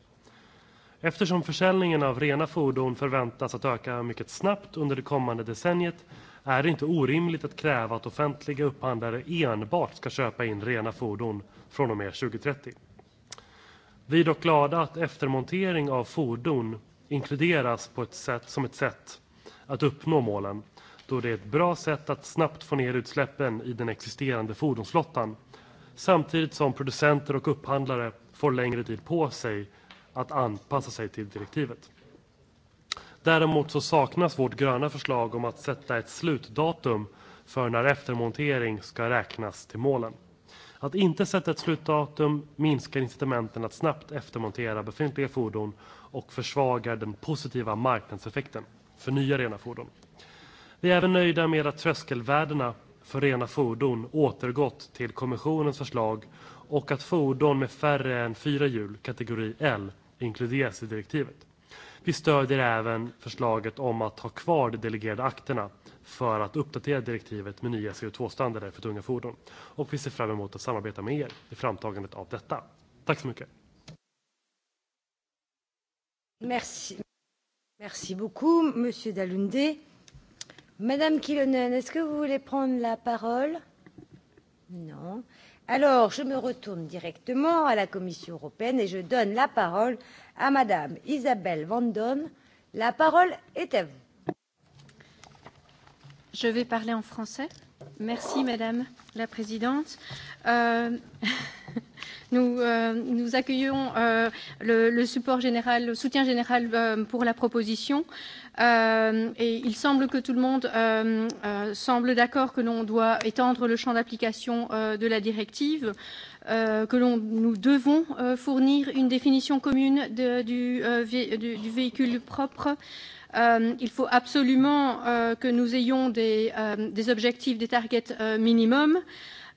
Eftersom försäljningen av rena fordon förväntas att öka mycket snabbt under det kommande decenniet är det inte orimligt att kräva att offentliga upphandlare enbart ska köpa in rena fordon från och med 2030. Vi är dock glada att eftermontering av fordon inkluderas på ett sätt som ett sätt att uppnå målen, då det är ett bra sätt att snabbt få ner utsläppen i den existerande fordonsflottan samtidigt som producenter och upphandlare får längre tid på sig att anpassa sig till direktivet. Däremot så saknas vårt gröna förslag om att sätta ett slutdatum för när eftermontering ska räknas till målen. Att inte sätta ett slutdatum minskar incitamenten att snabbt eftermontera befintliga fordon och försvagar den positiva marknadseffekten för nya rena fordon. Vi är även nöjda med att tröskelvärdena för rena fordon återgått till kommissionens förslag och att fordon med färre än fyra hjul, kategori L, inkluderas i direktivet. Vi stödjer även förslaget om att ha kvar de delegerade akterna för att uppdatera direktivet med nya CO2-standarder för tunga fordon. Och vi ser fram emot att samarbeta med er i framtagandet av detta. Tack så mycket. Merci. Merci beaucoup, Monsieur Dalunde. Madame Kilonen, est-ce que vous voulez prendre la parole Non. Alors, je me retourne directement à la Commission européenne et je donne la parole à Madame Isabelle Van Donne. La parole est à vous. Je vais parler en français. Merci, Madame la Présidente. Euh... Nous, euh, nous accueillons euh, le, le support général, le soutien général euh, pour la proposition. Euh, et il semble que tout le monde euh, euh, semble d'accord que l'on doit étendre le champ d'application euh, de la directive, euh, que nous devons euh, fournir une définition commune de, du, euh, vé, du, du véhicule propre. Euh, il faut absolument euh, que nous ayons des, euh, des objectifs, des targets euh, minimums.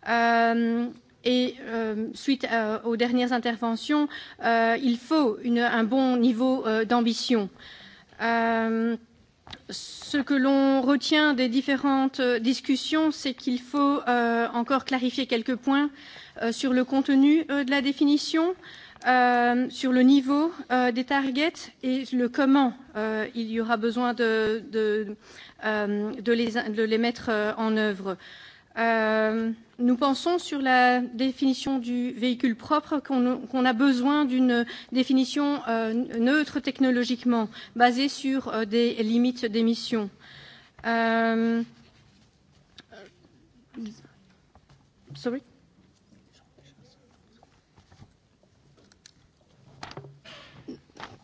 Euh, Et euh, suite euh, aux dernières interventions, euh, il faut une, un bon niveau euh, d'ambition. Euh, ce que l'on retient des différentes euh, discussions, c'est qu'il faut euh, encore clarifier quelques points euh, sur le contenu euh, de la définition, euh, sur le niveau euh, des targets et le comment euh, il y aura besoin de, de, euh, de, les, de les mettre euh, en œuvre. Euh, Euh, nous pensons sur la définition du véhicule propre qu'on qu a besoin d'une définition euh, neutre technologiquement, basée sur euh, des limites d'émission. Euh, sorry.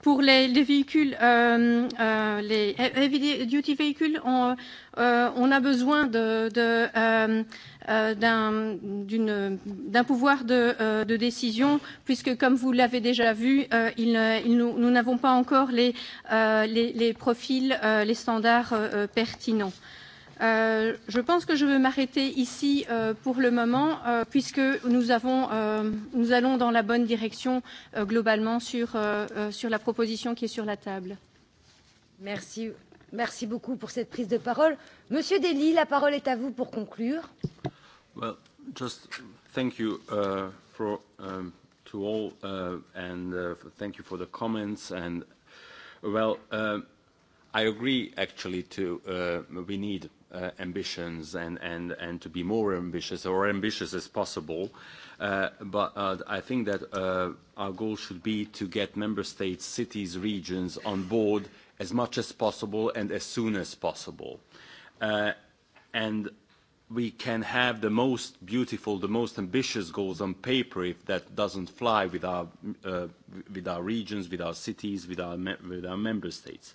pour les, les véhicules, euh, euh, les heavy duty véhicules, on, euh, on a besoin de, de, euh, euh, d'un pouvoir de, euh, de décision, puisque comme vous l'avez déjà vu, euh, il, euh, il, nous, n'avons pas encore les, euh, les, les profils, euh, les standards euh, euh pertinents. Euh, Euh, je pense que je vais m'arrêter ici euh, pour le moment, euh, puisque nous, avons, euh, nous allons dans la bonne direction euh, globalement sur, euh, euh, sur la proposition qui est sur la table. Merci, merci beaucoup pour cette prise de parole. Monsieur Dely, la parole est à vous pour conclure. Well, just thank you uh, for, um, to all uh, and uh, thank you for the comments and well. Uh, I agree actually to uh, we need Uh, ambitions and, and, and to be more ambitious or ambitious as possible. Uh, but uh, I think that our goal should be to get member states, cities, regions on board as much as possible and as soon as possible. and we can have the most beautiful, the most ambitious goals on paper if that doesn't fly with our, with our regions, with our cities, with our, with our member states.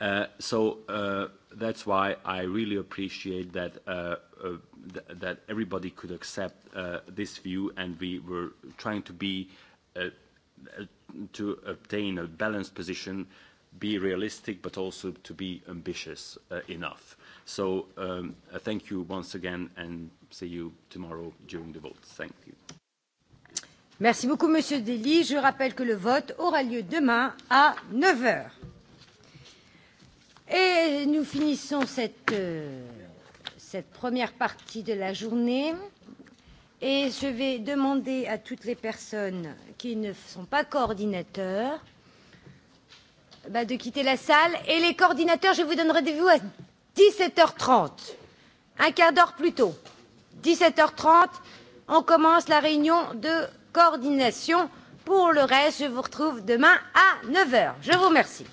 Uh, so uh, that's why I really appreciate that, uh, uh that everybody could accept uh, this view, and we were trying to be uh, to obtain a balanced position, be realistic, but also to be ambitious uh, enough. So um, thank you once again, and see you tomorrow during the vote. Thank you. Merci beaucoup, Monsieur Dely. Je rappelle que le vote aura lieu demain à 9:00 A.M. Et nous finissons cette, euh, cette première partie de la journée. Et je vais demander à toutes les personnes qui ne sont pas coordinateurs bah, de quitter la salle. Et les coordinateurs, je vous donne rendez-vous à 17h30, un quart d'heure plus tôt. 17h30, on commence la réunion de coordination. Pour le reste, je vous retrouve demain à 9h. Je vous remercie.